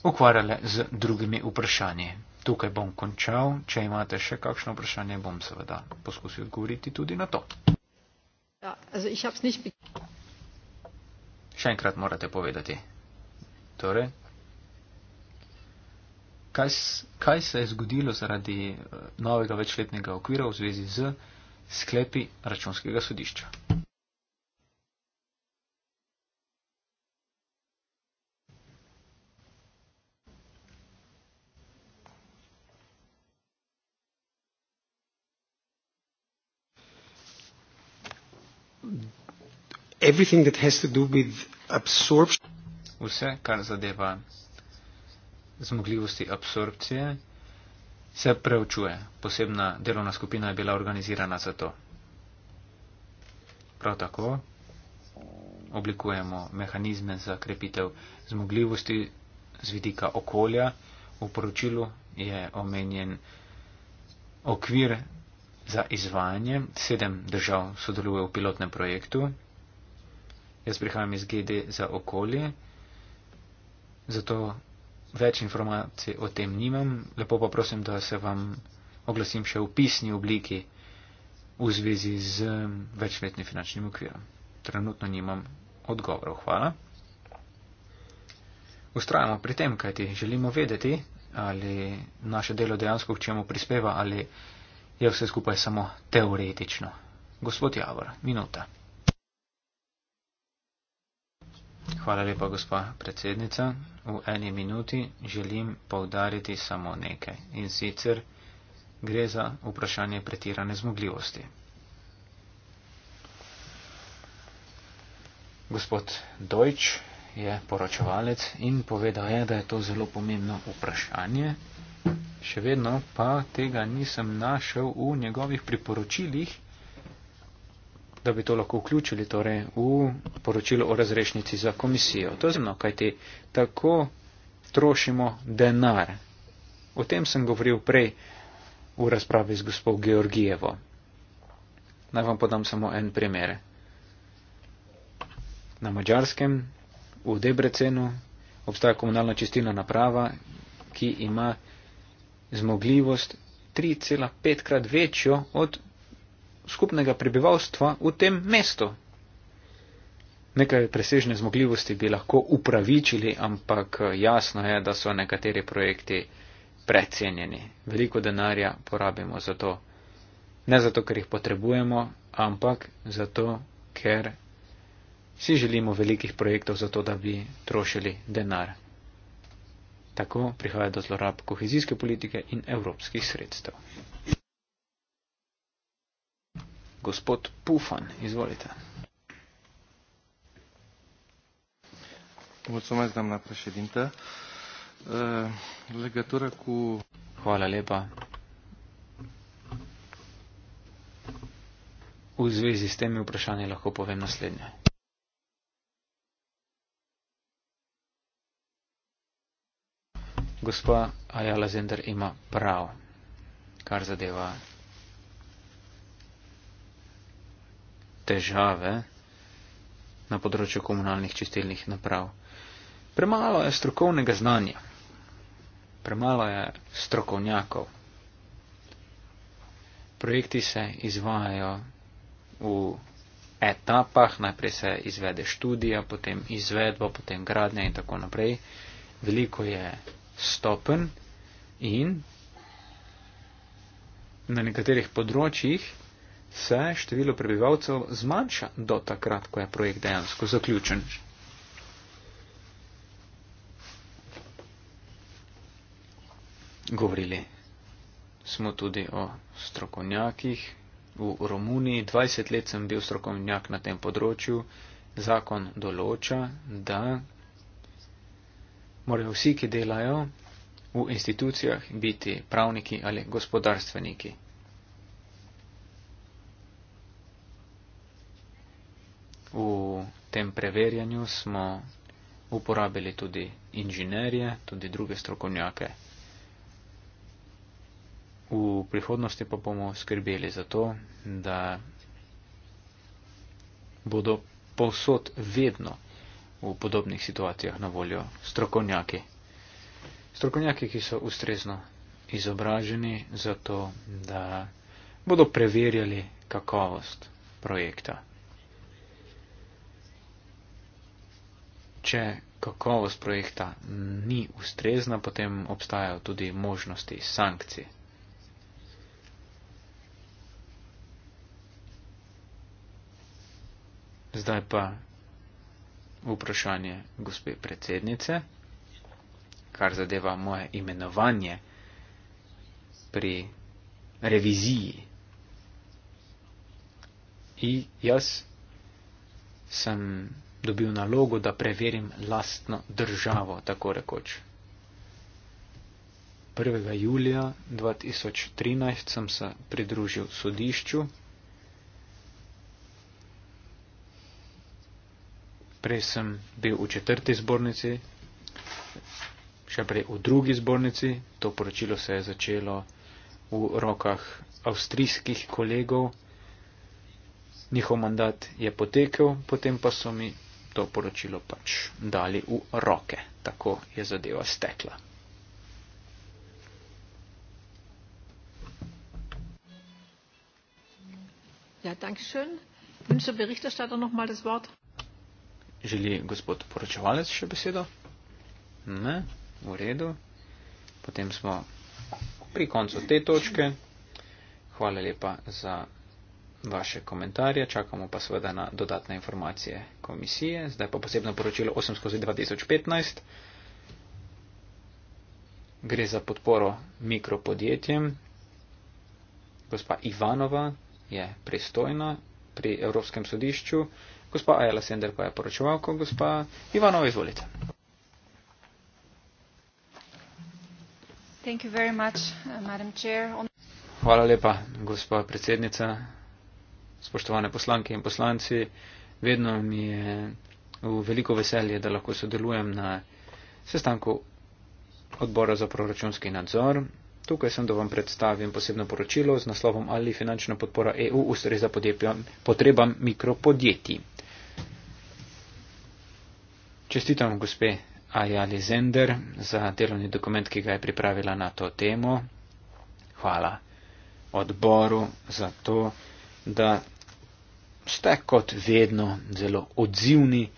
ukvarjale z drugimi vprašanji. Tukaj bom končal. Če imate še kakšno vprašanje, bom seveda poskusil odgovoriti tudi na to. Ja, also ich hab's nicht še enkrat morate povedati. Torej, kaj, kaj se je zgodilo zaradi eh, novega večletnega okvira v zvezi z sklepi računskega sodišča? everything that has to do with absorption. Vse, kar zadeva zmogljivosti absorpcije, se preučuje. Posebna delovna skupina je bila organizirana za to. Prav tako oblikujemo mehanizme za krepitev zmogljivosti z vidika okolja. V poročilu je omenjen okvir za izvajanje. Sedem držav sodeluje v pilotnem projektu. Jaz prihajam iz GD za okolje, zato več informacij o tem nimam. Lepo pa prosim, da se vam oglasim še v pisni obliki v zvezi z večletnim finančnim okvirom. Trenutno nimam odgovorov. Hvala. Ustrajamo pri tem, kajti želimo vedeti, ali naše delo dejansko k čemu prispeva, ali je vse skupaj samo teoretično. Gospod Javor, minuta. Hvala lepa, gospa predsednica. V eni minuti želim povdariti samo nekaj in sicer gre za vprašanje pretirane zmogljivosti. Gospod Dojč je poročevalec in povedal je, da je to zelo pomembno vprašanje. Še vedno pa tega nisem našel v njegovih priporočilih da bi to lahko vključili torej, v poročilo o razrešnici za komisijo. To je zelo, kajti tako trošimo denar. O tem sem govoril prej v razpravi z gospod Georgijevo. Naj vam podam samo en primer. Na Mačarskem, v Debrecenu, obstaja komunalna čistilna naprava, ki ima zmogljivost 3,5 krat večjo od skupnega prebivalstva v tem mestu. Nekaj presežne zmogljivosti bi lahko upravičili, ampak eh, jasno je, da so nekateri projekti precenjeni. Veliko denarja porabimo za to. Ne zato, ker jih potrebujemo, ampak zato, ker si želimo velikih projektov za to, da bi trošili denar. Tako prihaja do zlorab kohezijske politike in evropskih sredstev. Gospod Pufan, izvolite. Mulțumesc, doamna președintă. Legătură cu... Hvala lepa. V zvezi s temi vprašanji lahko povem naslednje. Gospa Ajala Zender ima prav, kar zadeva težave na področju komunalnih čistilnih naprav. Premalo je strokovnega znanja, premalo je strokovnjakov. Projekti se izvajajo v etapah, najprej se izvede študija, potem izvedba, potem gradnja in tako naprej. Veliko je stopen in na nekaterih področjih se število prebivalcev zmanjša do takrat, ko je projekt dejansko zaključen. Govorili smo tudi o strokovnjakih. V Romuniji 20 let sem bil strokovnjak na tem področju. Zakon določa, da morajo vsi, ki delajo v institucijah, biti pravniki ali gospodarstveniki. V tem preverjanju smo uporabili tudi inženirje, tudi druge strokovnjake. V prihodnosti pa bomo skrbeli za to, da bodo povsod vedno v podobnih situacijah na voljo strokovnjaki. Strokovnjaki, ki so ustrezno izobraženi za to, da bodo preverjali kakovost projekta. če kakovost projekta ni ustrezna, potem obstajajo tudi možnosti sankcij. Zdaj pa vprašanje gospe predsednice, kar zadeva moje imenovanje pri reviziji. In jaz sem dobil nalogo, da preverim lastno državo, tako rekoč. 1. julija 2013 sem se pridružil sodišču. Prej sem bil v četrti zbornici, še prej v drugi zbornici. To poročilo se je začelo v rokah avstrijskih kolegov. Njihov mandat je potekel, potem pa so mi to poročilo pač dali v roke. Tako je zadeva stekla. Ja, schön. Das Wort. Želi gospod poročevalec še besedo? Ne, v redu. Potem smo pri koncu te točke. Hvala lepa za vaše komentarje, čakamo pa seveda na dodatne informacije komisije. Zdaj pa posebno poročilo 8 skozi 2015. Gre za podporo mikropodjetjem. Gospa Ivanova je pristojna pri Evropskem sodišču. Gospa Ajala Sender pa je poročevalka. Gospa Ivanova, izvolite. Uh, Hvala lepa, gospa predsednica spoštovane poslanke in poslanci, vedno mi je v veliko veselje, da lahko sodelujem na sestanku odbora za proračunski nadzor. Tukaj sem, da vam predstavim posebno poročilo z naslovom ali finančna podpora EU ustreza potrebam mikropodjetij. Čestitam gospe Ajali Zender za delovni dokument, ki ga je pripravila na to temo. Hvala odboru za to, da ste kot vedno zelo odzivni.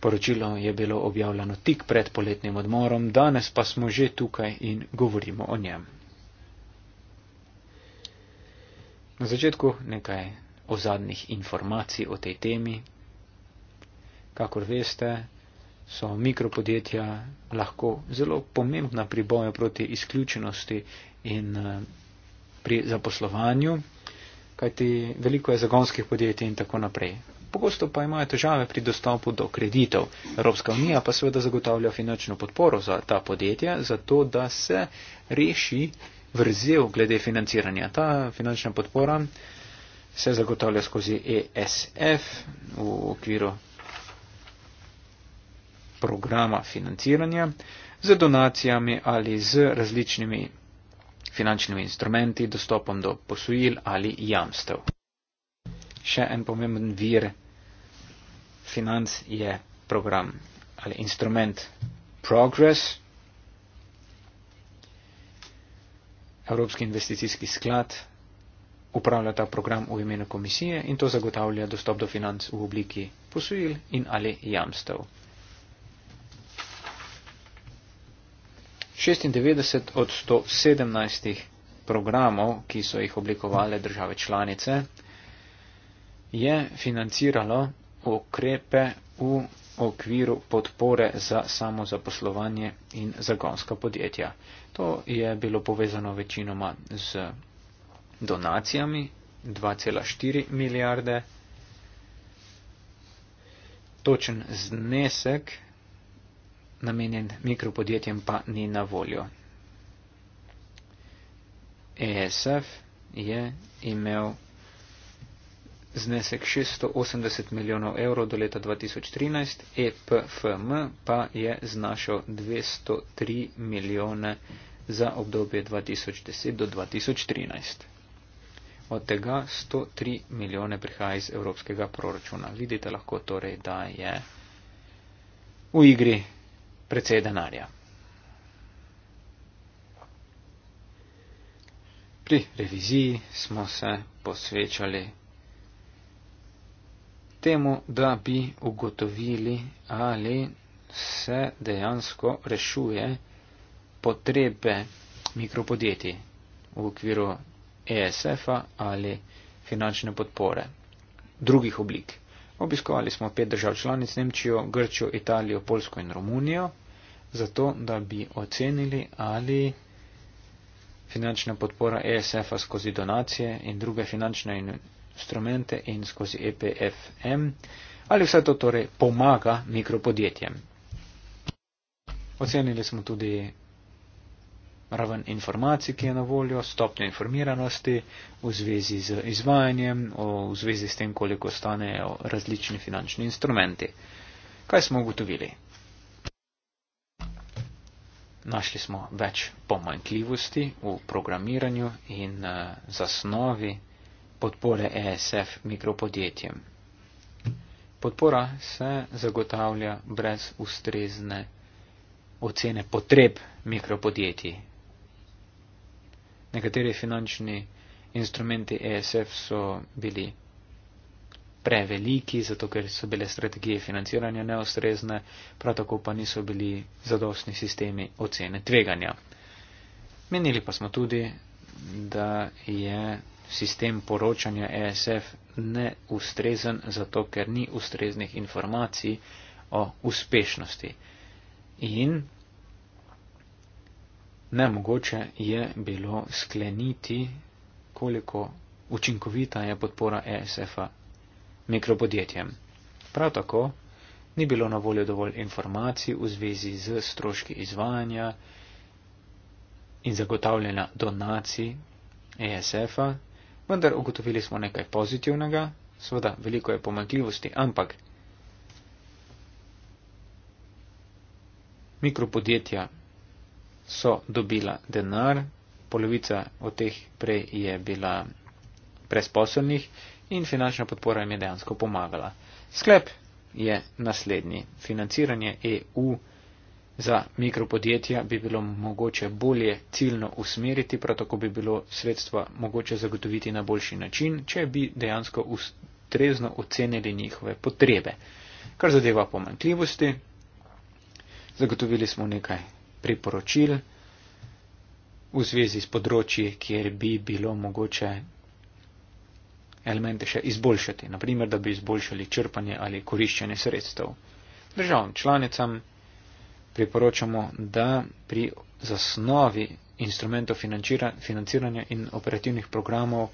Poročilo je bilo objavljeno tik pred poletnim odmorom, danes pa smo že tukaj in govorimo o njem. Na začetku nekaj o zadnjih informacij o tej temi. Kakor veste, so mikropodjetja lahko zelo pomembna pri boju proti izključenosti in eh, pri zaposlovanju kajti veliko je zagonskih podjetij in tako naprej. Pogosto pa imajo težave pri dostopu do kreditov. Evropska unija pa seveda zagotavlja finančno podporo za ta podjetja, zato da se reši vrzel glede financiranja. Ta finančna podpora se zagotavlja skozi ESF v okviru programa financiranja z donacijami ali z različnimi finančnimi instrumenti, dostopom do posojil ali jamstev. Še en pomemben vir financ je program ali instrument Progress. Evropski investicijski sklad upravlja ta program v imenu komisije in to zagotavlja dostop do financ v obliki posojil in ali jamstev. 96 od 117 programov, ki so jih oblikovali države članice, je financiralo ukrepe v okviru podpore za samozaposlovanje in zagonska podjetja. To je bilo povezano večinoma z donacijami 2,4 milijarde. Točen znesek namenjen mikropodjetjem pa ni na voljo. ESF je imel znesek 680 milijonov evrov do leta 2013, EPFM pa je znašal 203 milijone za obdobje 2010 do 2013. Od tega 103 milijone prihaja iz evropskega proračuna. Vidite lahko torej, da je v igri precej denarja. Pri reviziji smo se posvečali temu, da bi ugotovili, ali se dejansko rešuje potrebe mikropodjetij v okviru ESF-a ali finančne podpore drugih oblik. Obiskovali smo pet držav članic Nemčijo, Grčijo, Italijo, Polsko in Romunijo, zato da bi ocenili, ali finančna podpora ESF-a skozi donacije in druge finančne instrumente in skozi EPFM, ali vse to torej pomaga mikropodjetjem. Ocenili smo tudi raven informacij, ki je na voljo, stopnjo informiranosti v zvezi z izvajanjem, v zvezi s tem, koliko stanejo različni finančni instrumenti. Kaj smo ugotovili? Našli smo več pomankljivosti v programiranju in eh, zasnovi podpore ESF mikropodjetjem. Podpora se zagotavlja brez ustrezne ocene potreb mikropodjetij, nekateri finančni instrumenti ESF so bili preveliki, zato ker so bile strategije financiranja neostrezne, prav tako pa niso bili zadostni sistemi ocene tveganja. Menili pa smo tudi, da je sistem poročanja ESF neustrezen, zato ker ni ustreznih informacij o uspešnosti. In nemogoče je bilo skleniti, koliko učinkovita je podpora ESF-a mikropodjetjem. Prav tako ni bilo na voljo dovolj informacij v zvezi z stroški izvajanja in zagotavljanja donacij ESF-a, vendar ugotovili smo nekaj pozitivnega, seveda veliko je pomakljivosti, ampak mikropodjetja so dobila denar, polovica od teh prej je bila presposobnih in finančna podpora jim je dejansko pomagala. Sklep je naslednji. Financiranje EU za mikropodjetja bi bilo mogoče bolje ciljno usmeriti, prav tako bi bilo sredstva mogoče zagotoviti na boljši način, če bi dejansko ustrezno ocenili njihove potrebe. Kar zadeva pomankljivosti, zagotovili smo nekaj priporočil v zvezi s področji, kjer bi bilo mogoče elemente še izboljšati, naprimer, da bi izboljšali črpanje ali koriščenje sredstev. Državam članicam priporočamo, da pri zasnovi instrumentov financiranja in operativnih programov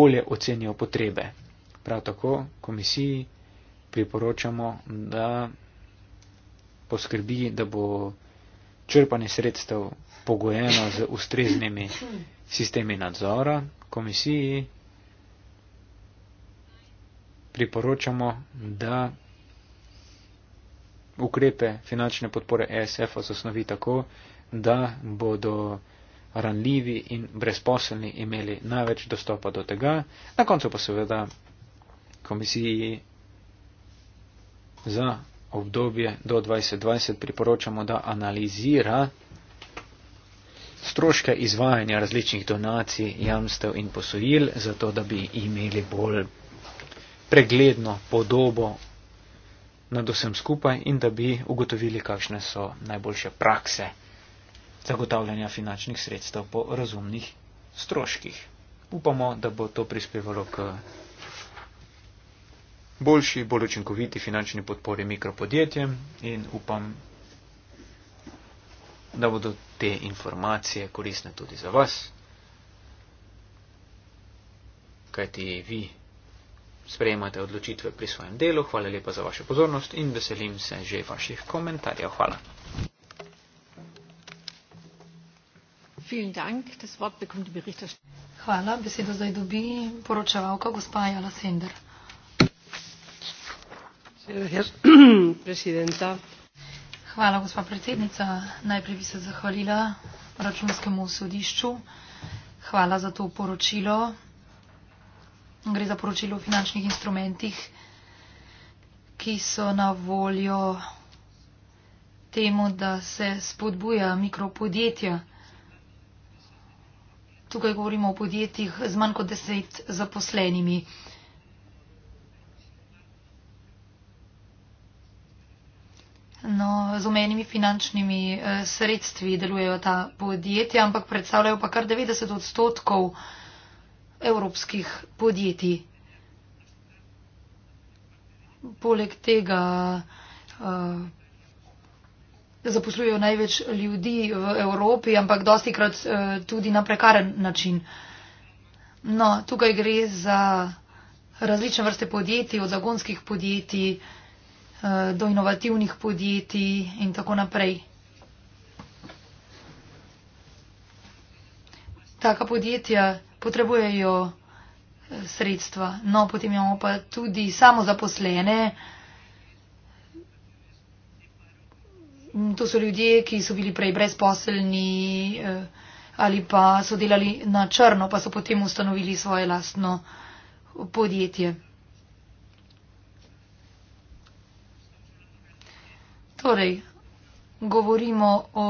bolje ocenijo potrebe. Prav tako komisiji priporočamo, da poskrbi, da bo črpanje sredstev pogojeno z ustreznimi sistemi nadzora komisiji, priporočamo, da ukrepe finančne podpore ESF osnovi tako, da bodo ranljivi in brezposelni imeli največ dostopa do tega, na koncu pa seveda komisiji za obdobje do 2020 priporočamo, da analizira stroške izvajanja različnih donacij, jamstev in posojil, zato da bi imeli bolj pregledno podobo nad vsem skupaj in da bi ugotovili, kakšne so najboljše prakse zagotavljanja finančnih sredstev po razumnih stroških. Upamo, da bo to prispevalo k boljši, bolj učinkoviti finančni podpori mikropodjetjem in upam, da bodo te informacije koristne tudi za vas, kajti vi sprejemate odločitve pri svojem delu. Hvala lepa za vašo pozornost in veselim se že vaših komentarjev. Hvala. Hvala, besedo zdaj dobi poročevalka gospa Jala Sender. hvala gospa predsednica najprej bi se zahvalila računskemu sodišču hvala za to poročilo gre za poročilo o finančnih instrumentih ki so na voljo temu da se spodbuja mikropodjetja tukaj govorimo o podjetjih z manj kot deset zaposlenimi. No, z omenjenimi finančnimi eh, sredstvi delujejo ta podjetja, ampak predstavljajo pa kar 90 odstotkov evropskih podjetij. Poleg tega uh, zaposlujejo največ ljudi v Evropi, ampak dosti krat uh, eh, tudi na prekaren način. No, tukaj gre za različne vrste podjetij, od zagonskih podjetij uh, Eh, do inovativnih podjetij in tako naprej. Taka podjetja potrebujejo eh, sredstva. No, potem imamo pa tudi samo zaposlene. To so ljudje, ki so bili prej brezposelni eh, ali pa so delali na črno, pa so potem ustanovili svoje lastno podjetje. torej govorimo o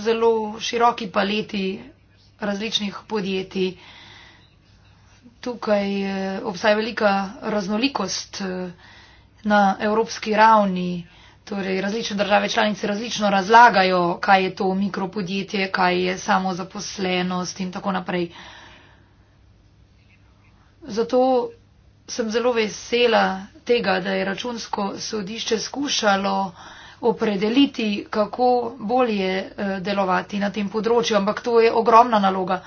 zelo široki paleti različnih podjetij. Tukaj eh, obstaja velika raznolikost eh, na evropski ravni, torej različne države članice različno razlagajo, kaj je to mikropodjetje, kaj je samozaposlenost in tako naprej. Zato sem zelo vesela tega, da je računsko sodišče skušalo opredeliti, kako bolje eh, delovati na tem področju, ampak to je ogromna naloga.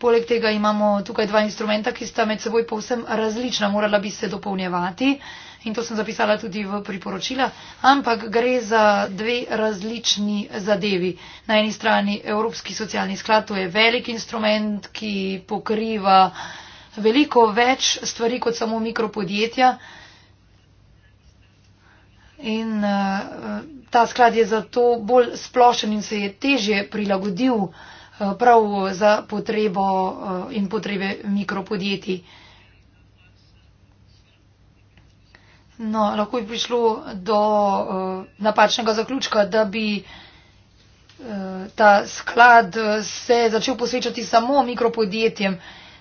Poleg tega imamo tukaj dva instrumenta, ki sta med seboj povsem različna, morala bi se dopolnjevati in to sem zapisala tudi v priporočila, ampak gre za dve različni zadevi. Na eni strani Evropski socialni sklad, to je velik instrument, ki pokriva veliko več stvari kot samo mikropodjetja. In uh, ta sklad je zato bolj splošen in se je težje prilagodil uh, prav za potrebo uh, in potrebe mikropodjetij. No, lahko bi prišlo do uh, napačnega zaključka, da bi ta sklad se začel posvečati samo mikropodjetjem.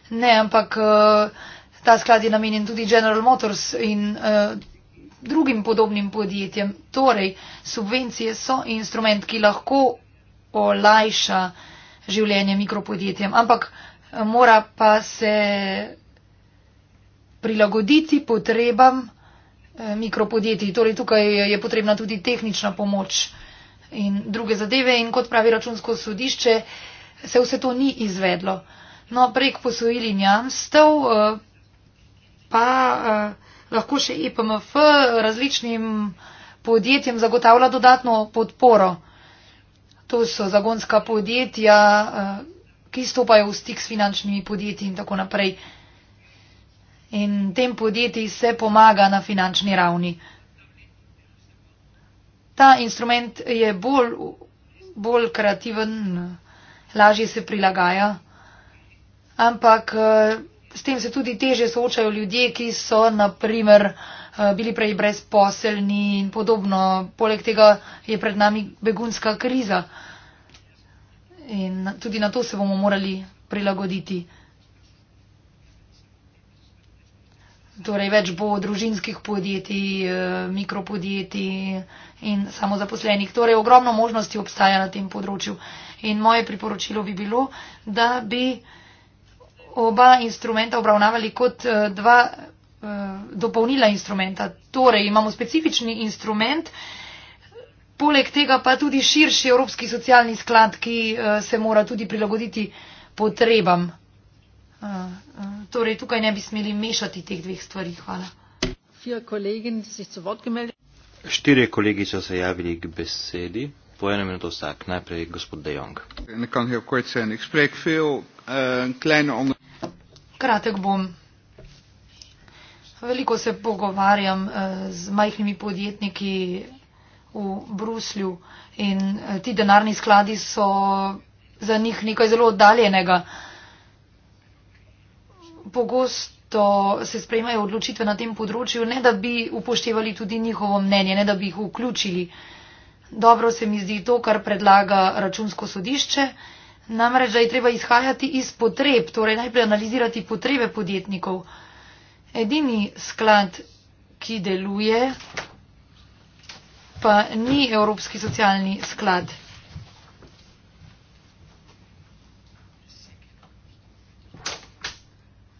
Ne, ampak ta sklad je namenjen tudi General Motors in drugim podobnim podjetjem. Torej, subvencije so instrument, ki lahko olajša življenje mikropodjetjem, ampak eh, mora pa se prilagoditi potrebam eh, mikropodjetij. Torej, tukaj je potrebna tudi tehnična pomoč in druge zadeve in kot pravi računsko sodišče, se vse to ni izvedlo. No, prek posojilin jamstev eh, pa. Uh, lahko še IPMF različnim podjetjem zagotavlja dodatno podporo. To so zagonska podjetja, eh, ki stopajo v stik s finančnimi podjetji in tako naprej. In tem podjetji se pomaga na finančni ravni. Ta instrument je bolj, bolj kreativen, lažje se prilagaja, ampak eh, s tem se tudi teže soočajo ljudje, ki so naprimer eh, bili prej brezposelni in podobno. Poleg tega je pred nami begunska kriza in tudi na to se bomo morali prilagoditi. Torej, več bo družinskih podjetij, eh, mikropodjetij in samozaposlenih. Torej, ogromno možnosti obstaja na tem področju. In moje priporočilo bi bilo, da bi oba instrumenta obravnavali kot eh, dva eh, dopolnila instrumenta. Torej imamo specifični instrument, poleg tega pa tudi širši Evropski socialni sklad, ki eh, se mora tudi prilagoditi potrebam. Torej tukaj ne bi smeli mešati teh dveh stvari. Hvala. Štirje kolegi so se javili k besedi eno minuto vsak. Najprej gospod De Jong. Eh, Kratek bom. Veliko se pogovarjam eh, z majhnimi podjetniki v Bruslju in eh, ti denarni skladi so za njih nekaj zelo oddaljenega. Pogosto se sprejmajo odločitve na tem področju, ne da bi upoštevali tudi njihovo mnenje, ne da bi jih vključili. Uh, Dobro se mi zdi to, kar predlaga računsko sodišče. Namreč, da je treba izhajati iz potreb, torej najprej analizirati potrebe podjetnikov. Edini sklad, ki deluje, pa ni Evropski socialni sklad.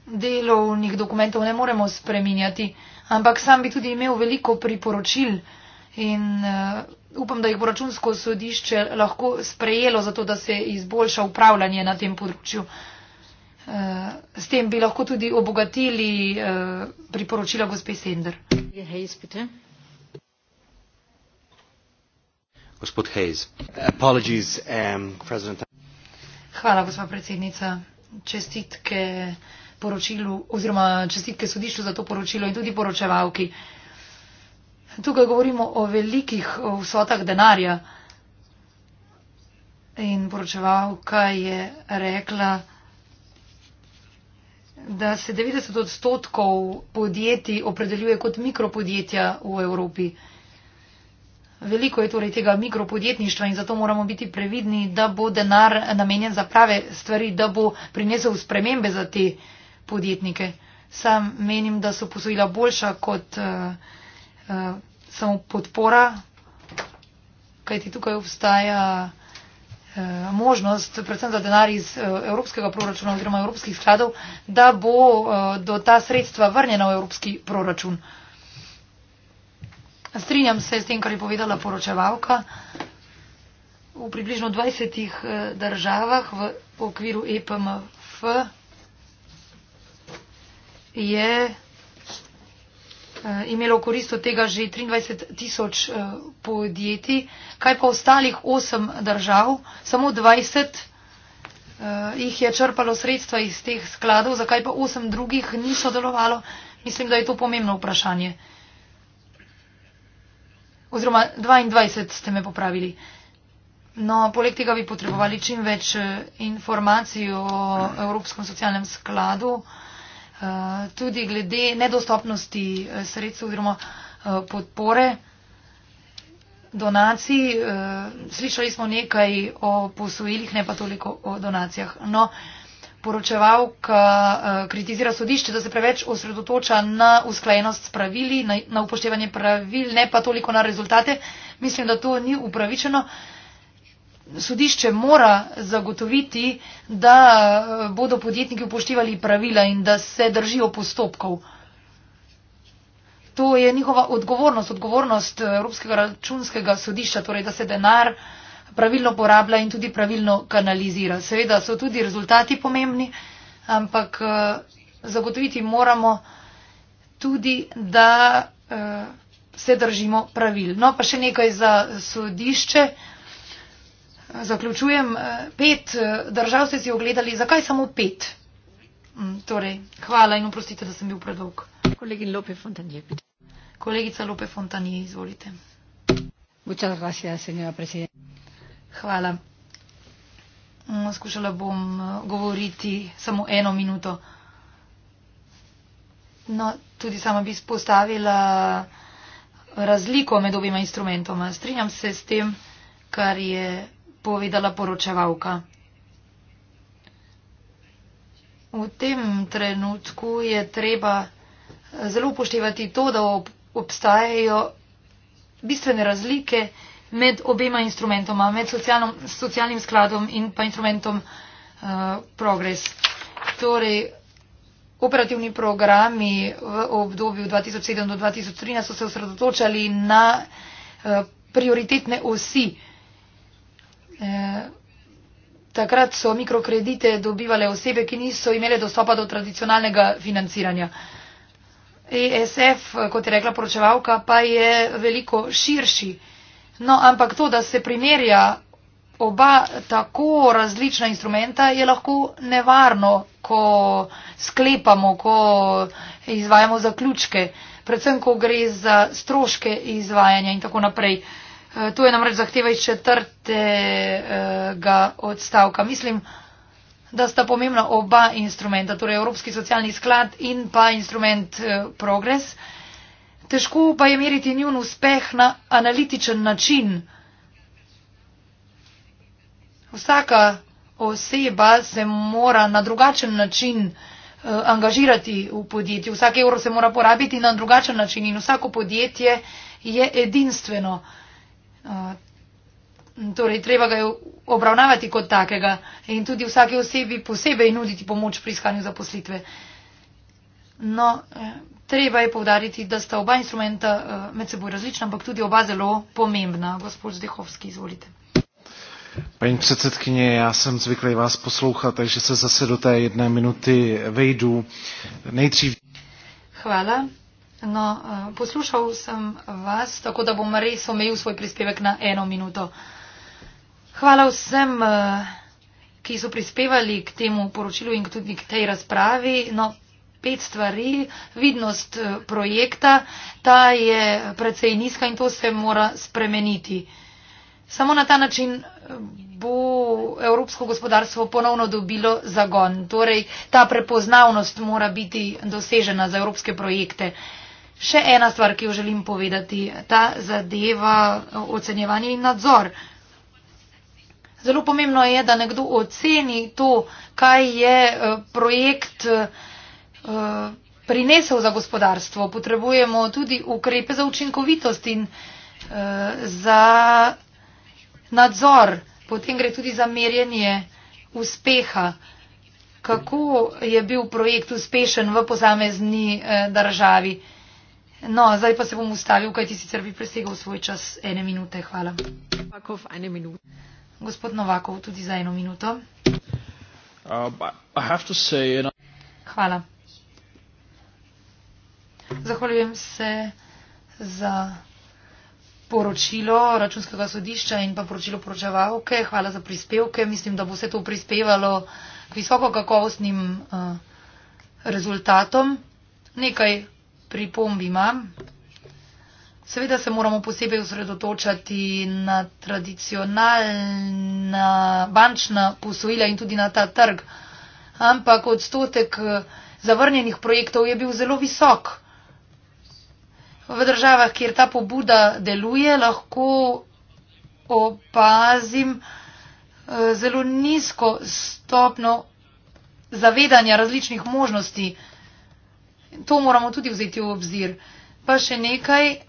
Delovnih dokumentov ne moremo spreminjati, ampak sam bi tudi imel veliko priporočil in uh, upam, da jih bo računsko sodišče lahko sprejelo, zato da se izboljša upravljanje na tem področju. Eh, s tem bi lahko tudi obogatili eh, priporočila gospe Sender. Gospod Hayes. Apologies, um, President. Hvala, gospa predsednica. Čestitke poročilu oziroma čestitke sodišču za to poročilo in tudi poročevalki. Uh, Tukaj govorimo o velikih vsotah denarja. In poročevalka je rekla, da se 90 odstotkov podjetij opredeljuje kot mikropodjetja v Evropi. Veliko je torej tega mikropodjetništva in zato moramo biti previdni, da bo denar namenjen za prave stvari, da bo prinesel spremembe za te podjetnike. Sam menim, da so posojila boljša kot. Uh, uh, samo podpora, kajti tukaj obstaja uh, možnost, predvsem za denar iz uh, evropskega proračuna oziroma evropskih skladov, da bo uh, do ta sredstva vrnjena v evropski proračun. Strinjam se s tem, kar je povedala poročevalka. V približno 20 državah v okviru EPMF je Eh, imelo korist od tega že 23 tisoč eh, podjetij, kaj pa ostalih 8 držav, samo 20 eh, jih je črpalo sredstva iz teh skladov, zakaj pa 8 drugih ni sodelovalo, mislim, da je to pomembno vprašanje. Oziroma 22 ste me popravili. No, poleg tega bi potrebovali čim več informacij o Evropskem socialnem skladu. Eh, tudi glede nedostopnosti eh, sredstev oziroma eh, podpore donacij. Slišali smo nekaj o posojilih, ne pa toliko o donacijah. No, poročevalka kritizira sodišče, da se preveč osredotoča na usklajenost s pravili, na upoštevanje pravil, ne pa toliko na rezultate. Mislim, da to ni upravičeno sodišče mora zagotoviti, da eh, bodo podjetniki upoštevali pravila in da se držijo postopkov. To je njihova odgovornost, odgovornost eh, Evropskega računskega sodišča, torej da se denar pravilno porablja in tudi pravilno kanalizira. Seveda so tudi rezultati pomembni, ampak eh, zagotoviti moramo tudi, da se držimo pravil. No, pa še nekaj za sodišče. Zaključujem. Eh, pet eh, držav ste si ogledali. Zakaj samo pet? Mm, torej, hvala in oprostite, da sem bil predolg. Kolegin Lope Fontanje. Kolegica Lope Fontanje, izvolite. Muchas gracias, señora presidenta. Hvala. Mm, skušala bom eh, govoriti samo eno minuto. No, tudi sama bi spostavila razliko med obima instrumentoma. Strinjam se s tem, kar je povedala poročevalka. V tem trenutku je treba zelo upoštevati to, da ob, obstajajo bistvene razlike med obema instrumentoma, med socialno, socialnim skladom in pa instrumentom uh, Progress. Torej, operativni programi v obdobju 2007 do 2013 so se osredotočali na uh, prioritetne osi uh, Eh, takrat so mikrokredite dobivale osebe, ki niso imele dostopa do tradicionalnega financiranja. ESF, eh, kot je rekla poročevalka, pa je veliko širši. No, ampak to, da se primerja oba tako različna instrumenta, je lahko nevarno, ko sklepamo, ko izvajamo zaključke, predvsem, ko gre za stroške izvajanja in tako naprej. Eh, to je namreč zahteva iz četrtega eh, odstavka. Mislim, da sta pomembna oba instrumenta, torej Evropski socialni sklad in pa instrument eh, Progres. Težko pa je meriti njun uspeh na analitičen način. Vsaka oseba se mora na drugačen način angažirati v podjetju. Vsak evro se mora porabiti na drugačen način in vsako podjetje je edinstveno. Eh, torej, treba ga je obravnavati kot takega in tudi vsake osebi posebej nuditi pomoč pri iskanju zaposlitve. No, eh, treba je povdariti, da sta oba instrumenta eh, med seboj različna, ampak tudi oba zelo pomembna. Gospod Zdehovski, izvolite. Paní předsedkyně, já jsem zvyklý vás poslouchat, takže se zase do té jedné minuty vejdu. Nejdřív. Chvála. No, eh, poslušal sem vas, tako da bom res omejil svoj prispevek na eno minuto. Hvala vsem, eh, ki so prispevali k temu poročilu in tudi k tej razpravi. No, pet stvari. Vidnost eh, projekta, ta je precej nizka in to se mora spremeniti. Samo na ta način bo evropsko gospodarstvo ponovno dobilo zagon. Torej, ta prepoznavnost mora biti dosežena za evropske projekte. Še ena stvar, ki jo želim povedati, ta zadeva eh, ocenjevanje in nadzor. Zelo pomembno je, da nekdo oceni to, kaj je eh, projekt eh, prinesel za gospodarstvo. Potrebujemo tudi ukrepe za učinkovitost in za nadzor. Potem gre tudi za merjenje uspeha, kako je bil projekt uspešen v posamezni državi. No, zdaj pa se bom ustavil, kaj ti sicer bi presegal svoj čas ene minute. Hvala. Novakov, ene minute. Gospod Novakov, tudi za eno minuto. Uh, say, you know... Hvala. Zahvaljujem se za poročilo računskega sodišča in pa poročilo poročevalke. Hvala za prispevke. Mislim, da bo vse to prispevalo k visoko kakovostnim uh, rezultatom. Nekaj pripomb imam. Seveda se moramo posebej osredotočati na tradicionalna bančna posojila in tudi na ta trg. Ampak odstotek eh, zavrnjenih projektov je bil zelo visok. V državah, kjer ta pobuda deluje, lahko opazim eh, zelo nizko stopno zavedanja različnih možnosti. To moramo tudi vzeti v obzir. Pa še nekaj,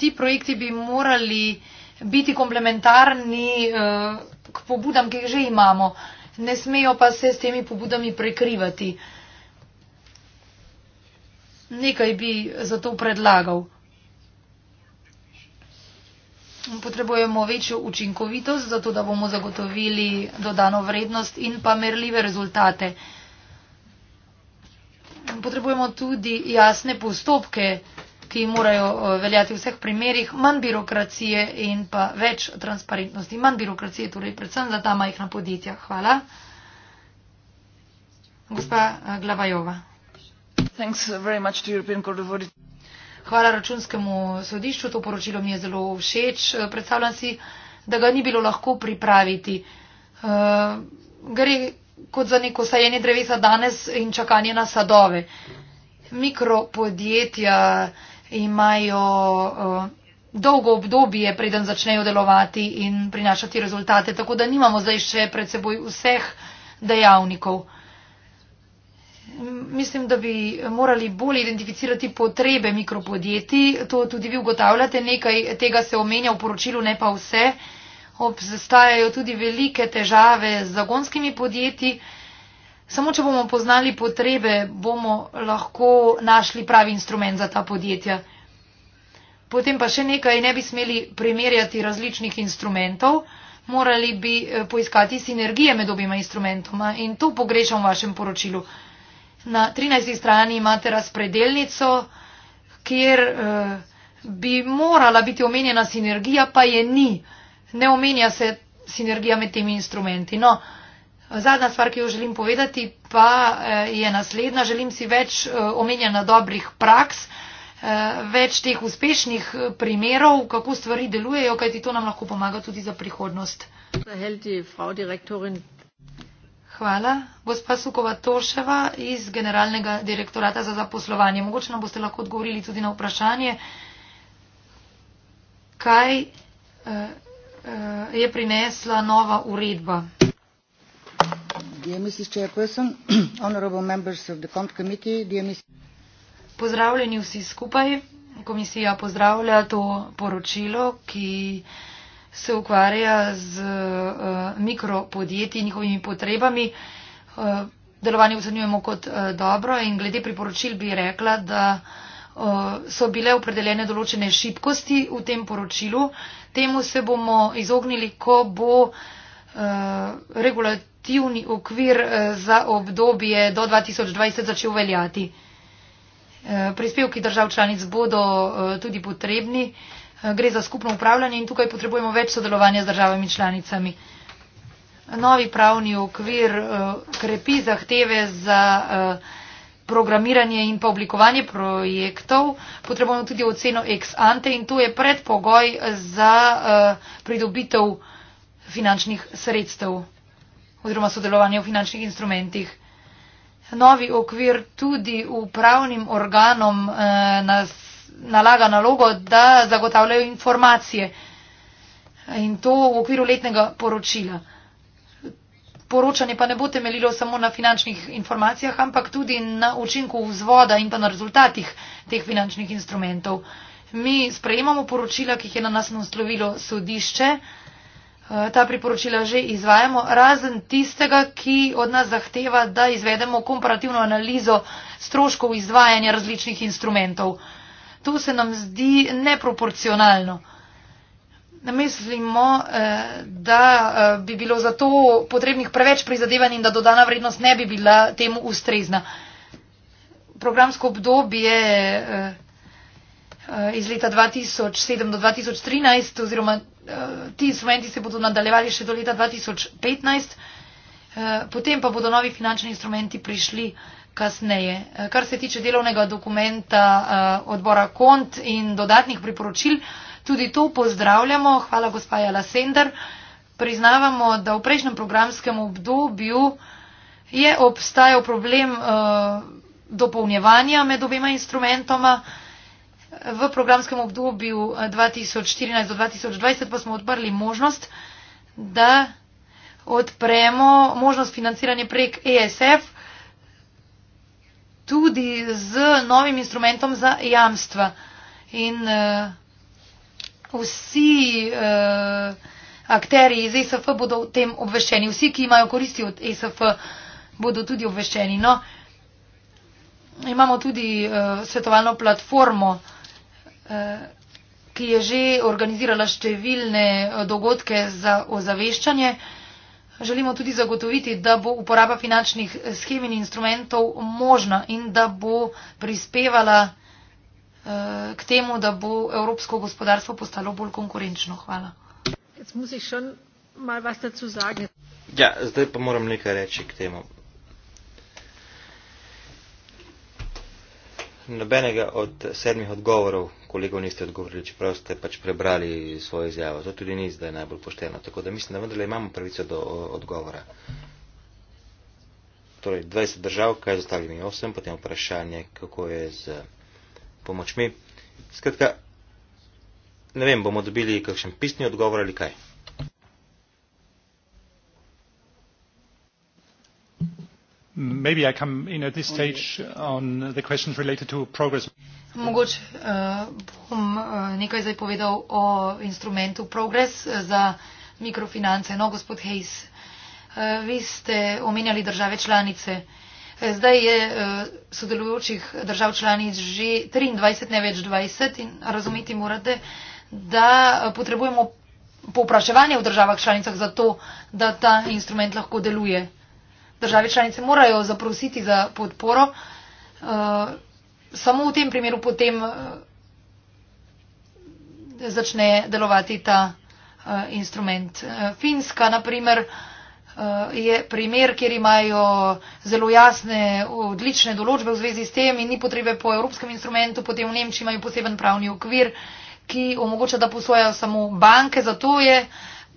ti projekti bi morali biti komplementarni eh, k pobudam, ki jih že imamo. Ne smejo pa se s temi pobudami prekrivati. Nekaj bi zato predlagal. Potrebujemo večjo učinkovitost, zato da bomo zagotovili dodano vrednost in pa merljive rezultate potrebujemo tudi jasne postopke, ki morajo eh, veljati v vseh primerjih, manj birokracije in pa več transparentnosti. Manj birokracije torej predvsem za ta majhna podjetja. Hvala. Gospa eh, Glavajova. Hvala računskemu sodišču, to poročilo mi je zelo všeč. Eh, predstavljam si, da ga ni bilo lahko pripraviti. Uh, gre kot za neko sajenje drevesa danes in čakanje na sadove. Mikropodjetja imajo uh, dolgo obdobje, preden začnejo delovati in prinašati rezultate, tako da nimamo zdaj še pred seboj vseh dejavnikov. Mislim, da bi morali bolj identificirati potrebe mikropodjetij, to tudi vi ugotavljate, nekaj tega se omenja v poročilu, ne pa vse. Uh, obstajajo tudi velike težave z zagonskimi podjetji. Samo, če bomo poznali potrebe, bomo lahko našli pravi instrument za ta podjetja. Potem pa še nekaj, ne bi smeli primerjati različnih instrumentov, morali bi eh, poiskati sinergije med obima instrumentoma in to pogrešam v vašem poročilu. Na 13. strani imate razpredelnico, kjer eh, bi morala biti omenjena sinergija, pa je ni. Eh, ne omenja se sinergija med temi instrumenti. No, zadnja stvar, ki jo želim povedati, pa eh, je naslednja. Želim si več eh, omenjanja dobrih praks, eh, več teh uspešnih primerov, kako stvari delujejo, kajti to nam lahko pomaga tudi za prihodnost. Hvala, gospa Sukova Toševa iz Generalnega direktorata za zaposlovanje. Mogoče nam boste lahko odgovorili tudi na vprašanje, kaj. Uh, Eh, je prinesla nova uredba. Pozdravljeni vsi skupaj. Komisija pozdravlja to poročilo, ki se ukvarja z uh, mikropodjetji in njihovimi potrebami. Uh, delovanje ocenjujemo kot uh, dobro in glede priporočil bi rekla, da uh, so bile opredeljene določene šibkosti v tem poročilu. Uh, Temu se bomo izognili, ko bo uh, regulativni okvir eh, za obdobje do 2020 začel veljati. Eh, prispevki držav članic bodo tudi potrebni. Gre za skupno upravljanje in tukaj potrebujemo več sodelovanja z državami članicami. Novi pravni okvir krepi zahteve za programiranje in pa oblikovanje projektov potrebujemo tudi oceno ex ante in to je predpogoj za eh, pridobitev finančnih sredstev oziroma sodelovanje v finančnih instrumentih. Novi okvir tudi upravnim organom eh, nalaga nalogo, da zagotavljajo informacije in to v okviru letnega poročila poročanje pa ne bo temeljilo samo na finančnih informacijah, ampak tudi na učinku vzvoda in pa na rezultatih teh finančnih instrumentov. Mi sprejemamo poročila, ki jih je na nas naslovilo sodišče. E, ta priporočila že izvajamo, razen tistega, ki od nas zahteva, da izvedemo komparativno analizo stroškov izvajanja različnih instrumentov. To se nam zdi neproporcionalno mislimo, eh, da eh, bi bilo za to potrebnih preveč prizadevanj in da dodana vrednost ne bi bila temu ustrezna. Programsko obdobje eh, iz leta 2007 do 2013 oziroma ti instrumenti se bodo nadaljevali še do leta 2015, potem pa bodo novi finančni instrumenti prišli kasneje. Kar se tiče delovnega dokumenta odbora KONT in dodatnih priporočil, Tudi to pozdravljamo. Hvala, gospa Jala Sender. Priznavamo, da v prejšnjem programskem obdobju je obstajal problem uh, dopolnjevanja med obema instrumentoma. V programskem obdobju 2014 eh, do 2020 pa smo odprli možnost, da odpremo možnost financiranja prek ESF tudi z novim instrumentom za jamstva. In, uh, vsi uh, eh, akteri iz e SF bodo o tem obveščeni. Vsi, ki imajo koristi od e SF, bodo tudi obveščeni. No, imamo tudi uh, svetovalno platformo, uh, ki je že organizirala številne dogodke za ozaveščanje. Želimo tudi zagotoviti, da bo uporaba finančnih schem in instrumentov možna in da bo prispevala Eh, k temu, da bo evropsko gospodarstvo postalo bolj konkurenčno. Hvala. Ja, zdaj pa moram nekaj reči k temu. Nobenega od sedmih odgovorov kolegov niste odgovorili, čeprav ste pač prebrali svojo izjavo. To tudi ni zdaj najbolj pošteno. Tako da mislim, da vendarle imamo pravico do odgovora. Torej, 20 držav, kaj z ostalimi osem, potem vprašanje, kako je z pomočmi. Skratka, ne vem, bomo dobili kakšen pisni odgovor ali kaj. Maybe I come in at this stage on the questions related to progress. Mogoče uh, bom uh, nekaj zdaj povedal o instrumentu progres eh, za mikrofinance. No, gospod Hayes, uh, vi ste omenjali države članice. Uh, Zdaj je eh, sodelujočih držav članic že 23, ne več 20 in razumeti morate, da potrebujemo popraševanje v državah članicah za to, da ta instrument lahko deluje. Države članice morajo zaprositi za podporo. Eh, samo v tem primeru potem eh, začne delovati ta instrument. Finska, na primer, Eh, je primer, kjer imajo zelo jasne, odlične določbe v zvezi s tem in ni potrebe po evropskem instrumentu, potem v Nemčiji imajo poseben pravni okvir, ki omogoča, da posojajo samo banke, zato je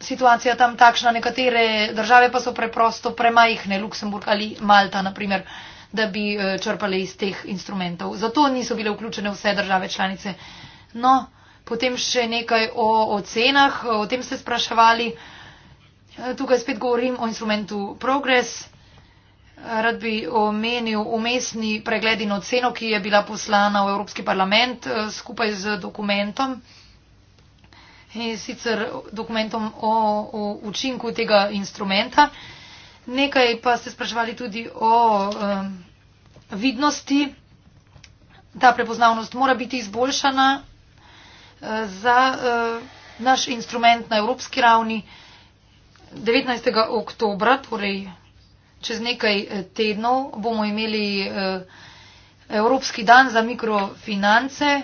situacija tam takšna, nekatere države pa so preprosto premajhne, Luksemburg ali Malta, naprimer, da bi eh, črpali iz teh instrumentov. Zato niso bile vključene vse države članice. No, potem še nekaj o ocenah, o tem ste spraševali. Tukaj spet govorim o instrumentu Progress. Rad bi omenil umestni pregled in oceno, ki je bila poslana v Evropski parlament eh, skupaj z dokumentom in sicer dokumentom o, o učinku tega instrumenta. Nekaj pa ste spraševali tudi o um, vidnosti. Ta prepoznavnost mora biti izboljšana uh, za uh, naš instrument na evropski ravni. Uh, 19. oktobra, torej čez nekaj eh, tednov, bomo imeli eh, Evropski dan za mikrofinance.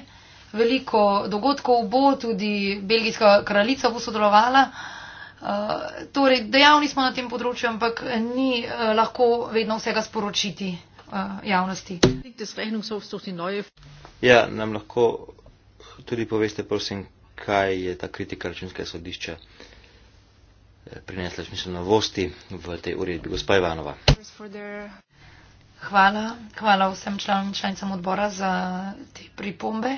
Veliko dogodkov bo, tudi belgijska kraljica bo sodelovala. Eh, torej, dejavni smo na tem področju, ampak ni lahko vedno vsega sporočiti javnosti. Ja, nam lahko tudi poveste, prosim, kaj je ta kritika računskega sodišča prinesla smisel novosti v tej uredbi. Gospa Ivanova. Hvala, hvala vsem članom in članicam odbora za te pripombe.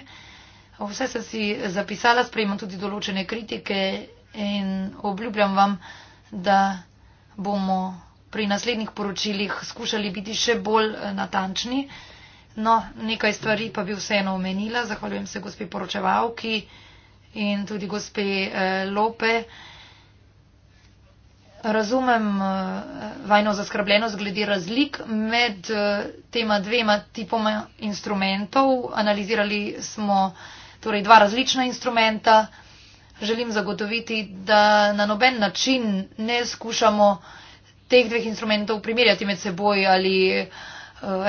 Vse sem si zapisala, sprejemam tudi določene kritike in obljubljam vam, da bomo pri naslednjih poročilih skušali biti še bolj eh, natančni. No, nekaj stvari pa bi vseeno omenila. Zahvaljujem se gospe poročevalki in tudi gospe eh, Lope razumem eh, vajno zaskrbljenost glede razlik med eh, tema dvema tipoma instrumentov. Analizirali smo torej dva različna instrumenta. Želim zagotoviti, da na noben način ne skušamo teh dveh instrumentov primerjati med seboj ali eh,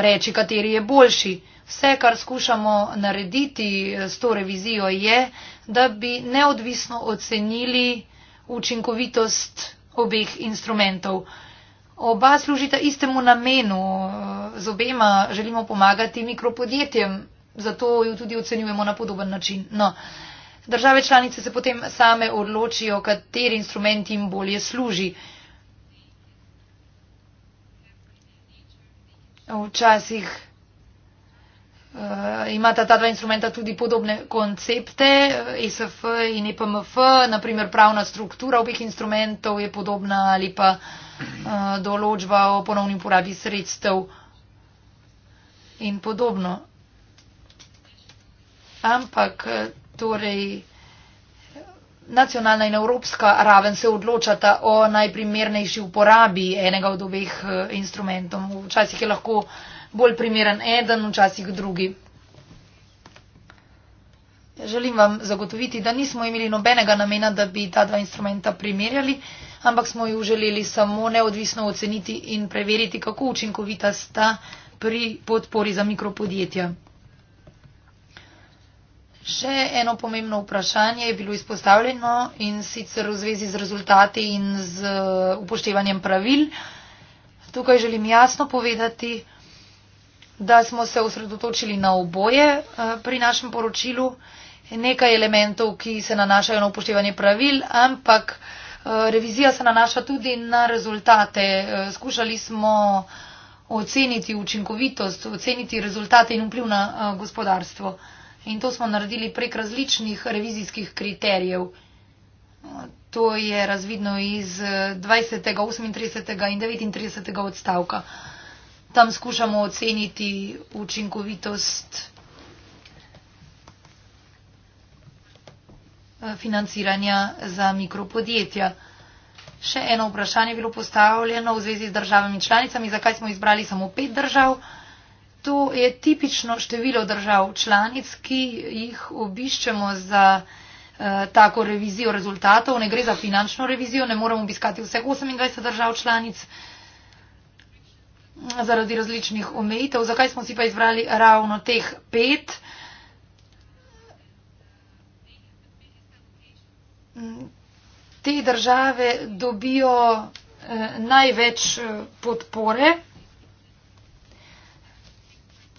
reči, kateri je boljši. Vse, kar skušamo narediti s to revizijo, je, da bi neodvisno ocenili učinkovitost obeh instrumentov. Oba služita istemu namenu, z obema želimo pomagati mikropodjetjem, zato jo tudi ocenjujemo na podoben način. No. Države članice se potem same odločijo, kateri instrument jim bolje služi. Včasih Eh, imata ta dva instrumenta tudi podobne koncepte, ESF eh, e in EPMF, naprimer pravna struktura obeh instrumentov je podobna ali pa eh, določba o ponovni uporabi sredstev in podobno. Ampak torej nacionalna in evropska raven se odločata o najprimernejši uporabi enega od obeh instrumentov. Včasih je lahko uh, bolj primeren eden, včasih drugi. Ja, želim vam zagotoviti, da nismo imeli nobenega namena, da bi ta dva instrumenta primerjali, ampak smo ju želeli samo neodvisno oceniti in preveriti, kako učinkovita sta pri podpori za mikropodjetja. Še eno pomembno vprašanje je bilo izpostavljeno in sicer v zvezi z rezultati in z upoštevanjem pravil. Tukaj želim jasno povedati, da smo se osredotočili na oboje eh, pri našem poročilu. Nekaj elementov, ki se nanašajo na upoštevanje pravil, ampak eh, revizija se nanaša tudi na rezultate. Eh, skušali smo oceniti učinkovitost, oceniti rezultate in vpliv na gospodarstvo. In to smo naredili prek različnih revizijskih kriterijev. To je razvidno iz 20., 38. in 39. odstavka tam skušamo oceniti učinkovitost eh, financiranja za mikropodjetja. Še eno vprašanje je bilo postavljeno v zvezi z državami članicami, zakaj smo izbrali samo pet držav. To je tipično število držav članic, ki jih obiščemo za eh, tako revizijo rezultatov. Ne gre za finančno revizijo, ne moramo obiskati vseh 28 držav članic. Eh, zaradi različnih omejitev. Zakaj smo si pa izbrali ravno teh pet? Te države dobijo eh, največ eh, podpore,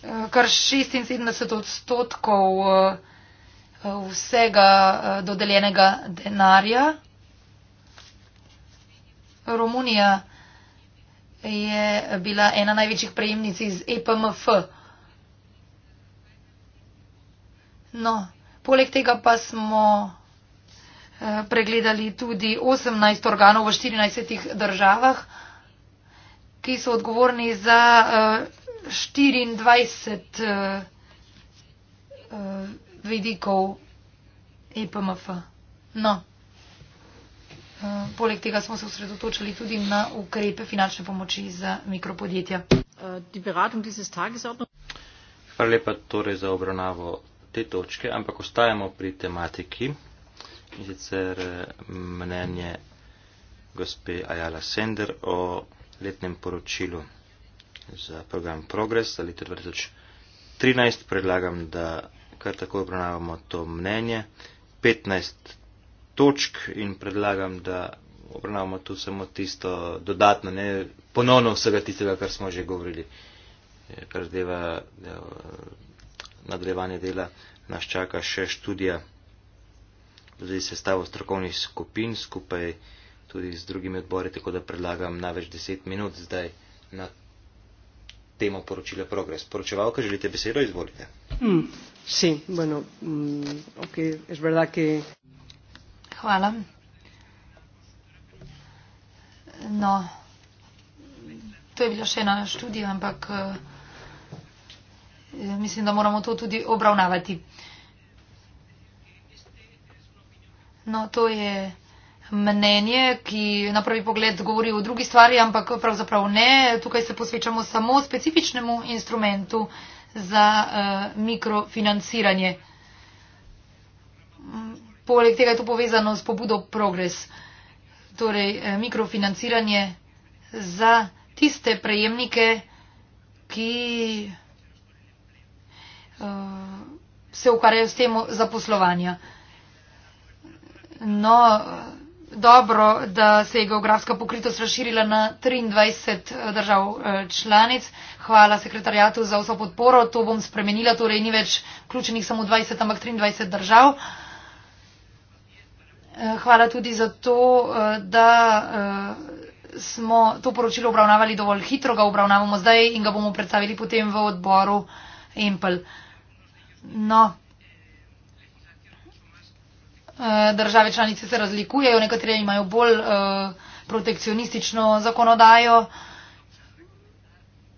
eh, kar 76 odstotkov eh, vsega eh, dodeljenega denarja. Romunija je bila ena največjih prejemnic iz EPMF. No, poleg tega pa smo eh, pregledali tudi 18 organov v 14 državah, ki so odgovorni za 24 eh, eh, vidikov EPMF. No. Eh, poleg tega smo se osredotočili tudi na ukrepe finančne pomoči za mikropodjetja. Eh, Hvala lepa torej za obravnavo te točke, ampak ostajamo pri tematiki in sicer eh, mnenje gospe Ajala Sender o letnem poročilu za program Progress za leto 2013. Predlagam, da kar tako obravnavamo to mnenje. 15 točk in predlagam, da obravnavamo tu samo tisto dodatno, ne ponovno vsega tistega, kar smo že govorili, eh, kar zadeva eh, nadaljevanje dela. Nas čaka še študija v zvezi s sestavo strokovnih skupin skupaj tudi z drugimi odbori, tako da predlagam največ deset minut zdaj na temo poročila progres. Poročevalka, želite besedo, izvolite. Mm, sí, bueno, mm, okay, es verdad que Hvala. No, to je bilo še ena študija, ampak eh, mislim, da moramo to tudi obravnavati. No, to je mnenje, ki na prvi pogled govori o drugi stvari, ampak pravzaprav ne. Tukaj se posvečamo samo specifičnemu instrumentu za uh, mikrofinanciranje. Poleg tega je to povezano s pobudo Progres, torej eh, mikrofinanciranje za tiste prejemnike, ki uh, se ukvarjajo s tem zaposlovanja. No, dobro, da se je geografska pokritost razširila na 23 eh, držav članic. Hvala sekretarjatu za vso podporo. To bom spremenila, torej ni več ključenih samo 20, ampak 23 držav. Eh, hvala tudi za to, eh, da eh, smo to poročilo obravnavali dovolj hitro, ga obravnavamo zdaj in ga bomo predstavili potem v odboru EMPL. No, države članice se razlikujejo, nekatere imajo bolj protekcionistično zakonodajo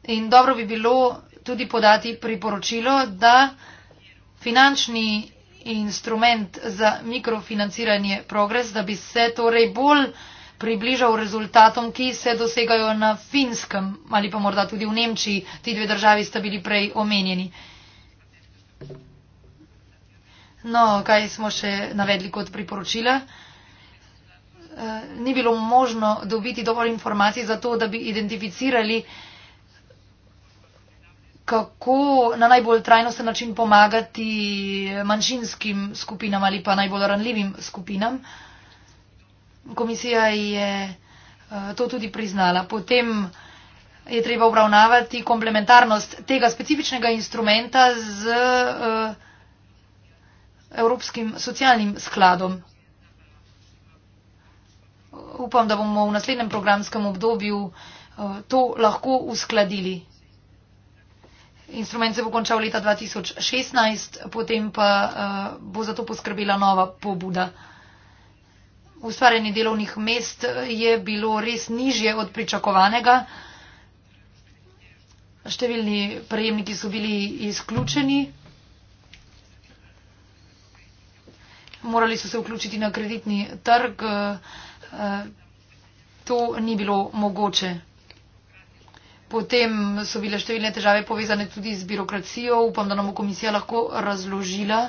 in dobro bi bilo tudi podati priporočilo, da finančni instrument za mikrofinanciranje progres, da bi se torej bolj približal rezultatom, ki se dosegajo na finskem ali pa morda tudi v Nemčiji. Ti dve državi sta bili prej omenjeni. No, kaj smo še navedli kot priporočila? Eh, ni bilo možno dobiti dovolj informacij za to, da bi identificirali kako na najbolj trajnosten način pomagati manjšinskim skupinam ali pa najbolj ranljivim skupinam. Komisija je eh, to tudi priznala. Potem je treba obravnavati komplementarnost tega specifičnega instrumenta z eh, Evropskim socialnim skladom. Upam, da bomo v naslednjem programskem obdobju eh, to lahko uskladili instrument se bo končal leta 2016, potem pa uh, bo za to poskrbela nova pobuda. Ustvarjanje delovnih mest eh, je bilo res nižje od pričakovanega. Številni prejemniki so bili izključeni. Morali so se vključiti na kreditni trg. Eh, to ni bilo mogoče. Potem so bile številne težave povezane tudi z birokracijo. Upam, da nam bo komisija lahko razložila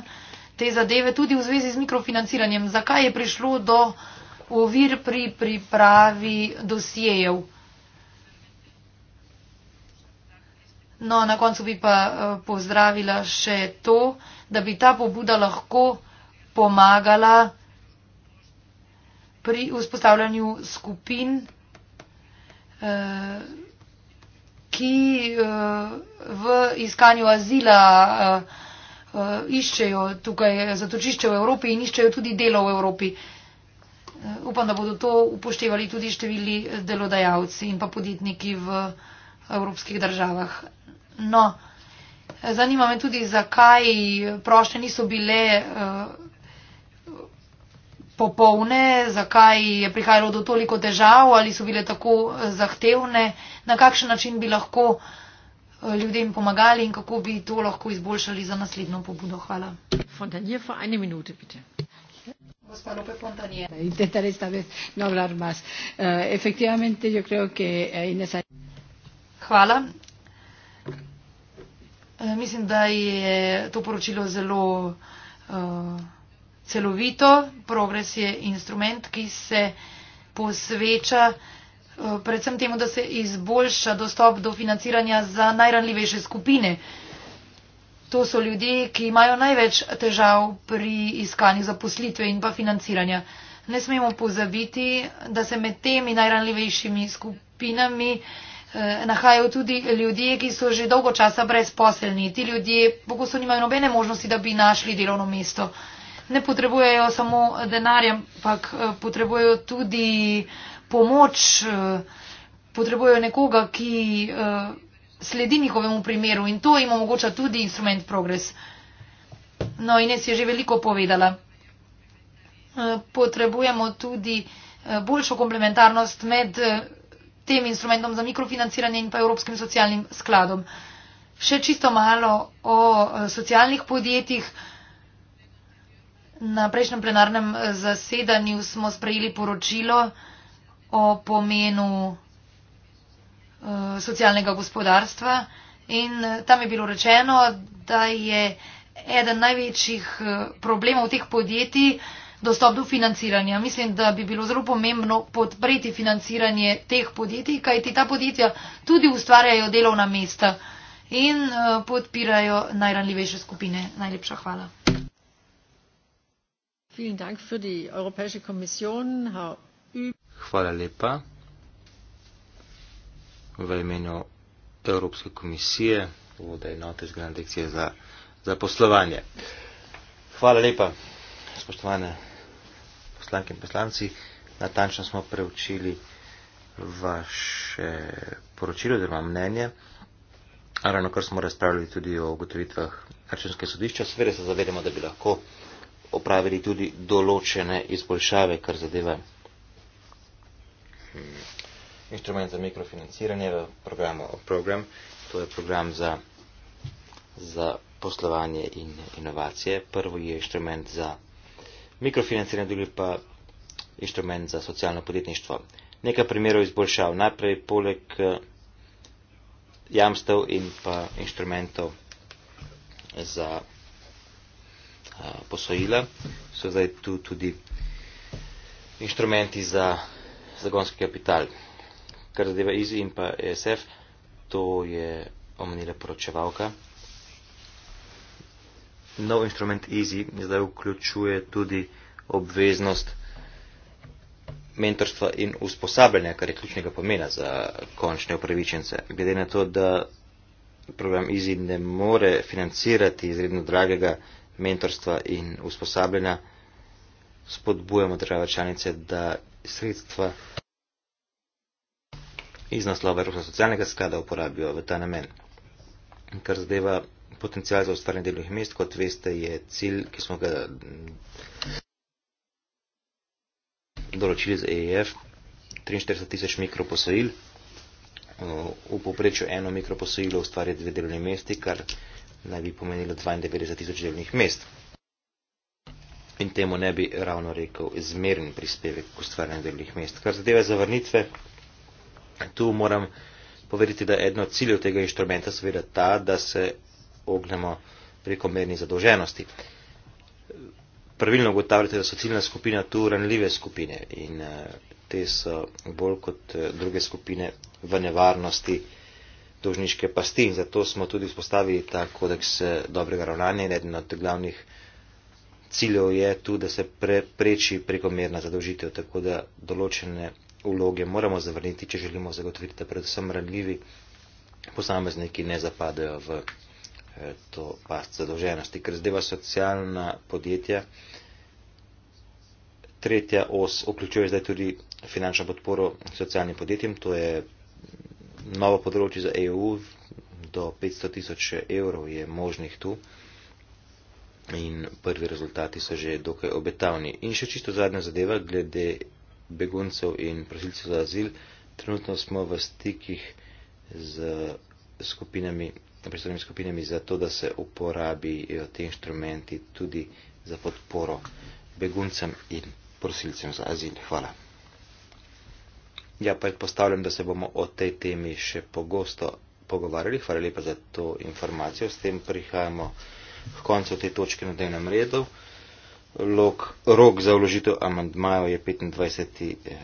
te zadeve tudi v zvezi z mikrofinanciranjem. Zakaj je prišlo do ovir pri pripravi dosijejev? No, na koncu bi pa eh, pozdravila še to, da bi ta pobuda lahko pomagala pri vzpostavljanju skupin. Eh, ki eh, v iskanju azila eh, eh, iščejo tukaj zatočišče v Evropi in iščejo tudi delo v Evropi. Upam, da bodo to upoštevali tudi številni delodajalci in pa podjetniki v evropskih državah. No, zanima me tudi, zakaj prošlje niso bile popolne, zakaj je prihajalo do toliko težav ali so bile tako eh, zahtevne, na kakšen način bi lahko eh, ljudem pomagali in kako bi to lahko izboljšali za naslednjo pobudo. Hvala. No eh, Hvala. Mislim, da je to poročilo zelo uh, celovito. Progres je instrument, ki se posveča eh, predvsem temu, da se izboljša dostop do financiranja za najranljivejše skupine. To so ljudje, ki imajo največ težav pri iskanju zaposlitve in pa financiranja. Ne smemo pozabiti, da se med temi najranljivejšimi skupinami eh, nahajajo tudi ljudje, ki so že dolgo časa brezposelni. Ti ljudje pogosto nimajo nobene možnosti, da bi našli delovno mesto. Eh, ne potrebujejo samo denarja, ampak eh, potrebujejo tudi eh, pomoč, eh, potrebujejo nekoga, ki sledi njihovemu primeru in to jim omogoča tudi instrument progres. No, Ines je že veliko povedala. Potrebujemo tudi boljšo komplementarnost med tem instrumentom za mikrofinanciranje in pa Evropskim socialnim skladom. Še čisto malo o socialnih podjetjih. Na prejšnjem plenarnem eh, zasedanju smo sprejeli poročilo o pomenu eh, socialnega gospodarstva in eh, tam je bilo rečeno, da je eden največjih problemov teh podjetij dostop do financiranja. Mislim, da bi bilo zelo pomembno podpreti financiranje teh podjetij, kajti ta podjetja tudi ustvarjajo delovna mesta in podpirajo najranljivejše skupine. Najlepša hvala. Hvala lepa. V imenu Evropske komisije, voda enote z Grandekcije za, za poslovanje. Hvala lepa, spoštovane poslanke in poslanci. Natančno smo preučili vaše poročilo oziroma mnenje. Ravno kar smo razpravljali tudi o ugotovitvah Hrčanske sodišča, seveda se zavedamo, da bi lahko opravili tudi določene izboljšave, kar zadeva hmm, inštrument za mikrofinanciranje v programu program. To je program za, za poslovanje in inovacije. Prvo je inštrument za mikrofinanciranje, drugi pa inštrument za socialno podjetništvo. Nekaj primerov izboljšav. Najprej poleg eh, jamstev in pa inštrumentov za posojila, so zdaj tu tudi inštrumenti za zagonski kapital. Kar zadeva Izi in pa ESF, to je omenila poročevalka. Nov inštrument Easy zdaj vključuje tudi obveznost mentorstva in usposabljanja, kar je ključnega pomena za končne upravičence. Glede na to, da program Easy ne more financirati izredno dragega mentorstva in usposabljanja spodbujamo države članice, da sredstva iz naslova Evropskega socialnega sklada uporabijo v ta namen. Kar zadeva potencial za ustvarjanje delovnih mest, kot veste, je cilj, ki smo ga določili z EEF, 43 tisoč mikroposojil. V povprečju eno mikroposojilo ustvarja dve delovni mesti, kar naj bi pomenilo 92 tisoč delovnih mest. In temu ne bi ravno rekel izmeren prispevek k ustvarjanju delovnih mest. Kar zadeva zavrnitve, tu moram povedati, da je eno od ciljev tega inštrumenta seveda ta, da se ognemo prekomerni zadolženosti. Pravilno ugotavljate, da so ciljna skupina tu ranljive skupine in eh, te so bolj kot eh, druge skupine v nevarnosti dožniške pasti. Zato smo tudi spostavili ta kodeks eh, dobrega ravnanja in eden od glavnih ciljev je tu, da se preči prekomerna zadolžitev, tako da določene vloge moramo zavrniti, če želimo zagotoviti, da predvsem ranljivi posamezniki ne zapadajo v eh, to past zadolženosti, ker zdaj vas socialna podjetja. Tretja os vključuje zdaj tudi finančno podporo socialnim podjetjem, to je novo področje za EU, do 500 tisoč evrov je možnih tu in prvi rezultati so že dokaj obetavni. In še čisto zadnja zadeva glede beguncev in prosilcev za azil. Trenutno smo v stikih z skupinami, predstavnimi skupinami za to, da se uporabijo ti inštrumenti tudi za podporo beguncem in prosilcem za azil. Hvala. Ja, predpostavljam, da se bomo o tej temi še pogosto pogovarjali. Hvala lepa za to informacijo. S tem prihajamo v koncu te točke na dnevnem redu. Lok, rok za vložitev amandmajev je 25. Eh,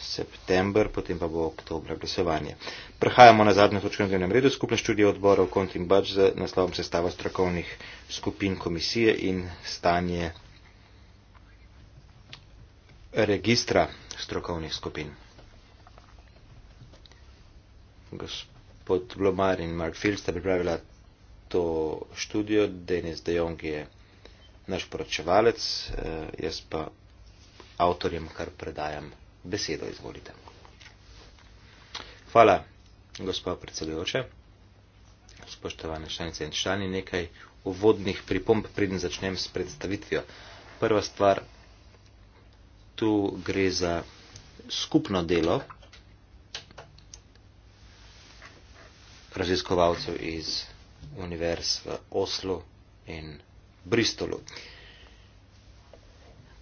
september, potem pa bo oktober glasovanje. Prehajamo na zadnjo točko na dnevnem redu, skupna študija odborov Kont in Bač z naslovom sestava strokovnih skupin komisije in stanje registra strokovnih skupin gospod Blomar in Mark Field sta pripravila to študijo, Denis De Jong je naš poročevalec, eh, jaz pa avtorjem kar predajam besedo, izvolite. Hvala, gospod predsedujoče, spoštovane članice in člani, nekaj uvodnih pripomb, preden začnem s predstavitvijo. Prva stvar, tu gre za skupno delo, raziskovalcev iz univerz v Oslu in Bristolu.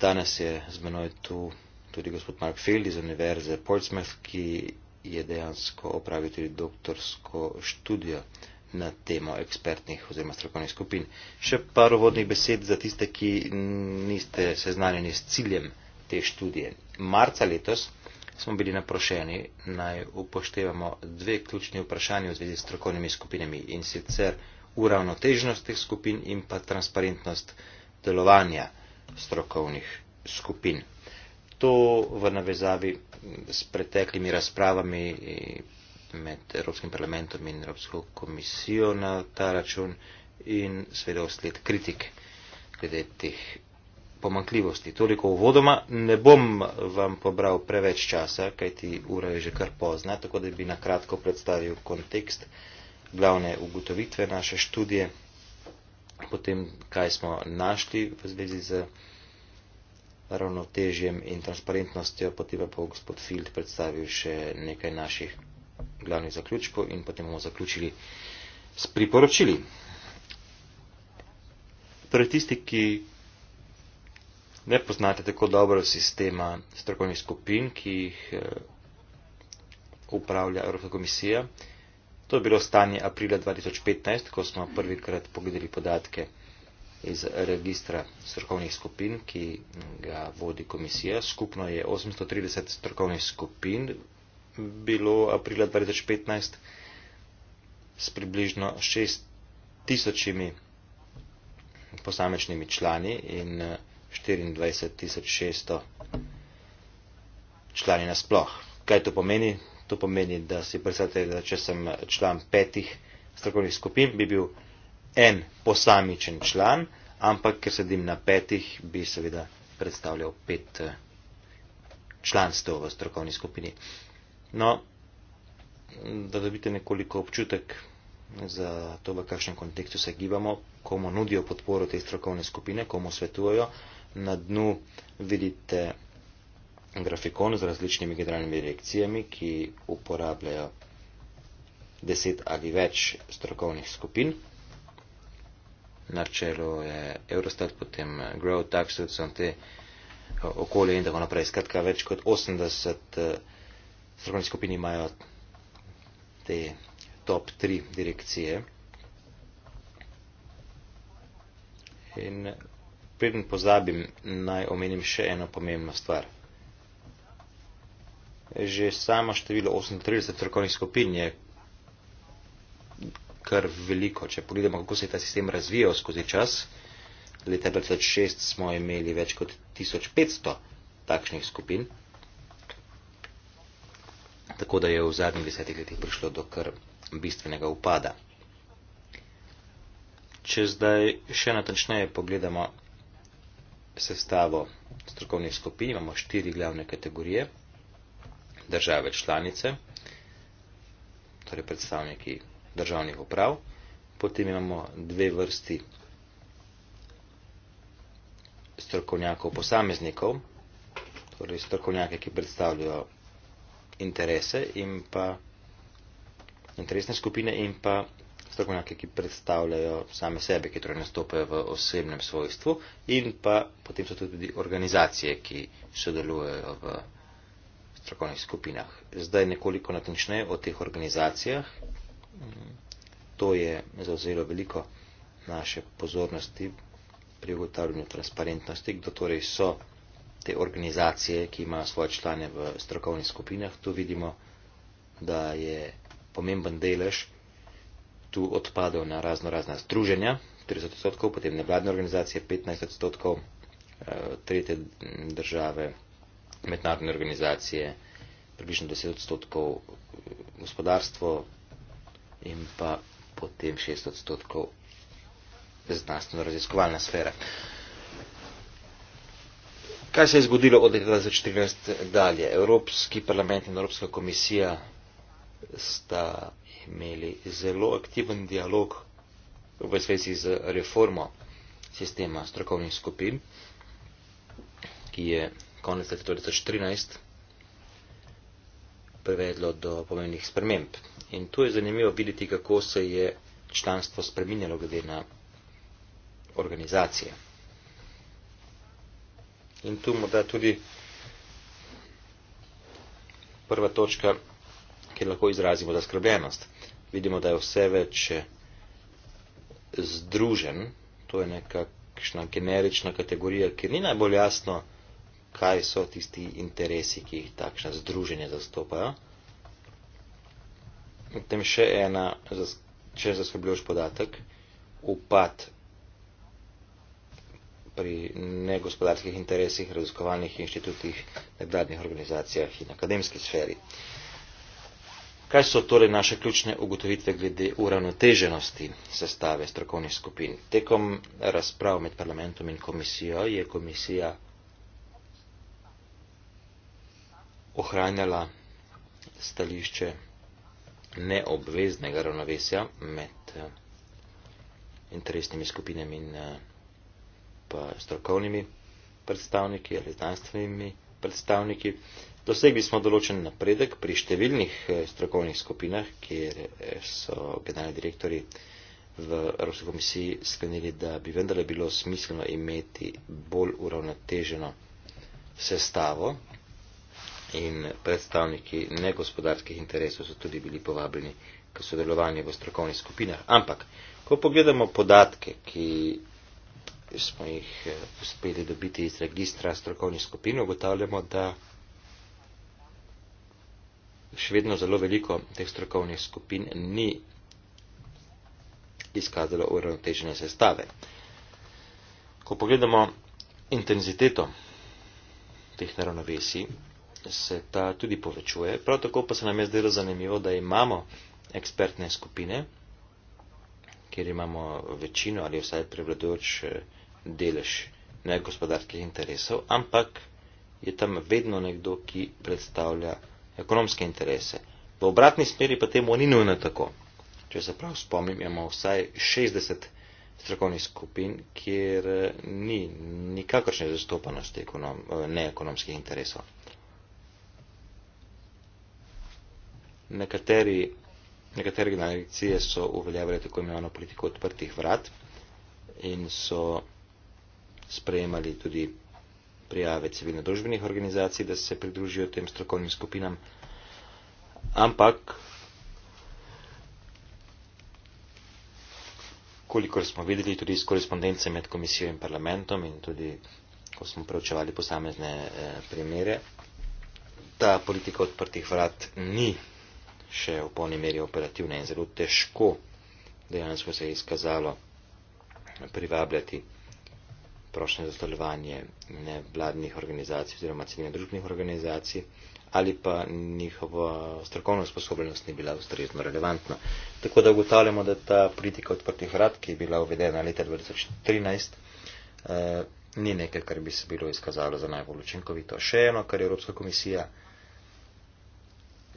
Danes je z menoj tu tudi gospod Mark Field iz univerze Portsmouth, ki je dejansko opravil tudi doktorsko študijo na temo ekspertnih oziroma strokovnih skupin. Še par uvodnih besed za tiste, ki niste seznanjeni s ciljem te študije. Marca letos smo bili naprošeni, naj upoštevamo dve ključni vprašanje v zvezi s strokovnimi skupinami in sicer uravnotežnost teh skupin in pa transparentnost delovanja strokovnih skupin. To v navezavi s preteklimi razpravami med Evropskim parlamentom in Evropsko komisijo na ta račun in seveda osled kritik glede teh pomankljivosti. Toliko uvodoma, ne bom vam pobral preveč časa, kaj ti ura je že kar pozna, tako da bi nakratko predstavil kontekst glavne ugotovitve naše študije, potem kaj smo našli v zvezi z ravnotežjem in transparentnostjo, potem pa bo gospod Field predstavil še nekaj naših glavnih zaključkov in potem bomo zaključili s priporočili. Torej tisti, ki ne poznate tako dobro sistema strokovnih skupin, ki jih eh, upravlja Evropska komisija. To je bilo stanje aprila 2015, ko smo prvi krat pogledali podatke iz registra strokovnih skupin, ki ga vodi komisija. Skupno je 830 strokovnih skupin bilo aprila 2015 s približno 6 tisočimi posamečnimi člani in eh, 24.600 člani nasploh. Kaj to pomeni? To pomeni, da si predstavljate, da če sem član petih strokovnih skupin, bi bil en posamičen član, ampak ker sedim na petih, bi seveda predstavljal pet eh, članstv v strokovni skupini. No, da dobite nekoliko občutek za to, v kakšnem kontekstu se gibamo, komu nudijo podporo te strokovne skupine, komu svetujo, na dnu vidite grafikon z različnimi generalnimi direkcijami, ki uporabljajo deset ali več strokovnih skupin. Na čelu je Eurostat, potem Grow Tax, Hudson, te okolje in tako naprej. Skratka, več kot 80 eh, strokovnih skupin imajo te top 3 direkcije. In preden pozabim, naj omenim še eno pomembno stvar. Že samo število 38 trokovnih skupin je kar veliko. Če pogledamo, kako se je ta sistem razvijal skozi čas, leta 2006 smo imeli več kot 1500 takšnih skupin, tako da je v zadnjih desetih letih prišlo do kar bistvenega upada. Če zdaj še natančneje pogledamo, sestavo strokovnih skupin, imamo štiri glavne kategorije, države članice, torej predstavniki državnih uprav, potem imamo dve vrsti strokovnjakov posameznikov, torej strokovnjake, ki predstavljajo interese in pa interesne skupine in pa strokovnjake, ki predstavljajo same sebe, ki torej nastopajo v osebnem svojstvu in pa potem so tudi organizacije, ki sodelujejo v strokovnih skupinah. Zdaj nekoliko natančneje o teh organizacijah. To je zauzelo veliko naše pozornosti pri ugotavljanju transparentnosti, kdo torej so te organizacije, ki imajo svoje člane v strokovnih skupinah. Tu vidimo, da je pomemben delež tu odpadov na razno razna združenja, 30 odstotkov, potem nevladne organizacije, 15 odstotkov, eh, tretje države, mednarodne organizacije, približno 10 odstotkov eh, gospodarstvo in pa potem 6 odstotkov znanstveno-raziskovalna sfera. Kaj se je zgodilo od leta 2014 dalje? Evropski parlament in Evropska komisija sta imeli zelo aktiven dialog v svezi z reformo sistema strokovnih skupin, ki je konec leta 2013 prevedlo do pomembnih sprememb. In tu je zanimivo videti, kako se je članstvo spreminjalo glede na organizacije. In tu morda tudi prva točka, kjer lahko izrazimo zaskrbljenost vidimo, da je vse več združen. To je nekakšna generična kategorija, ker ni najbolj jasno, kaj so tisti interesi, ki jih takšna združenja zastopajo. V tem še ena, če zaskrbljujoč podatek, upad pri negospodarskih interesih, raziskovalnih inštitutih, nekdanjih organizacijah in akademski sferi. Kaj so torej naše ključne ugotovitve glede uravnoteženosti sestave strokovnih skupin? Tekom razprav med parlamentom in komisijo je komisija ohranjala stališče neobveznega ravnovesja med eh, interesnimi skupinami in eh, pa strokovnimi predstavniki ali znanstvenimi predstavniki. Dosegli smo določen napredek pri številnih eh, strokovnih skupinah, kjer eh, so generalni direktori v Evropski komisiji sklenili, da bi vendarle bilo smiselno imeti bolj uravnoteženo sestavo in predstavniki negospodarskih interesov so tudi bili povabljeni k sodelovanju v strokovnih skupinah. Ampak, ko pogledamo podatke, ki smo jih eh, uspeli dobiti iz registra strokovnih skupin, ugotavljamo, da še vedno zelo veliko teh strokovnih skupin ni izkazalo uravnotežene sestave. Ko pogledamo intenziteto teh neravnovesij, se ta tudi povečuje. Prav tako pa se nam je zdelo zanimivo, da imamo ekspertne skupine, kjer imamo večino ali vsaj prevladujoč eh, delež negospodarskih interesov, ampak je tam vedno nekdo, ki predstavlja ekonomske interese. V obratni smeri pa temu ni nujno tako. Če se prav spomnim, imamo vsaj 60 strokovnih skupin, kjer eh, ni nikakršne zastopanosti ekonom, eh, neekonomskih interesov. Nekateri, nekateri generacije so uveljavili tako imenovano politiko odprtih vrat in so sprejemali tudi prijave civilno družbenih organizacij, da se pridružijo tem strokovnim skupinam. Ampak, kolikor smo videli tudi iz korespondence med komisijo in parlamentom in tudi, ko smo preučevali posamezne eh, primere, ta politika odprtih vrat ni še v polni meri operativna in zelo težko dejansko se je izkazalo privabljati prošnje za sodelovanje vladnih organizacij oziroma civilno družbenih organizacij ali pa njihova strokovna sposobnost ni bila ustrezno relevantna. Tako da ugotavljamo, da ta politika odprtih vrat, ki je bila uvedena leta 2013, eh, ni nekaj, kar bi se bilo izkazalo za najbolj učinkovito. Še eno, kar je Evropska komisija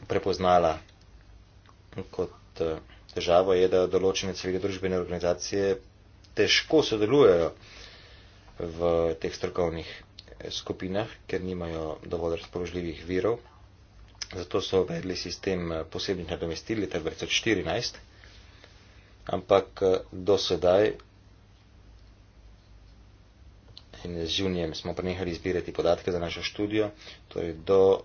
prepoznala kot eh, težavo, je, da določene civilne družbene organizacije težko sodelujejo v teh strokovnih eh, skupinah, ker nimajo dovolj razpoložljivih virov. Zato so uvedli sistem eh, posebnih nadomestil leta 2014, ampak eh, do sedaj in z junijem smo prenehali zbirati podatke za našo študijo, torej do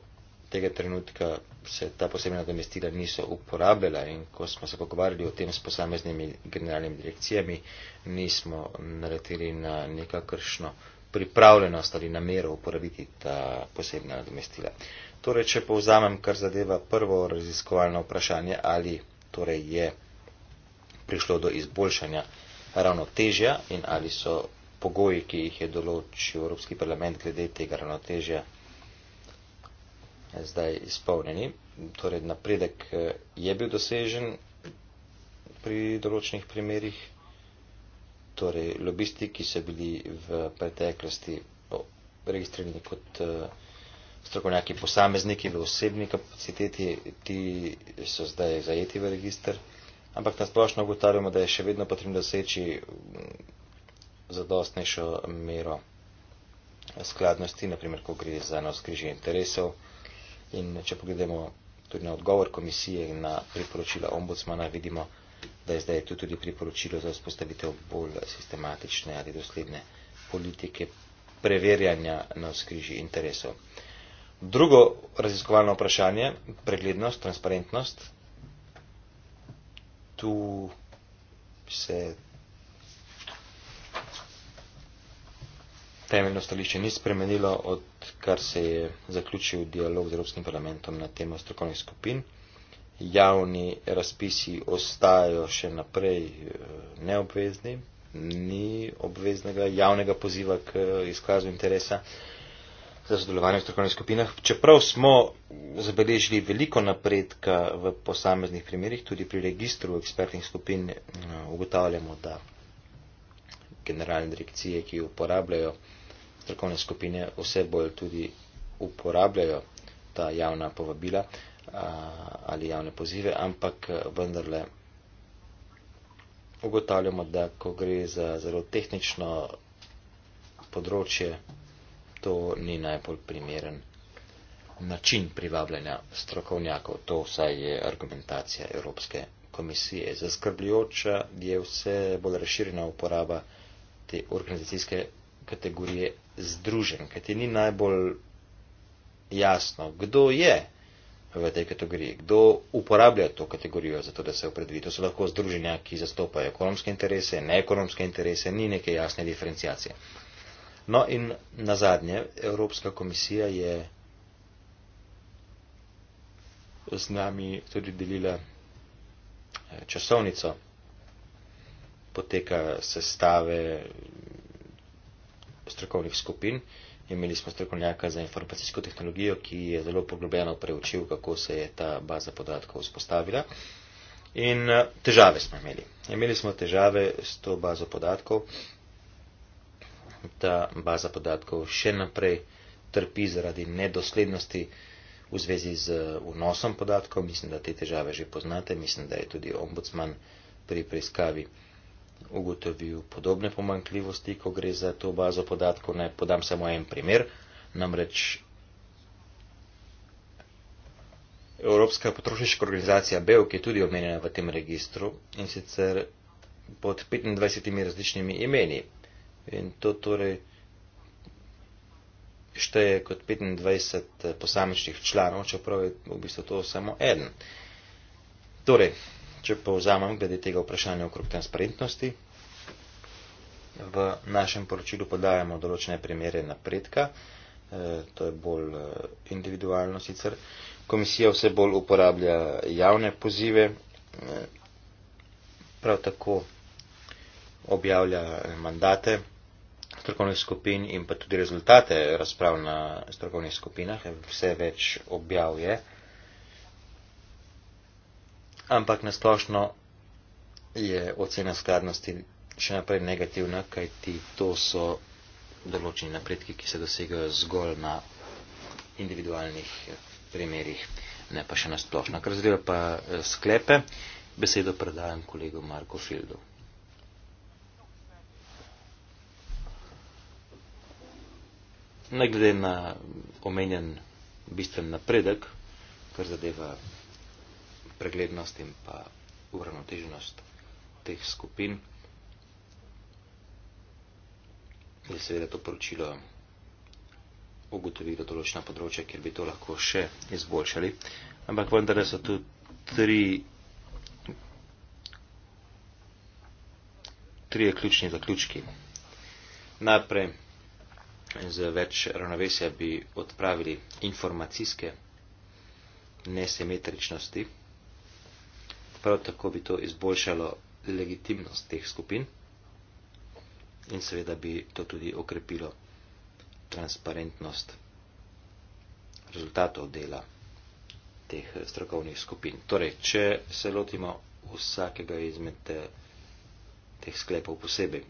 tega trenutka se ta posebna domestila niso uporabljala in ko smo se pogovarjali o tem s posameznimi generalnimi direkcijami, nismo naleteli na nekakršno pripravljenost ali namero uporabiti ta posebna domestila. Torej, če povzamem, kar zadeva prvo raziskovalno vprašanje, ali torej je prišlo do izboljšanja ravnotežja in ali so pogoji, ki jih je določil Evropski parlament glede tega ravnotežja, zdaj izpolnjeni. Torej, napredek eh, je bil dosežen pri določenih primerjih. Torej, lobisti, ki so bili v preteklosti registrirani kot eh, strokovnjaki posamezniki v osebni kapaciteti, ti so zdaj zajeti v registr. Ampak na splošno ugotavljamo, da je še vedno potrebno doseči mm, zadostnejšo mero skladnosti, naprimer, ko gre za nov skrižje interesov. In če pogledamo tudi na odgovor komisije in na priporočila ombudsmana, vidimo, da je zdaj tu tudi priporočilo za vzpostavitev bolj sistematične ali dosledne politike preverjanja na skriži interesov. Drugo raziskovalno vprašanje, preglednost, transparentnost. Tu se temeljno stališče ni spremenilo od odkar se je zaključil dialog z Evropskim parlamentom na temo strokovnih skupin. Javni razpisi ostajajo še naprej eh, neobvezni, ni obveznega javnega poziva k eh, izkazu interesa za sodelovanje v strokovnih skupinah. Čeprav smo zabeležili veliko napredka v posameznih primerjih, tudi pri registru ekspertnih skupin eh, ugotavljamo, da generalne direkcije, ki uporabljajo strokovne skupine vse bolj tudi uporabljajo ta javna povabila ali javne pozive, ampak eh, vendarle ugotavljamo, da ko gre za zelo tehnično področje, to ni najbolj primeren način privabljanja strokovnjakov. To vsaj je argumentacija Evropske komisije. Zaskrbljujoča je vse bolj razširjena uporaba te organizacijske kategorije združen, ker ti ni najbolj jasno, kdo je v tej kategoriji, kdo uporablja to kategorijo za to, da se opredeli. To so lahko združenja, ki zastopajo ekonomske interese, neekonomske interese, ni neke jasne diferencijacije. No in na zadnje, Evropska komisija je z nami tudi delila eh, časovnico poteka sestave strokovnih skupin. Imeli smo strokovnjaka za informacijsko tehnologijo, ki je zelo poglobljeno preučil, kako se je ta baza podatkov vzpostavila. In eh, težave smo imeli. Imeli smo težave s to bazo podatkov. Ta baza podatkov še naprej trpi zaradi nedoslednosti v zvezi z eh, vnosom podatkov. Mislim, da te težave že poznate. Mislim, da je tudi ombudsman pri preiskavi ugotovil podobne pomankljivosti, ko gre za to bazo podatkov. Ne podam samo en primer, namreč Evropska potrošniška organizacija BEL, ki je tudi omenjena v tem registru in sicer pod 25 različnimi imeni. In to torej šteje kot 25 eh, posamičnih članov, čeprav je v bistvu to samo en. Torej, če povzamem glede tega vprašanja okrog transparentnosti, v našem poročilu podajamo določene primere napredka, eh, to je bolj eh, individualno sicer. Komisija vse bolj uporablja javne pozive, eh, prav tako objavlja mandate strokovnih skupin in pa tudi rezultate razprav na strokovnih skupinah. Vse več objav je ampak nasplošno je ocena skladnosti še naprej negativna, kajti to so določeni napredki, ki se dosegajo zgolj na individualnih primerjih, ne pa še nasplošno. Kar zdaj pa eh, sklepe, besedo predajam kolegu Marko Fildu. Ne glede na omenjen bistven napredek, kar zadeva preglednost in pa uravnoteženost teh skupin. Je seveda to poročilo ugotovilo določena področja, kjer bi to lahko še izboljšali. Ampak vendar so tu tri, tri ključni zaključki. Najprej z več ravnovesja bi odpravili informacijske nesimetričnosti prav tako bi to izboljšalo legitimnost teh skupin in seveda bi to tudi okrepilo transparentnost rezultatov dela teh strokovnih skupin. Torej, če se lotimo vsakega izmed eh, teh sklepov posebej,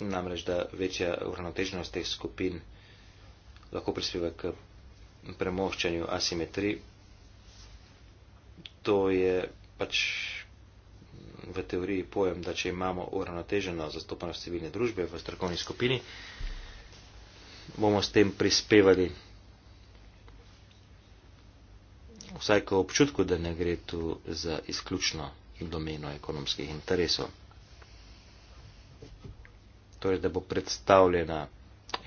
namreč da večja uravnoteženost teh skupin lahko prispeva k premoščanju asimetrije, to je pač v teoriji pojem, da če imamo uravnoteženo zastopanost civilne družbe v strokovni skupini, bomo s tem prispevali vsaj ko občutku, da ne gre tu za izključno domeno ekonomskih interesov. Torej, da bo predstavljena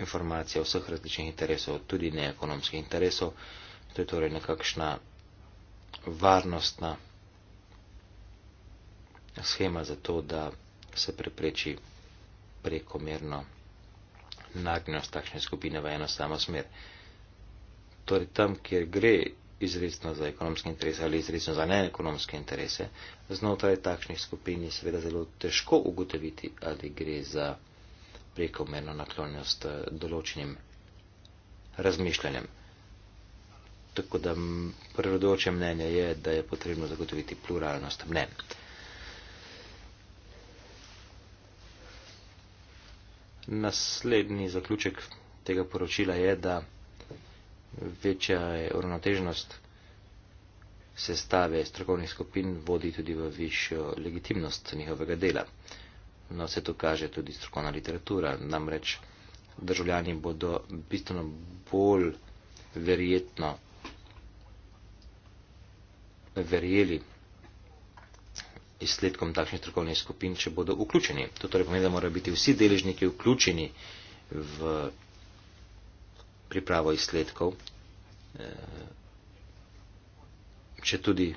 informacija vseh različnih interesov, tudi neekonomskih interesov. To je torej nekakšna varnostna schema za to, da se prepreči prekomerno nagnjenost takšne skupine v eno samo smer. Torej tam, kjer gre izredno za ekonomske interese ali izredno za neekonomske interese, znotraj takšnih skupin je seveda zelo težko ugotoviti, ali gre za prekomerno naklonjenost eh, določenim razmišljanjem tako da prevladujoče mnenje je, da je potrebno zagotoviti pluralnost mnen. Naslednji zaključek tega poročila je, da večja je uravnoteženost sestave strokovnih skupin vodi tudi v višjo legitimnost njihovega dela. No, vse to kaže tudi strokovna literatura, namreč državljani bodo bistveno bolj verjetno verjeli izsledkom takšnih strokovnih skupin, če bodo vključeni. To torej pomeni, da morajo biti vsi deležniki vključeni v pripravo izsledkov, eh, če tudi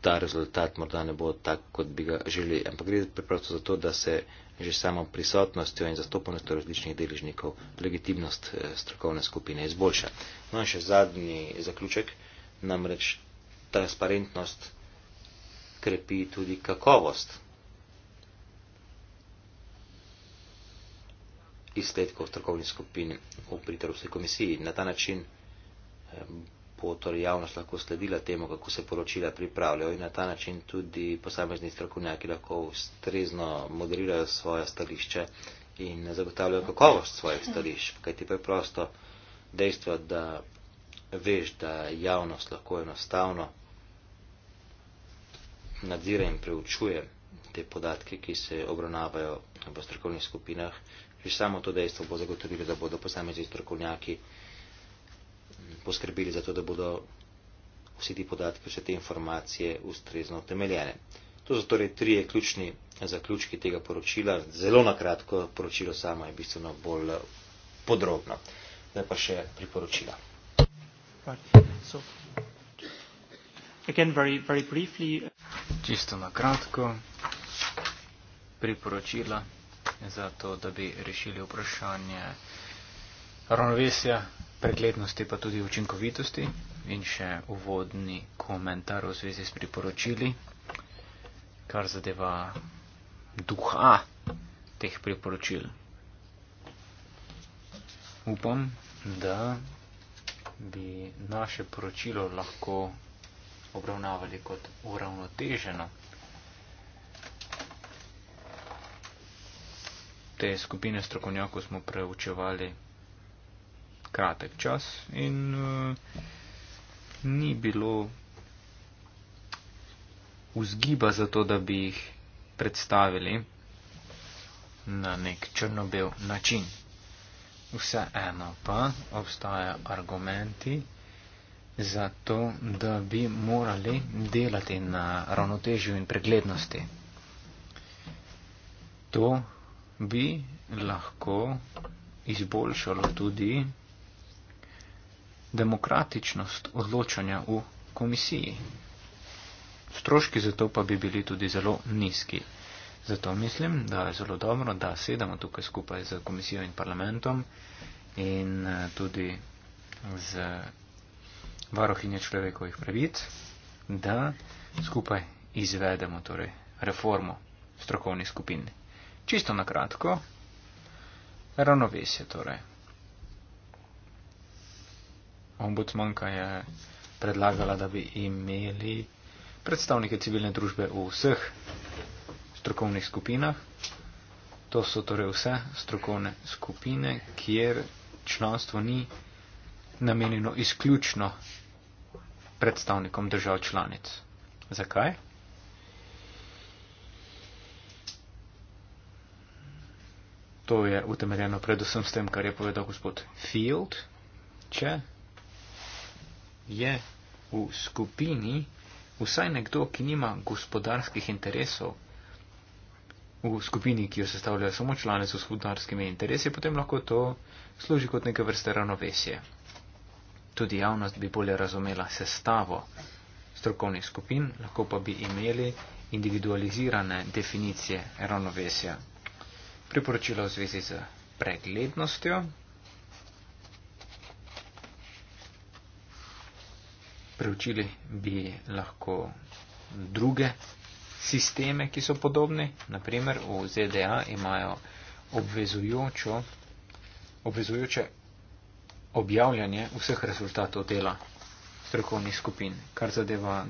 ta rezultat morda ne bo tak, kot bi ga želeli. Ampak gre preprosto za to, da se že samo prisotnostjo in zastopanostjo različnih deležnikov legitimnost eh, strokovne skupine izboljša. No in še zadnji zaključek namreč transparentnost krepi tudi kakovost izsledkov trgovnih skupin v pritrovski komisiji. Na ta način eh, bo torej javnost lahko sledila temu, kako se poročila pripravljajo in na ta način tudi posamezni strokovnjaki lahko ustrezno moderirajo svoje stališče in zagotavljajo kakovost svojih stališč, kajti preprosto dejstvo, da veš, da javnost lahko enostavno nadzira in preučuje te podatke, ki se obravnavajo v strokovnih skupinah. Že samo to dejstvo bo zagotovilo, da bodo posamezni strokovnjaki poskrbeli za to, da bodo vsi ti podatki, vse te informacije ustrezno utemeljene. To so torej trije ključni zaključki tega poročila. Zelo na kratko, poročilo samo je bistveno bolj podrobno. Zdaj pa še priporočila. Uh, Čisto na kratko, priporočila za to, da bi rešili vprašanje ravnovesja, preglednosti pa tudi učinkovitosti in še uvodni komentar v zvezi s priporočili, kar zadeva duha teh priporočil. Upam, da bi naše poročilo lahko obravnavali kot uravnoteženo. Te skupine strokovnjakov smo preučevali kratek čas in uh, ni bilo vzgiba za to, da bi jih predstavili na nek črnobel način vseeno pa obstajajo argumenti za to, da bi morali delati na ravnotežju in preglednosti. To bi lahko izboljšalo tudi demokratičnost odločanja v komisiji. Stroški za to pa bi bili tudi zelo nizki. Zato mislim, da je zelo dobro, da sedemo tukaj skupaj z komisijo in parlamentom in eh, tudi z varohinje človekovih pravic, da skupaj izvedemo torej reformo strokovnih skupin. Čisto na kratko, ravnovesje torej. Ombudsmanka je predlagala, da bi imeli predstavnike civilne družbe v vseh strokovnih skupinah. To so torej vse strokovne skupine, kjer članstvo ni namenjeno izključno predstavnikom držav članic. Zakaj? To je utemeljeno predvsem s tem, kar je povedal gospod Field. Če je v skupini vsaj nekdo, ki nima gospodarskih interesov v skupini, ki jo sestavljajo samo člane z gospodarskimi interesi, potem lahko to služi kot neke vrste ravnovesje. Tudi javnost bi bolje razumela sestavo strokovnih skupin, lahko pa bi imeli individualizirane definicije ravnovesja. Priporočila v zvezi z preglednostjo. Preučili bi lahko druge sisteme, ki so podobni. Naprimer, v ZDA imajo obvezujoče objavljanje vseh rezultatov dela strokovnih skupin, kar zadeva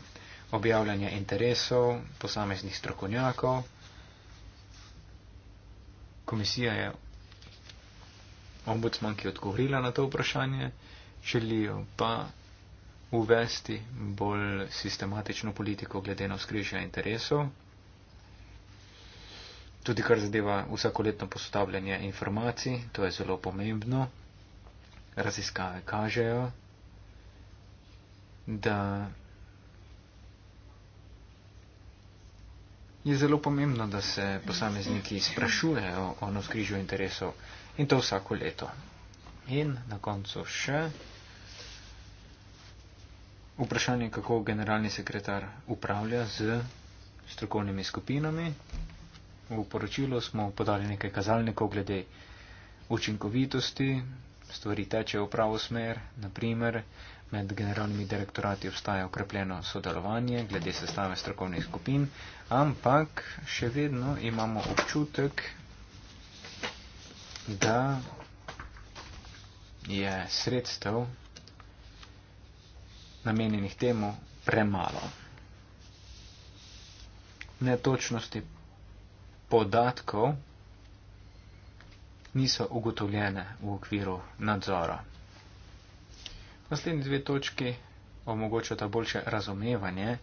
objavljanje interesov posameznih strokovnjakov. Komisija je ombudsman, ki je odgovorila na to vprašanje, želijo pa uvesti bolj sistematično politiko glede na skrižja interesov, tudi kar zadeva vsakoletno postavljanje informacij, to je zelo pomembno. Raziskave kažejo, da je zelo pomembno, da se posamezniki sprašujejo o noskrižju interesov in to vsako leto. In na koncu še vprašanje, kako generalni sekretar upravlja z strokovnimi skupinami. V poročilu smo podali nekaj kazalnikov glede učinkovitosti, stvari tečejo v pravo smer, naprimer med generalnimi direktorati obstaja ukrepljeno sodelovanje glede sestave strokovnih skupin, ampak še vedno imamo občutek, da je sredstev namenjenih temu premalo. Netočnosti podatkov niso ugotovljene v okviru nadzora. Naslednji dve točki omogočata boljše razumevanje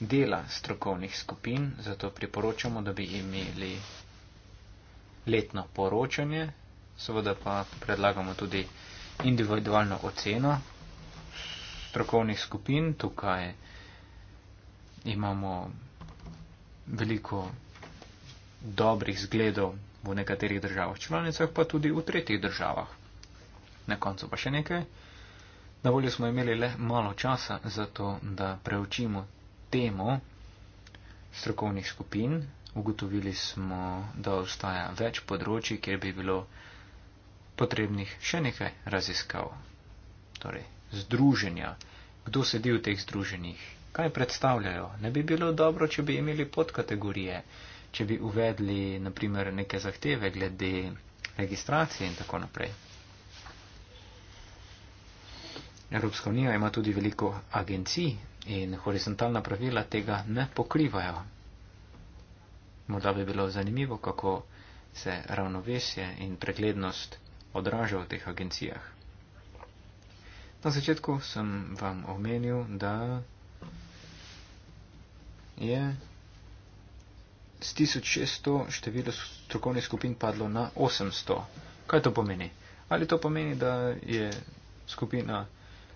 dela strokovnih skupin, zato priporočamo, da bi imeli letno poročanje, seveda pa predlagamo tudi individualno oceno strokovnih skupin, tukaj imamo veliko dobrih zgledov v nekaterih državah članicah, pa tudi v tretjih državah. Na koncu pa še nekaj. Na voljo smo imeli le malo časa za to, da preučimo temo strokovnih skupin. Ugotovili smo, da obstaja več področji, kjer bi bilo potrebnih še nekaj raziskav. Torej, združenja. Kdo sedi v teh združenjih? Kaj predstavljajo? Ne bi bilo dobro, če bi imeli podkategorije, če bi uvedli naprimer neke zahteve glede registracije in tako naprej. Evropska unija ima tudi veliko agencij in horizontalna pravila tega ne pokrivajo. Morda bi bilo zanimivo, kako se ravnovesje in preglednost odraža v teh agencijah. Na začetku sem vam omenil, da je z 1600 število strokovnih skupin padlo na 800. Kaj to pomeni? Ali to pomeni, da je skupina,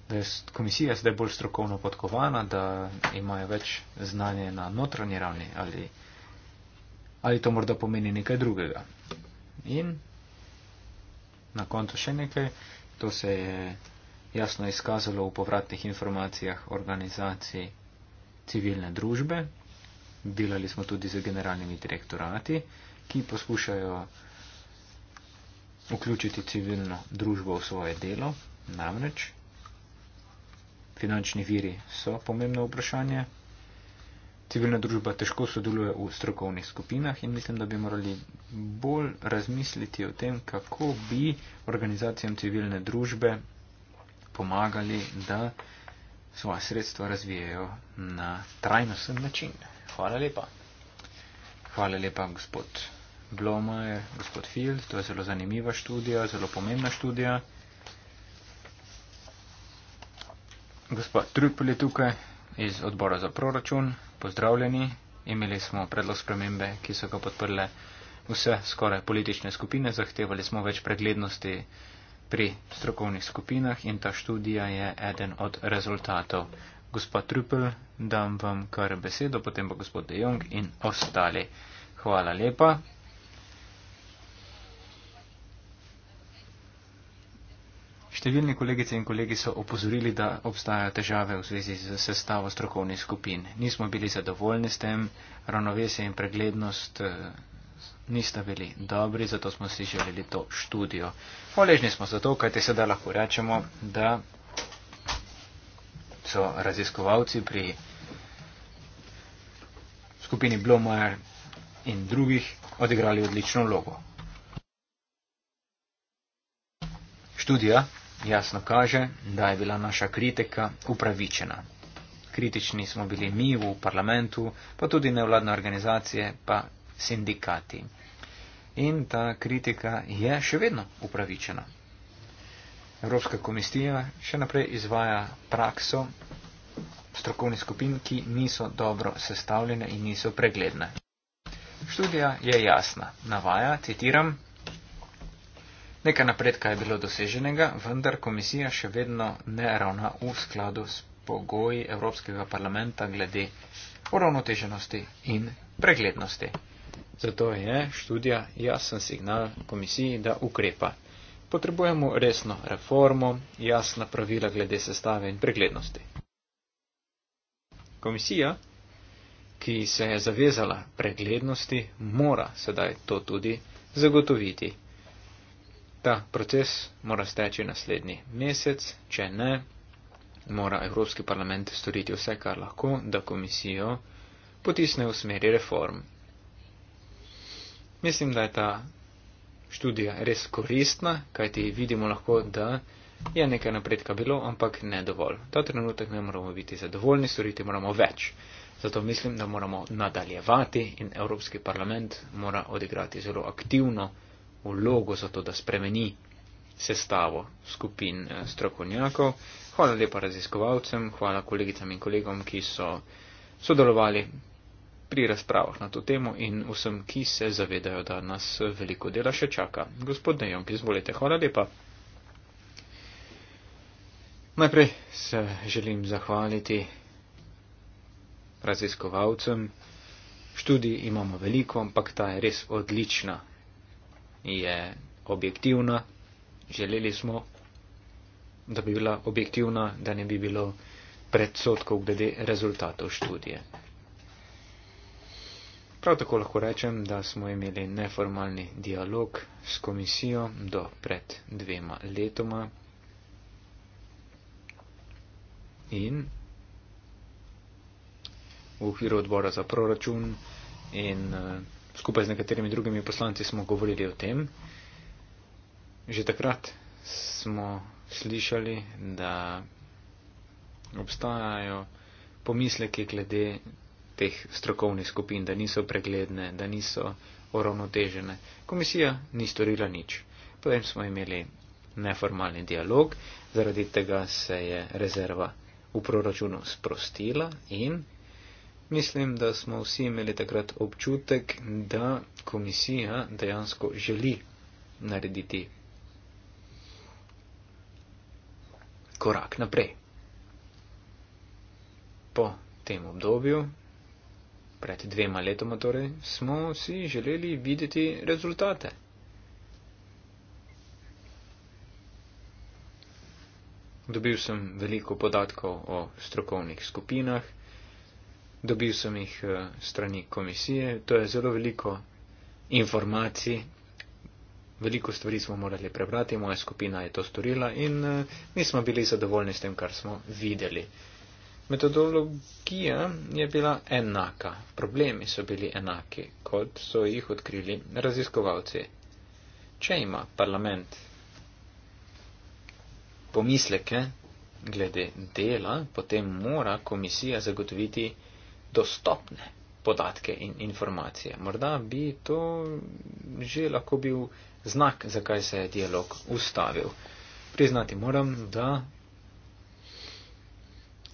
da je komisija zdaj bolj strokovno podkovana, da imajo več znanje na notranji ravni ali, ali to morda pomeni nekaj drugega? In na koncu še nekaj, to se je jasno izkazalo v povratnih informacijah organizacij civilne družbe. Delali smo tudi z generalnimi direktorati, ki poskušajo vključiti civilno družbo v svoje delo. Namreč finančni viri so pomembno vprašanje. Civilna družba težko sodeluje v strokovnih skupinah in mislim, da bi morali bolj razmisliti o tem, kako bi organizacijam civilne družbe pomagali, da svoje sredstva razvijajo na trajnosten način. Hvala lepa. Hvala lepa, gospod Blomajer, gospod Field. To je zelo zanimiva študija, zelo pomembna študija. Gospod Trupel je tukaj iz odbora za proračun. Pozdravljeni. Imeli smo predlog spremembe, ki so ga podprle vse skoraj politične skupine. Zahtevali smo več preglednosti pri strokovnih skupinah in ta študija je eden od rezultatov. Gospod Trupel, dam vam kar besedo, potem pa gospod De Jong in ostali. Hvala lepa. Številni kolegice in kolegi so opozorili, da obstajajo težave v zvezi z sestavo strokovnih skupin. Nismo bili zadovoljni s tem, ravnovesje in preglednost eh, nista bili dobri, zato smo si želeli to študijo. Hvaležni smo za to, kajte sedaj lahko rečemo, da so raziskovalci pri skupini Blomar in drugih odigrali odlično vlogo. Študija jasno kaže, da je bila naša kritika upravičena. Kritični smo bili mi v parlamentu, pa tudi nevladne organizacije, pa sindikati in ta kritika je še vedno upravičena. Evropska komisija še naprej izvaja prakso strokovnih skupin, ki niso dobro sestavljene in niso pregledne. Študija je jasna. Navaja, citiram, nekaj napredka je bilo doseženega, vendar komisija še vedno ne ravna v skladu s pogoji Evropskega parlamenta glede uravnoteženosti in preglednosti. Zato je študija jasen signal komisiji, da ukrepa. Potrebujemo resno reformo, jasna pravila glede sestave in preglednosti. Komisija, ki se je zavezala preglednosti, mora sedaj to tudi zagotoviti. Ta proces mora steči naslednji mesec, če ne, mora Evropski parlament storiti vse, kar lahko, da komisijo potisne v smeri reform. Mislim, da je ta študija res koristna, kajti vidimo lahko, da je nekaj napredka bilo, ampak ne dovolj. Ta trenutek ne moramo biti zadovoljni, storiti moramo več. Zato mislim, da moramo nadaljevati in Evropski parlament mora odigrati zelo aktivno vlogo za to, da spremeni sestavo skupin eh, strokovnjakov. Hvala lepa raziskovalcem, hvala kolegicam in kolegom, ki so sodelovali pri razpravah na to temo in vsem, ki se zavedajo, da nas veliko dela še čaka. Gospod Dejonk, izvolite, hvala lepa. Najprej se želim zahvaliti raziskovalcem. Študij imamo veliko, ampak ta je res odlična. Je objektivna. Želeli smo, da bi bila objektivna, da ne bi bilo predsotkov glede rezultatov študije. Prav tako lahko rečem, da smo imeli neformalni dialog s komisijo do pred dvema letoma in v okviru odbora za proračun in eh, skupaj z nekaterimi drugimi poslanci smo govorili o tem. Že takrat smo slišali, da obstajajo pomisleki glede teh strokovnih skupin, da niso pregledne, da niso oravnotežene. Komisija ni storila nič. Potem smo imeli neformalni dialog, zaradi tega se je rezerva v proračunu sprostila in mislim, da smo vsi imeli takrat občutek, da komisija dejansko želi narediti korak naprej. Po tem obdobju pred dvema letoma torej, smo si želeli videti rezultate. Dobil sem veliko podatkov o strokovnih skupinah, dobil sem jih eh, strani komisije, to je zelo veliko informacij, veliko stvari smo morali prebrati, moja skupina je to storila in eh, nismo bili zadovoljni s tem, kar smo videli. Metodologija je bila enaka, problemi so bili enaki, kot so jih odkrili raziskovalci. Če ima parlament pomisleke glede dela, potem mora komisija zagotoviti dostopne podatke in informacije. Morda bi to že lahko bil znak, zakaj se je dialog ustavil. Priznati moram, da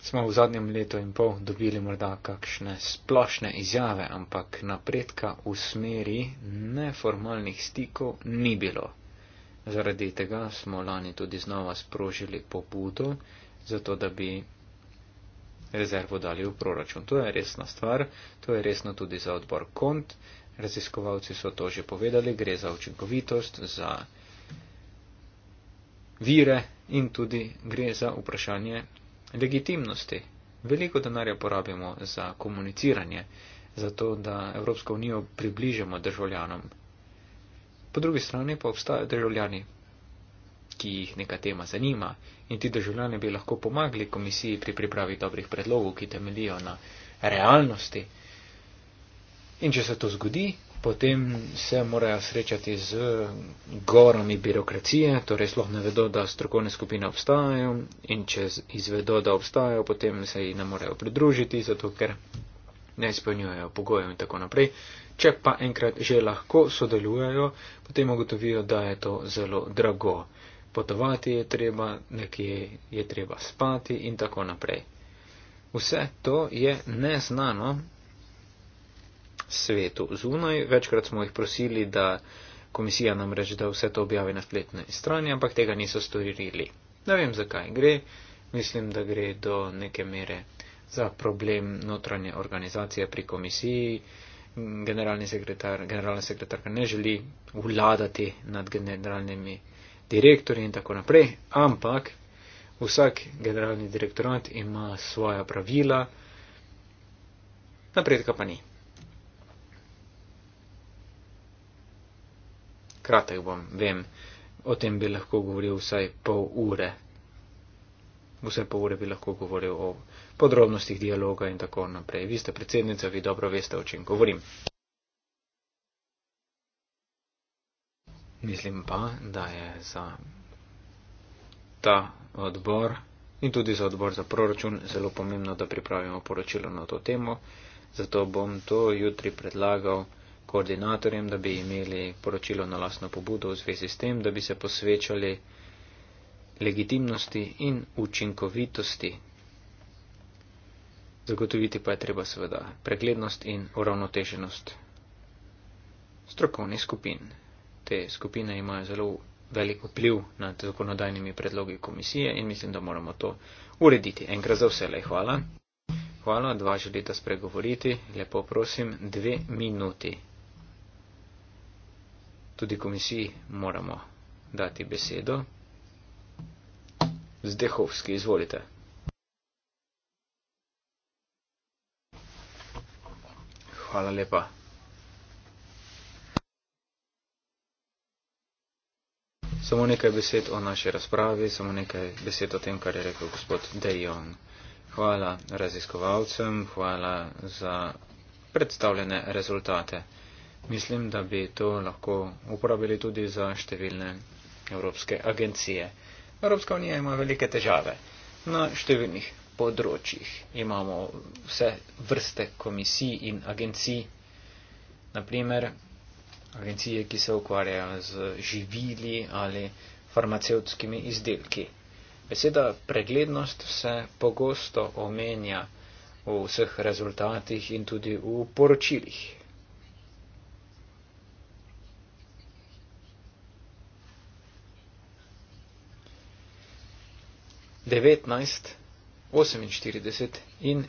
smo v zadnjem letu in pol dobili morda kakšne splošne izjave, ampak napredka v smeri neformalnih stikov ni bilo. Zaradi tega smo lani tudi znova sprožili pobudo, zato da bi rezervo dali v proračun. To je resna stvar, to je resno tudi za odbor kont. Raziskovalci so to že povedali, gre za učinkovitost, za vire in tudi gre za vprašanje legitimnosti. Veliko denarja porabimo za komuniciranje, za to, da Evropsko unijo približamo državljanom. Po drugi strani pa obstajajo državljani, ki jih neka tema zanima in ti državljani bi lahko pomagali komisiji pri pripravi dobrih predlogov, ki temelijo na realnosti. In če se to zgodi, potem se morajo srečati z gorami birokracije, torej sloh ne vedo, da strokovne skupine obstajajo in če izvedo, da obstajajo, potem se jih ne morejo pridružiti, zato ker ne izpolnjujejo pogojev in tako naprej. Če pa enkrat že lahko sodelujejo, potem ugotovijo, da je to zelo drago. Potovati je treba, nekje je treba spati in tako naprej. Vse to je neznano svetu zunaj. Večkrat smo jih prosili, da komisija nam reče, da vse to objavi na spletni strani, ampak tega niso storili. Ne vem, zakaj gre. Mislim, da gre do neke mere za problem notranje organizacije pri komisiji. Generalni sekretar, generalna sekretarka ne želi vladati nad generalnimi direktorji in tako naprej, ampak vsak generalni direktorat ima svoja pravila, napredka pa ni. kratek bom, vem, o tem bi lahko govoril vsaj pol ure. Vse pol ure bi lahko govoril o podrobnostih dialoga in tako naprej. Vi ste predsednica, vi dobro veste, o čem govorim. Mislim pa, da je za ta odbor in tudi za odbor za proračun zelo pomembno, da pripravimo poročilo na to temo. Zato bom to jutri predlagal koordinatorjem, da bi imeli poročilo na lasno pobudo v zvezi s tem, da bi se posvečali legitimnosti in učinkovitosti. Zagotoviti pa je treba seveda preglednost in uravnoteženost strokovnih skupin. Te skupine imajo zelo velik vpliv nad zakonodajnimi predlogi komisije in mislim, da moramo to urediti. Enkrat za vse le hvala. Hvala, dva želita spregovoriti. Lepo prosim, dve minuti tudi komisiji moramo dati besedo. Zdehovski, izvolite. Hvala lepa. Samo nekaj besed o naši razpravi, samo nekaj besed o tem, kar je rekel gospod De Jong. Hvala raziskovalcem, hvala za predstavljene rezultate. Mislim, da bi to lahko uporabili tudi za številne evropske agencije. Evropska unija ima velike težave na številnih področjih. Imamo vse vrste komisij in agencij, naprimer agencije, ki se ukvarjajo z živili ali farmacevtskimi izdelki. Beseda preglednost se pogosto omenja v vseh rezultatih in tudi v poročilih. 19, 48 in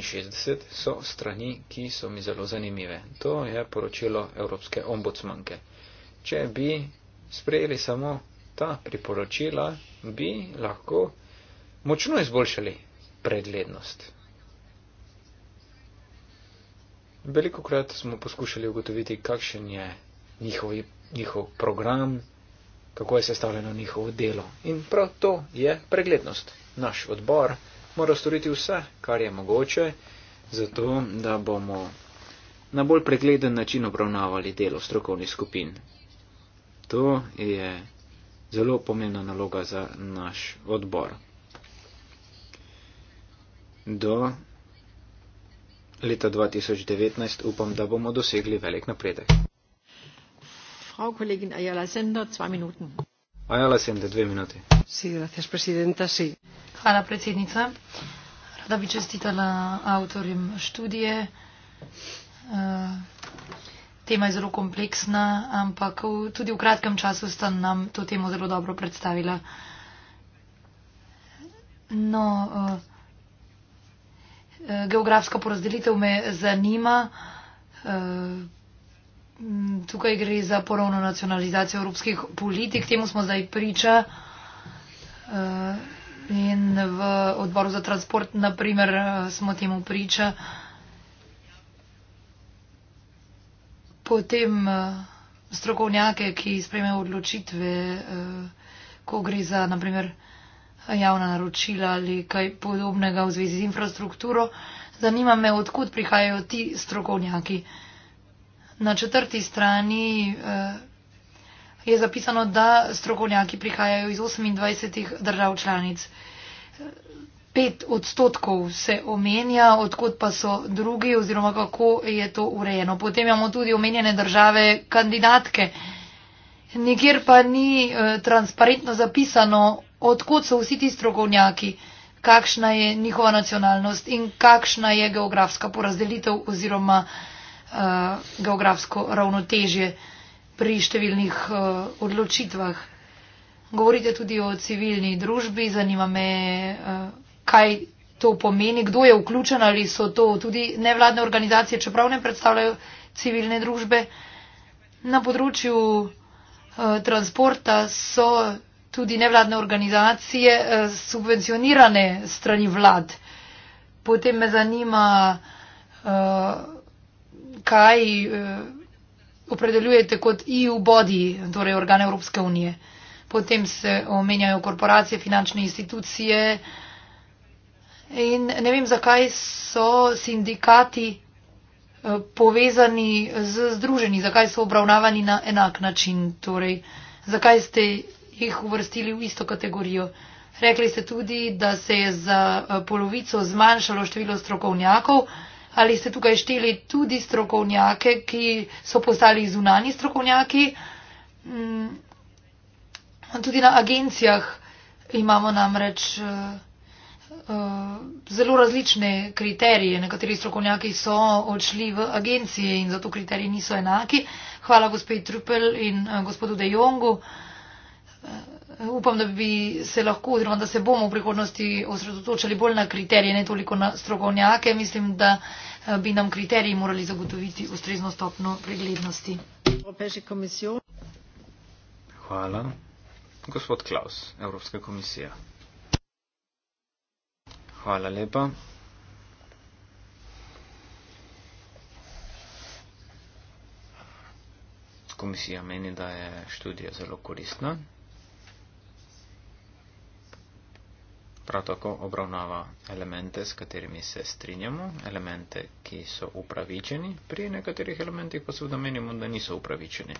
64 so strani, ki so mi zelo zanimive. To je poročilo Evropske ombudsmanke. Če bi sprejeli samo ta priporočila, bi lahko močno izboljšali preglednost. Veliko krat smo poskušali ugotoviti, kakšen je njihov, njihov program, kako je sestavljeno njihovo delo. In prav to je preglednost. Naš odbor mora storiti vse, kar je mogoče, zato da bomo na bolj pregleden način obravnavali delo strokovnih skupin. To je zelo pomembna naloga za naš odbor. Do leta 2019 upam, da bomo dosegli velik napredek. Hvala, predsednica. Rada bi čestitala avtorjem študije. Eh, tema je zelo kompleksna, ampak tudi v kratkem času sta nam to temo zelo dobro predstavila. No, eh, eh, geografska porazdelitev me zanima tukaj gre za ponovno nacionalizacijo evropskih politik, temu smo zdaj priča. Eh, in v odboru za transport, naprimer, eh, smo temu priča. Potem eh, strokovnjake, ki spremejo odločitve, ko gre za, naprimer, javna naročila ali kaj podobnega v zvezi z infrastrukturo. Zanima me, odkud prihajajo ti strokovnjaki na četrti strani eh, je zapisano, da strokovnjaki prihajajo iz 28 držav članic. Pet odstotkov se omenja, odkot pa so drugi oziroma kako je to urejeno. Potem imamo tudi omenjene države kandidatke. Nikjer pa ni eh, transparentno zapisano, odkot so vsi ti strokovnjaki, kakšna je njihova nacionalnost in kakšna je geografska porazdelitev oziroma Eh, geografsko ravnotežje pri številnih eh, odločitvah. Govorite tudi o civilni družbi, zanima me, eh, kaj to pomeni, kdo je vključen ali so to tudi nevladne organizacije, čeprav ne predstavljajo civilne družbe. Na področju transporta so tudi nevladne organizacije subvencionirane strani vlad. Potem me zanima, kaj eh, opredeljujete kot EU body, torej organ Evropske unije. Potem se omenjajo korporacije, finančne institucije in ne vem, zakaj so sindikati eh, povezani z združeni, zakaj so obravnavani na enak način, torej zakaj ste jih uvrstili v isto kategorijo. Rekli ste tudi, da se je za eh, polovico zmanjšalo število strokovnjakov, ali ste tukaj šteli tudi strokovnjake, ki so postali zunani strokovnjaki. Mm, tudi na agencijah imamo namreč uh, uh, zelo različne kriterije. Nekateri strokovnjaki so odšli v agencije in zato kriteriji niso enaki. Hvala gospe Trupel in uh, gospodu De Jongu. Uh, Upam, da bi se lahko, oziroma da se bomo v prihodnosti osredotočali bolj na kriterije, ne toliko na strokovnjake. Mislim, da eh, bi nam kriteriji morali zagotoviti ustrezno stopno preglednosti. Hvala. Gospod Klaus, Evropska komisija. Hvala lepa. Komisija meni, da je študija zelo koristna. prav tako obravnava elemente, s katerimi se strinjamo, elemente, ki so upravičeni, pri nekaterih elementih pa seveda menimo, da niso upravičeni.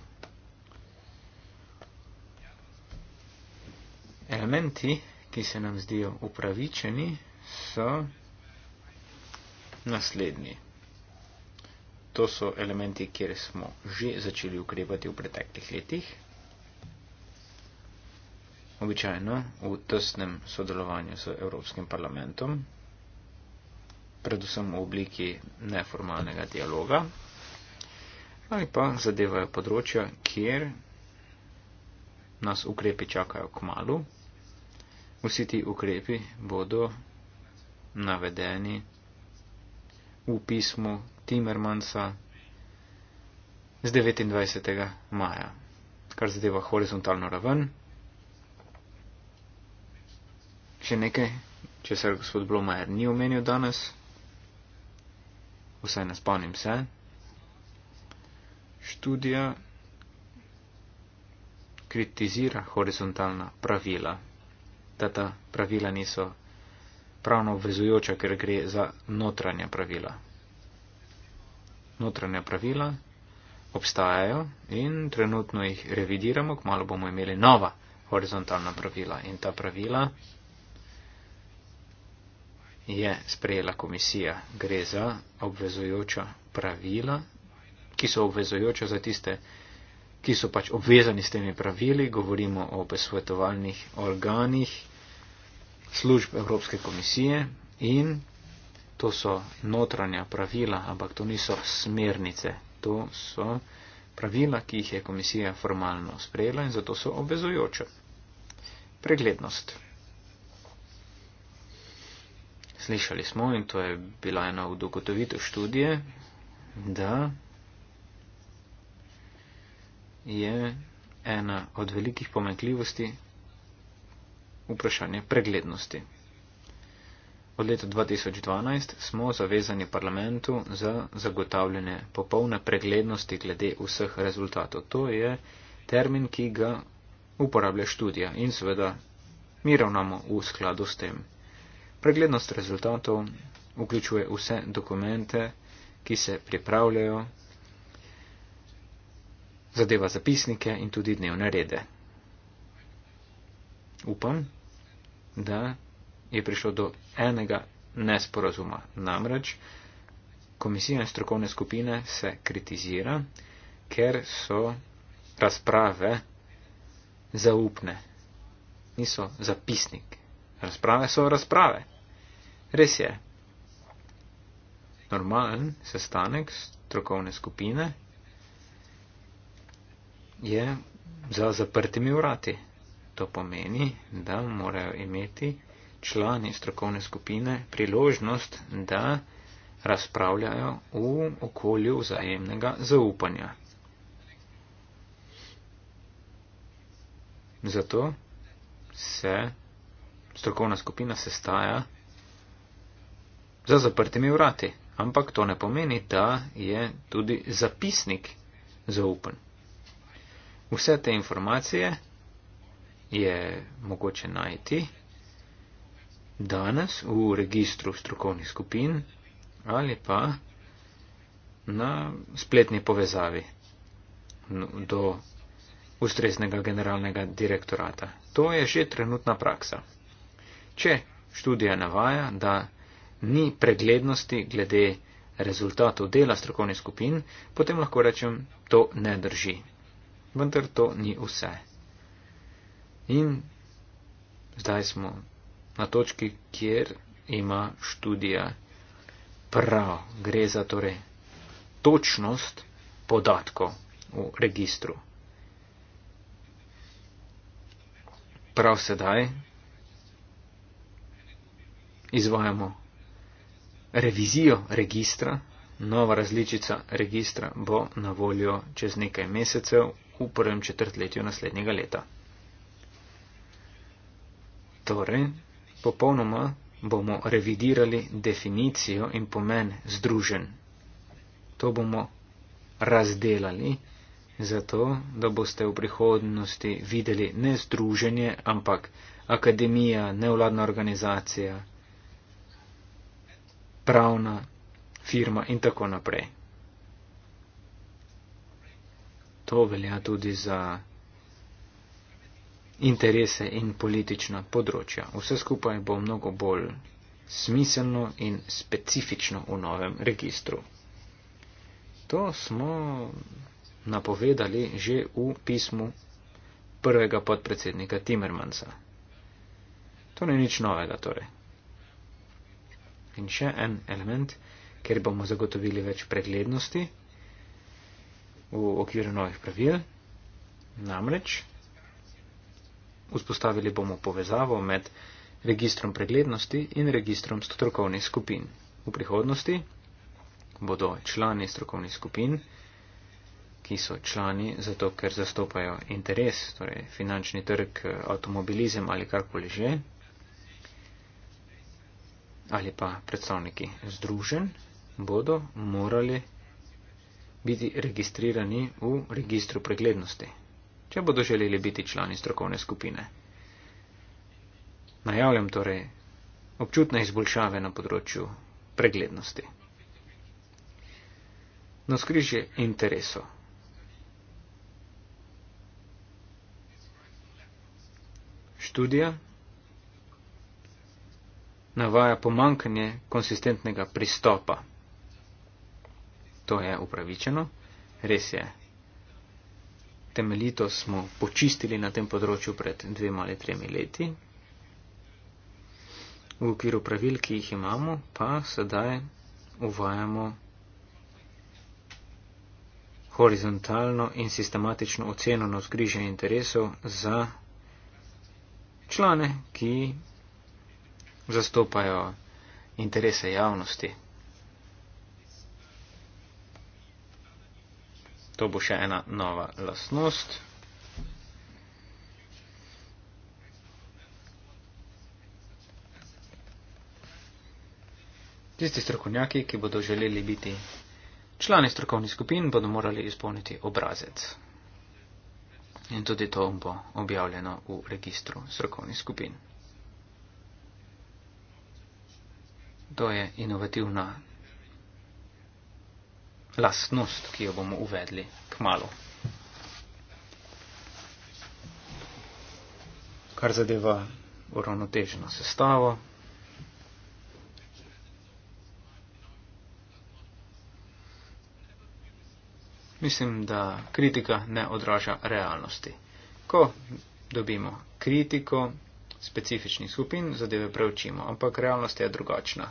Elementi, ki se nam zdijo upravičeni, so naslednji. To so elementi, kjer smo že začeli ukrepati v preteklih letih, običajno v tesnem sodelovanju s Evropskim parlamentom, predvsem v obliki neformalnega dialoga, ali pa zadevajo področja, kjer nas ukrepi čakajo k malu. Vsi ti ukrepi bodo navedeni v pismu Timmermansa z 29. maja, kar zadeva horizontalno raven. Še nekaj, če se gospod Blomajer ni omenil danes, vsaj ne spomnim se, študija kritizira horizontalna pravila, da ta pravila niso pravno obvezujoča, ker gre za notranja pravila. Notranja pravila obstajajo in trenutno jih revidiramo, kmalo bomo imeli nova horizontalna pravila in ta pravila je sprejela komisija. Gre za obvezojoča pravila, ki so obvezojoča za tiste, ki so pač obvezani s temi pravili. Govorimo o posvetovalnih organih služb Evropske komisije in to so notranja pravila, ampak to niso smernice. To so pravila, ki jih je komisija formalno sprejela in zato so obvezojoča. Preglednost. Slišali smo in to je bila ena od ugotovitev študije, da je ena od velikih pomenkljivosti vprašanje preglednosti. Od leta 2012 smo zavezani parlamentu za zagotavljanje popolne preglednosti glede vseh rezultatov. To je termin, ki ga uporablja študija in seveda mi ravnamo v skladu s tem. Preglednost rezultatov vključuje vse dokumente, ki se pripravljajo, zadeva zapisnike in tudi dnevne rede. Upam, da je prišlo do enega nesporazuma. Namreč komisija in strokovne skupine se kritizira, ker so razprave zaupne, niso zapisnik. Razprave so razprave. Res je. Normalen sestanek strokovne skupine je za zaprtimi vrati. To pomeni, da morajo imeti člani strokovne skupine priložnost, da razpravljajo v okolju vzajemnega zaupanja. Zato se strokovna skupina sestaja za zaprtimi vrati. Ampak to ne pomeni, da je tudi zapisnik zaupen. Vse te informacije je mogoče najti danes v registru strokovnih skupin ali pa na spletni povezavi do ustreznega generalnega direktorata. To je že trenutna praksa. Če študija navaja, da ni preglednosti glede rezultatov dela strokovnih skupin, potem lahko rečem, to ne drži. Vendar to ni vse. In zdaj smo na točki, kjer ima študija prav. Gre za torej točnost podatkov v registru. Prav sedaj izvajamo revizijo registra. Nova različica registra bo na voljo čez nekaj mesecev v prvem četrtletju naslednjega leta. Torej, popolnoma bomo revidirali definicijo in pomen združen. To bomo razdelali, zato da boste v prihodnosti videli ne združenje, ampak akademija, nevladna organizacija, pravna firma in tako naprej. To velja tudi za interese in politična področja. Vse skupaj bo mnogo bolj smiselno in specifično v novem registru. To smo napovedali že v pismu prvega podpredsednika Timmermansa. To ni nič novega torej. In še en element, kjer bomo zagotovili več preglednosti v okviru novih pravil, namreč vzpostavili bomo povezavo med registrom preglednosti in registrom strokovnih skupin. V prihodnosti bodo člani strokovnih skupin, ki so člani zato, ker zastopajo interes, torej finančni trg, avtomobilizem ali karkoli že, ali pa predstavniki združen bodo morali biti registrirani v registru preglednosti, če bodo želeli biti člani strokovne skupine. Najavljam torej občutne izboljšave na področju preglednosti. Na skrižje intereso. Študija navaja pomankanje konsistentnega pristopa. To je upravičeno, res je. Temeljito smo počistili na tem področju pred dvema ali tremi leti. V okviru pravil, ki jih imamo, pa sedaj uvajamo horizontalno in sistematično oceno na vzgriže interesov za člane, ki zastopajo interese javnosti. To bo še ena nova lasnost. Tisti strokovnjaki, ki bodo želeli biti člani strokovnih skupin, bodo morali izpolniti obrazec. In tudi to bo objavljeno v registru strokovnih skupin. To je inovativna lastnost, ki jo bomo uvedli k malu. Kar zadeva uravnoteženo sestavo, mislim, da kritika ne odraža realnosti. Ko dobimo kritiko, specifičnih skupin zadeve preučimo, ampak realnost je drugačna.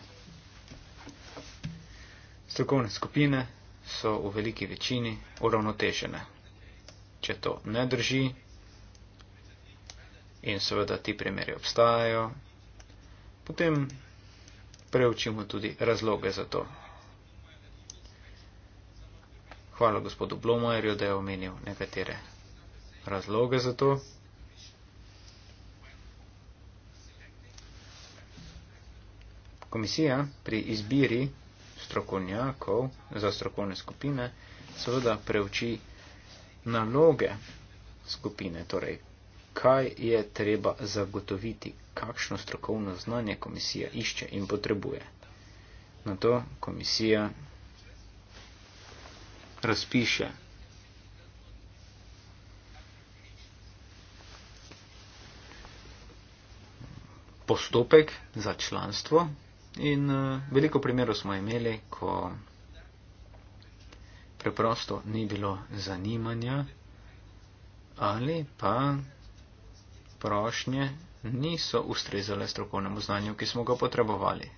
Strokovne skupine so v veliki večini uravnotežene. Če to ne drži in seveda ti primeri obstajajo, potem preučimo tudi razloge za to. Hvala gospodu Blomajerju, da je omenil nekatere razloge za to. Komisija pri izbiri strokovnjakov za strokovne skupine seveda preuči naloge skupine, torej kaj je treba zagotoviti, kakšno strokovno znanje komisija išče in potrebuje. Na to komisija razpiše postopek za članstvo In uh, veliko primerov smo imeli, ko preprosto ni bilo zanimanja ali pa prošnje niso ustrezale strokovnemu znanju, ki smo ga potrebovali.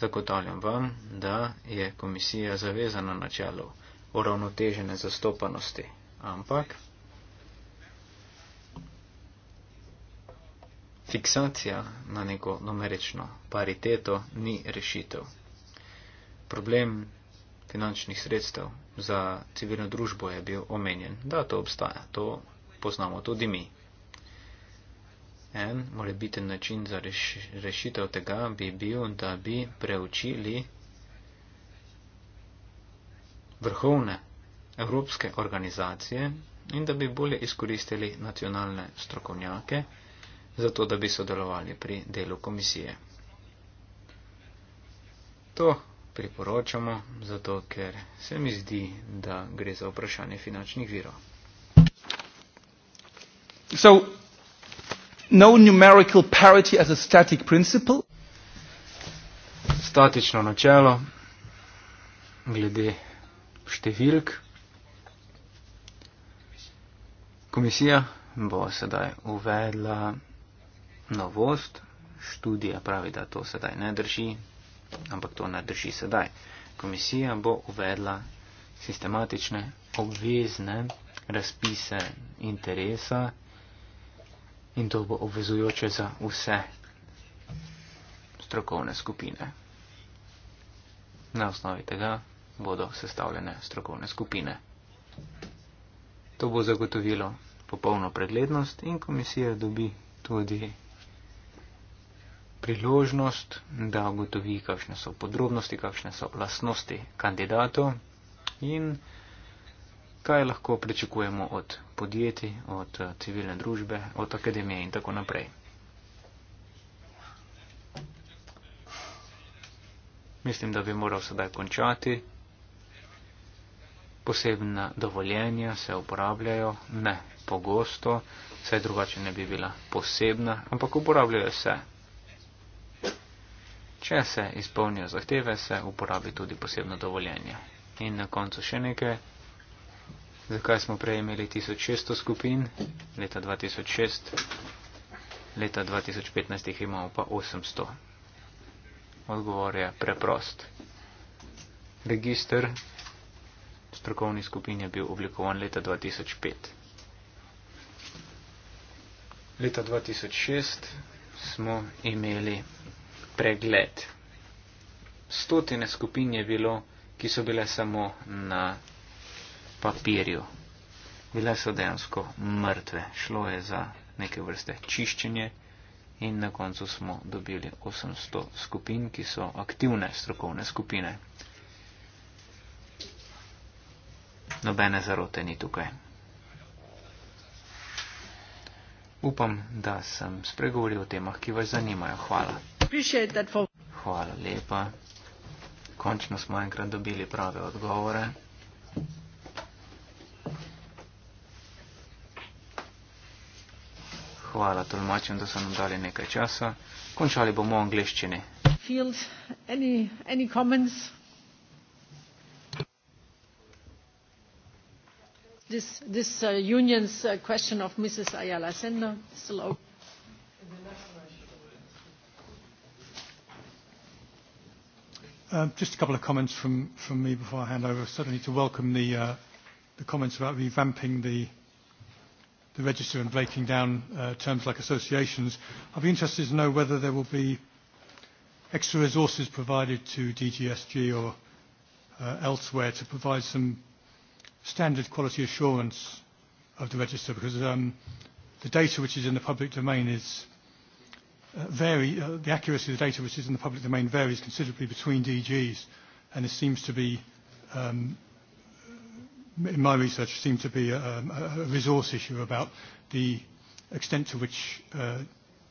Zagotavljam vam, da je komisija zavezana na čelu uravnotežene zastopanosti, ampak Fiksacija na neko numerično pariteto ni rešitev. Problem finančnih sredstev za civilno družbo je bil omenjen. Da, to obstaja, to poznamo tudi mi. En morebiten način za reš rešitev tega bi bil, da bi preučili vrhovne evropske organizacije in da bi bolje izkoristili nacionalne strokovnjake zato da bi sodelovali pri delu komisije. To priporočamo, zato ker se mi zdi, da gre za vprašanje finančnih virov. So, no numerical parity as a static principle. Statično načelo glede številk. Komisija bo sedaj uvedla novost, študija pravi, da to sedaj ne drži, ampak to ne drži sedaj. Komisija bo uvedla sistematične obvezne razpise interesa in to bo obvezujoče za vse strokovne skupine. Na osnovi tega bodo sestavljene strokovne skupine. To bo zagotovilo popolno preglednost in komisija dobi tudi priložnost, da ugotovi, kakšne so podrobnosti, kakšne so lastnosti kandidatov in kaj lahko pričakujemo od podjetij, od eh, civilne družbe, od akademije in tako naprej. Mislim, da bi moral sedaj končati. Posebna dovoljenja se uporabljajo, ne pogosto, saj drugače ne bi bila posebna, ampak uporabljajo se. Če se izpolnijo zahteve, se uporabi tudi posebno dovoljenje. In na koncu še nekaj, zakaj smo prej imeli 1600 skupin, leta 2006, leta 2015 jih imamo pa 800. Odgovor je preprost. Register strokovnih skupin je bil oblikovan leta 2005. Leta 2006 smo imeli pregled. Stotine skupin je bilo, ki so bile samo na papirju. Bile so dejansko mrtve. Šlo je za neke vrste čiščenje in na koncu smo dobili 800 skupin, ki so aktivne strokovne skupine. Nobene zarote ni tukaj. Upam, da sem spregovoril o temah, ki vas zanimajo. Hvala. Hvala lepa. Končno smo enkrat dobili prave odgovore. Hvala tolmačem, da so nam dali nekaj časa. Končali bomo v angliščini. Field, any, any comments? This, this uh, union's uh, question of Mrs. Ayala Sender, still open. Um, just a couple of comments from me before I hand over. Certainly to welcome the uh, comments about revamping the register and breaking down uh, terms like associations. I'd be interested to know whether there will be extra resources provided to DGSG or uh, elsewhere to provide some standard quality assurance of the register, because um, the data which is in the public domain is Uh, vary, uh, the accuracy of the data which is in the public domain varies considerably between DGs, and it seems to be, um, in my research, seems to be a, um, a, a resource issue about the extent to which uh,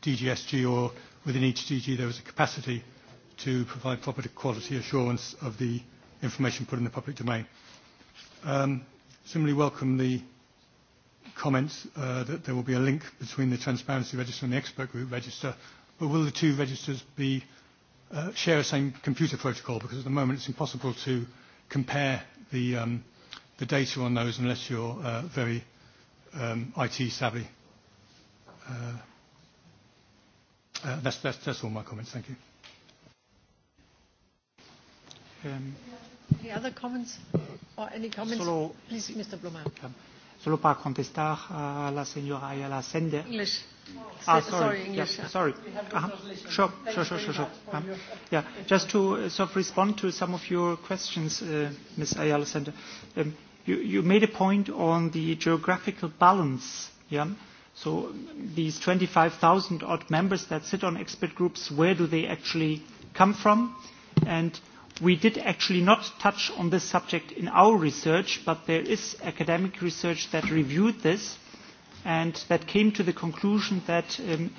DGSG or within each DG there is a capacity to provide proper quality assurance of the information put in the public domain. Um, similarly, welcome the comments uh, that there will be a link between the transparency register and the expert group register, but will the two registers be, uh, share the same computer protocol? Because at the moment it's impossible to compare the, um, the data on those unless you're uh, very um, IT savvy. Uh, uh, that's, that's, that's all my comments. Thank you. Um, any other comments or any comments? Solo, Please, Mr. Blumer. Okay solo para contestar a la señora Ayala Sender. English. Oh, ah, sorry. Sorry. English. Yeah, sorry. No uh-huh. Sure, sure, sure, sure. sure. Um, yeah, just to uh, sort of respond to some of your questions, uh, Ms. Ayala Sender. Um, you, you made a point on the geographical balance. Yeah. So these 25,000 odd members that sit on expert groups, where do they actually come from? And we did actually not touch on this subject in our research, but there is academic research that reviewed this and that came to the conclusion that um,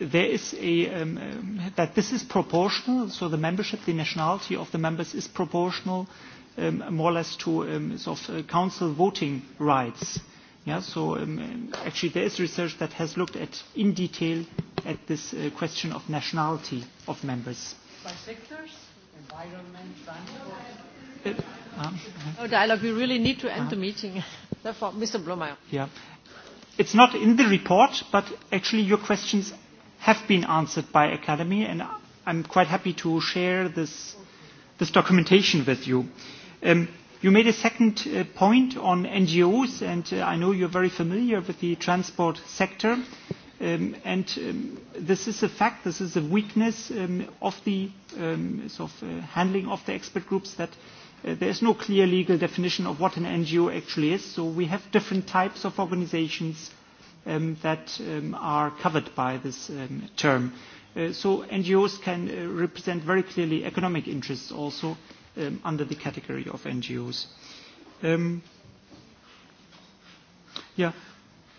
there is a, um, um, that this is proportional, so the membership, the nationality of the members is proportional um, more or less to um, sort of, uh, council voting rights. Yeah, so um, actually there is research that has looked at in detail at this uh, question of nationality of members. By sectors? environment, eh, ah, transport. Uh, um, no dialogue. We really need to end uh, the ah. meeting. Therefore, Mr. Blomeyer. Yeah. It's not in the report, but actually your questions have been answered by Academy, and I'm quite happy to share this, this documentation with you. Um, you made a second uh, point on NGOs, and uh, I know you're very familiar with the transport sector. Uh, Um, um, this is a fact, this is a weakness um, of the uh, handling of the expert groups that uh, there's no clear legal definition of what an NGO actually is. We have different types of organizations that are covered by this term. Uh, NGOs can represent very clearly economic interests also under the category of NGOs.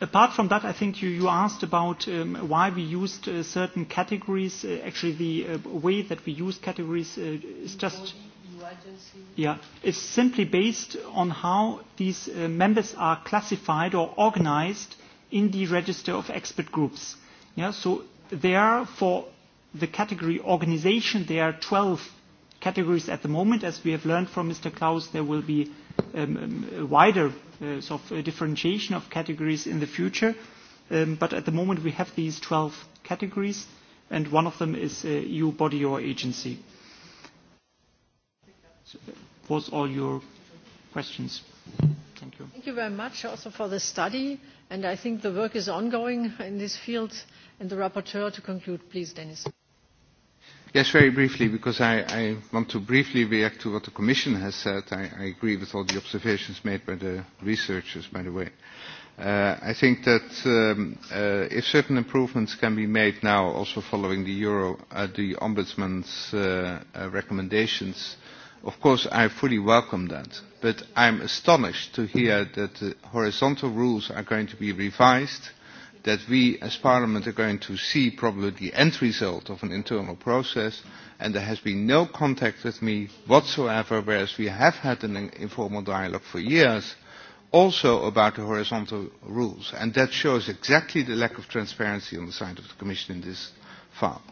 Apart from that, I think you asked about um, why we used uh, certain categories. Uh, actually, the uh, way that we use categories is just- In body, in agency. Yeah. It's simply based on how these members are classified or organized in the register of expert groups. Yeah. There, for the category organization, there are 12 categories at the moment. As we have learned from Mr. Claus, there will be um, um wider uh, sort of differentiation of categories in the future. Um, but at the moment, we have these 12 categories, and one of them is uh, EU body or agency. So, what's uh, all your questions? Thank you. Thank you very much also for the study, and I think the work is ongoing in this field. And the rapporteur to conclude, please, Dennis very briefly because i want to briefly react to what the commission has said i agree with all the observations made by the researchers by the way. Uh, i think that um, uh, if certain improvements can be made now also following the uh, ombudsman's recommendations of course i fully welcome that but i am astonished to hear that the horizontal rules are going to be revised that we as parliament are going to see probably the end result of an internal process and there has been no contact with me whatsoever whereas we have had an informal dialogue for years also about the horizontal rules and that shows exactly the lack of transparency on the side of the commission in this file.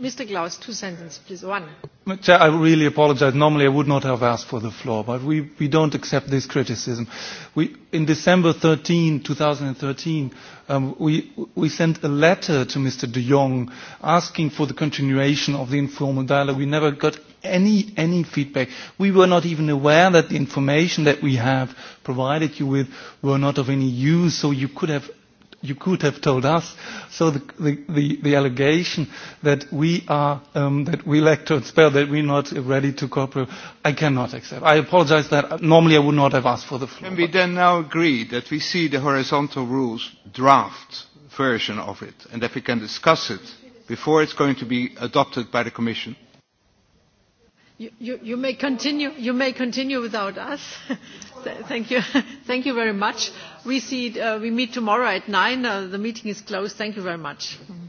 Mr. Klaus, two sentences, please. One. Chair, I really apologize. Normally, I would not have asked for the floor, but we, we don't accept this criticism. We, in December 13, 2013, um, we, we sent a letter to Mr. de Jong asking for the continuation of the informal dialogue. We never got any, any feedback. We were not even aware that the information that we have provided you with were not of any use, so you could have you could have told us. So the, the, the, the allegation that we are, um, that we lack to spell, that we're not ready to cooperate, I cannot accept. I apologize that normally I would not have asked for the floor. Can we then now agree that we see the horizontal rules draft version of it and that we can discuss it before it's going to be adopted by the Commission? You, you, may continue, you may continue without us. thank, you. thank you very much. We, see, uh, we meet tomorrow at 9. Uh, the meeting is closed. Thank you very much. Mm-hmm.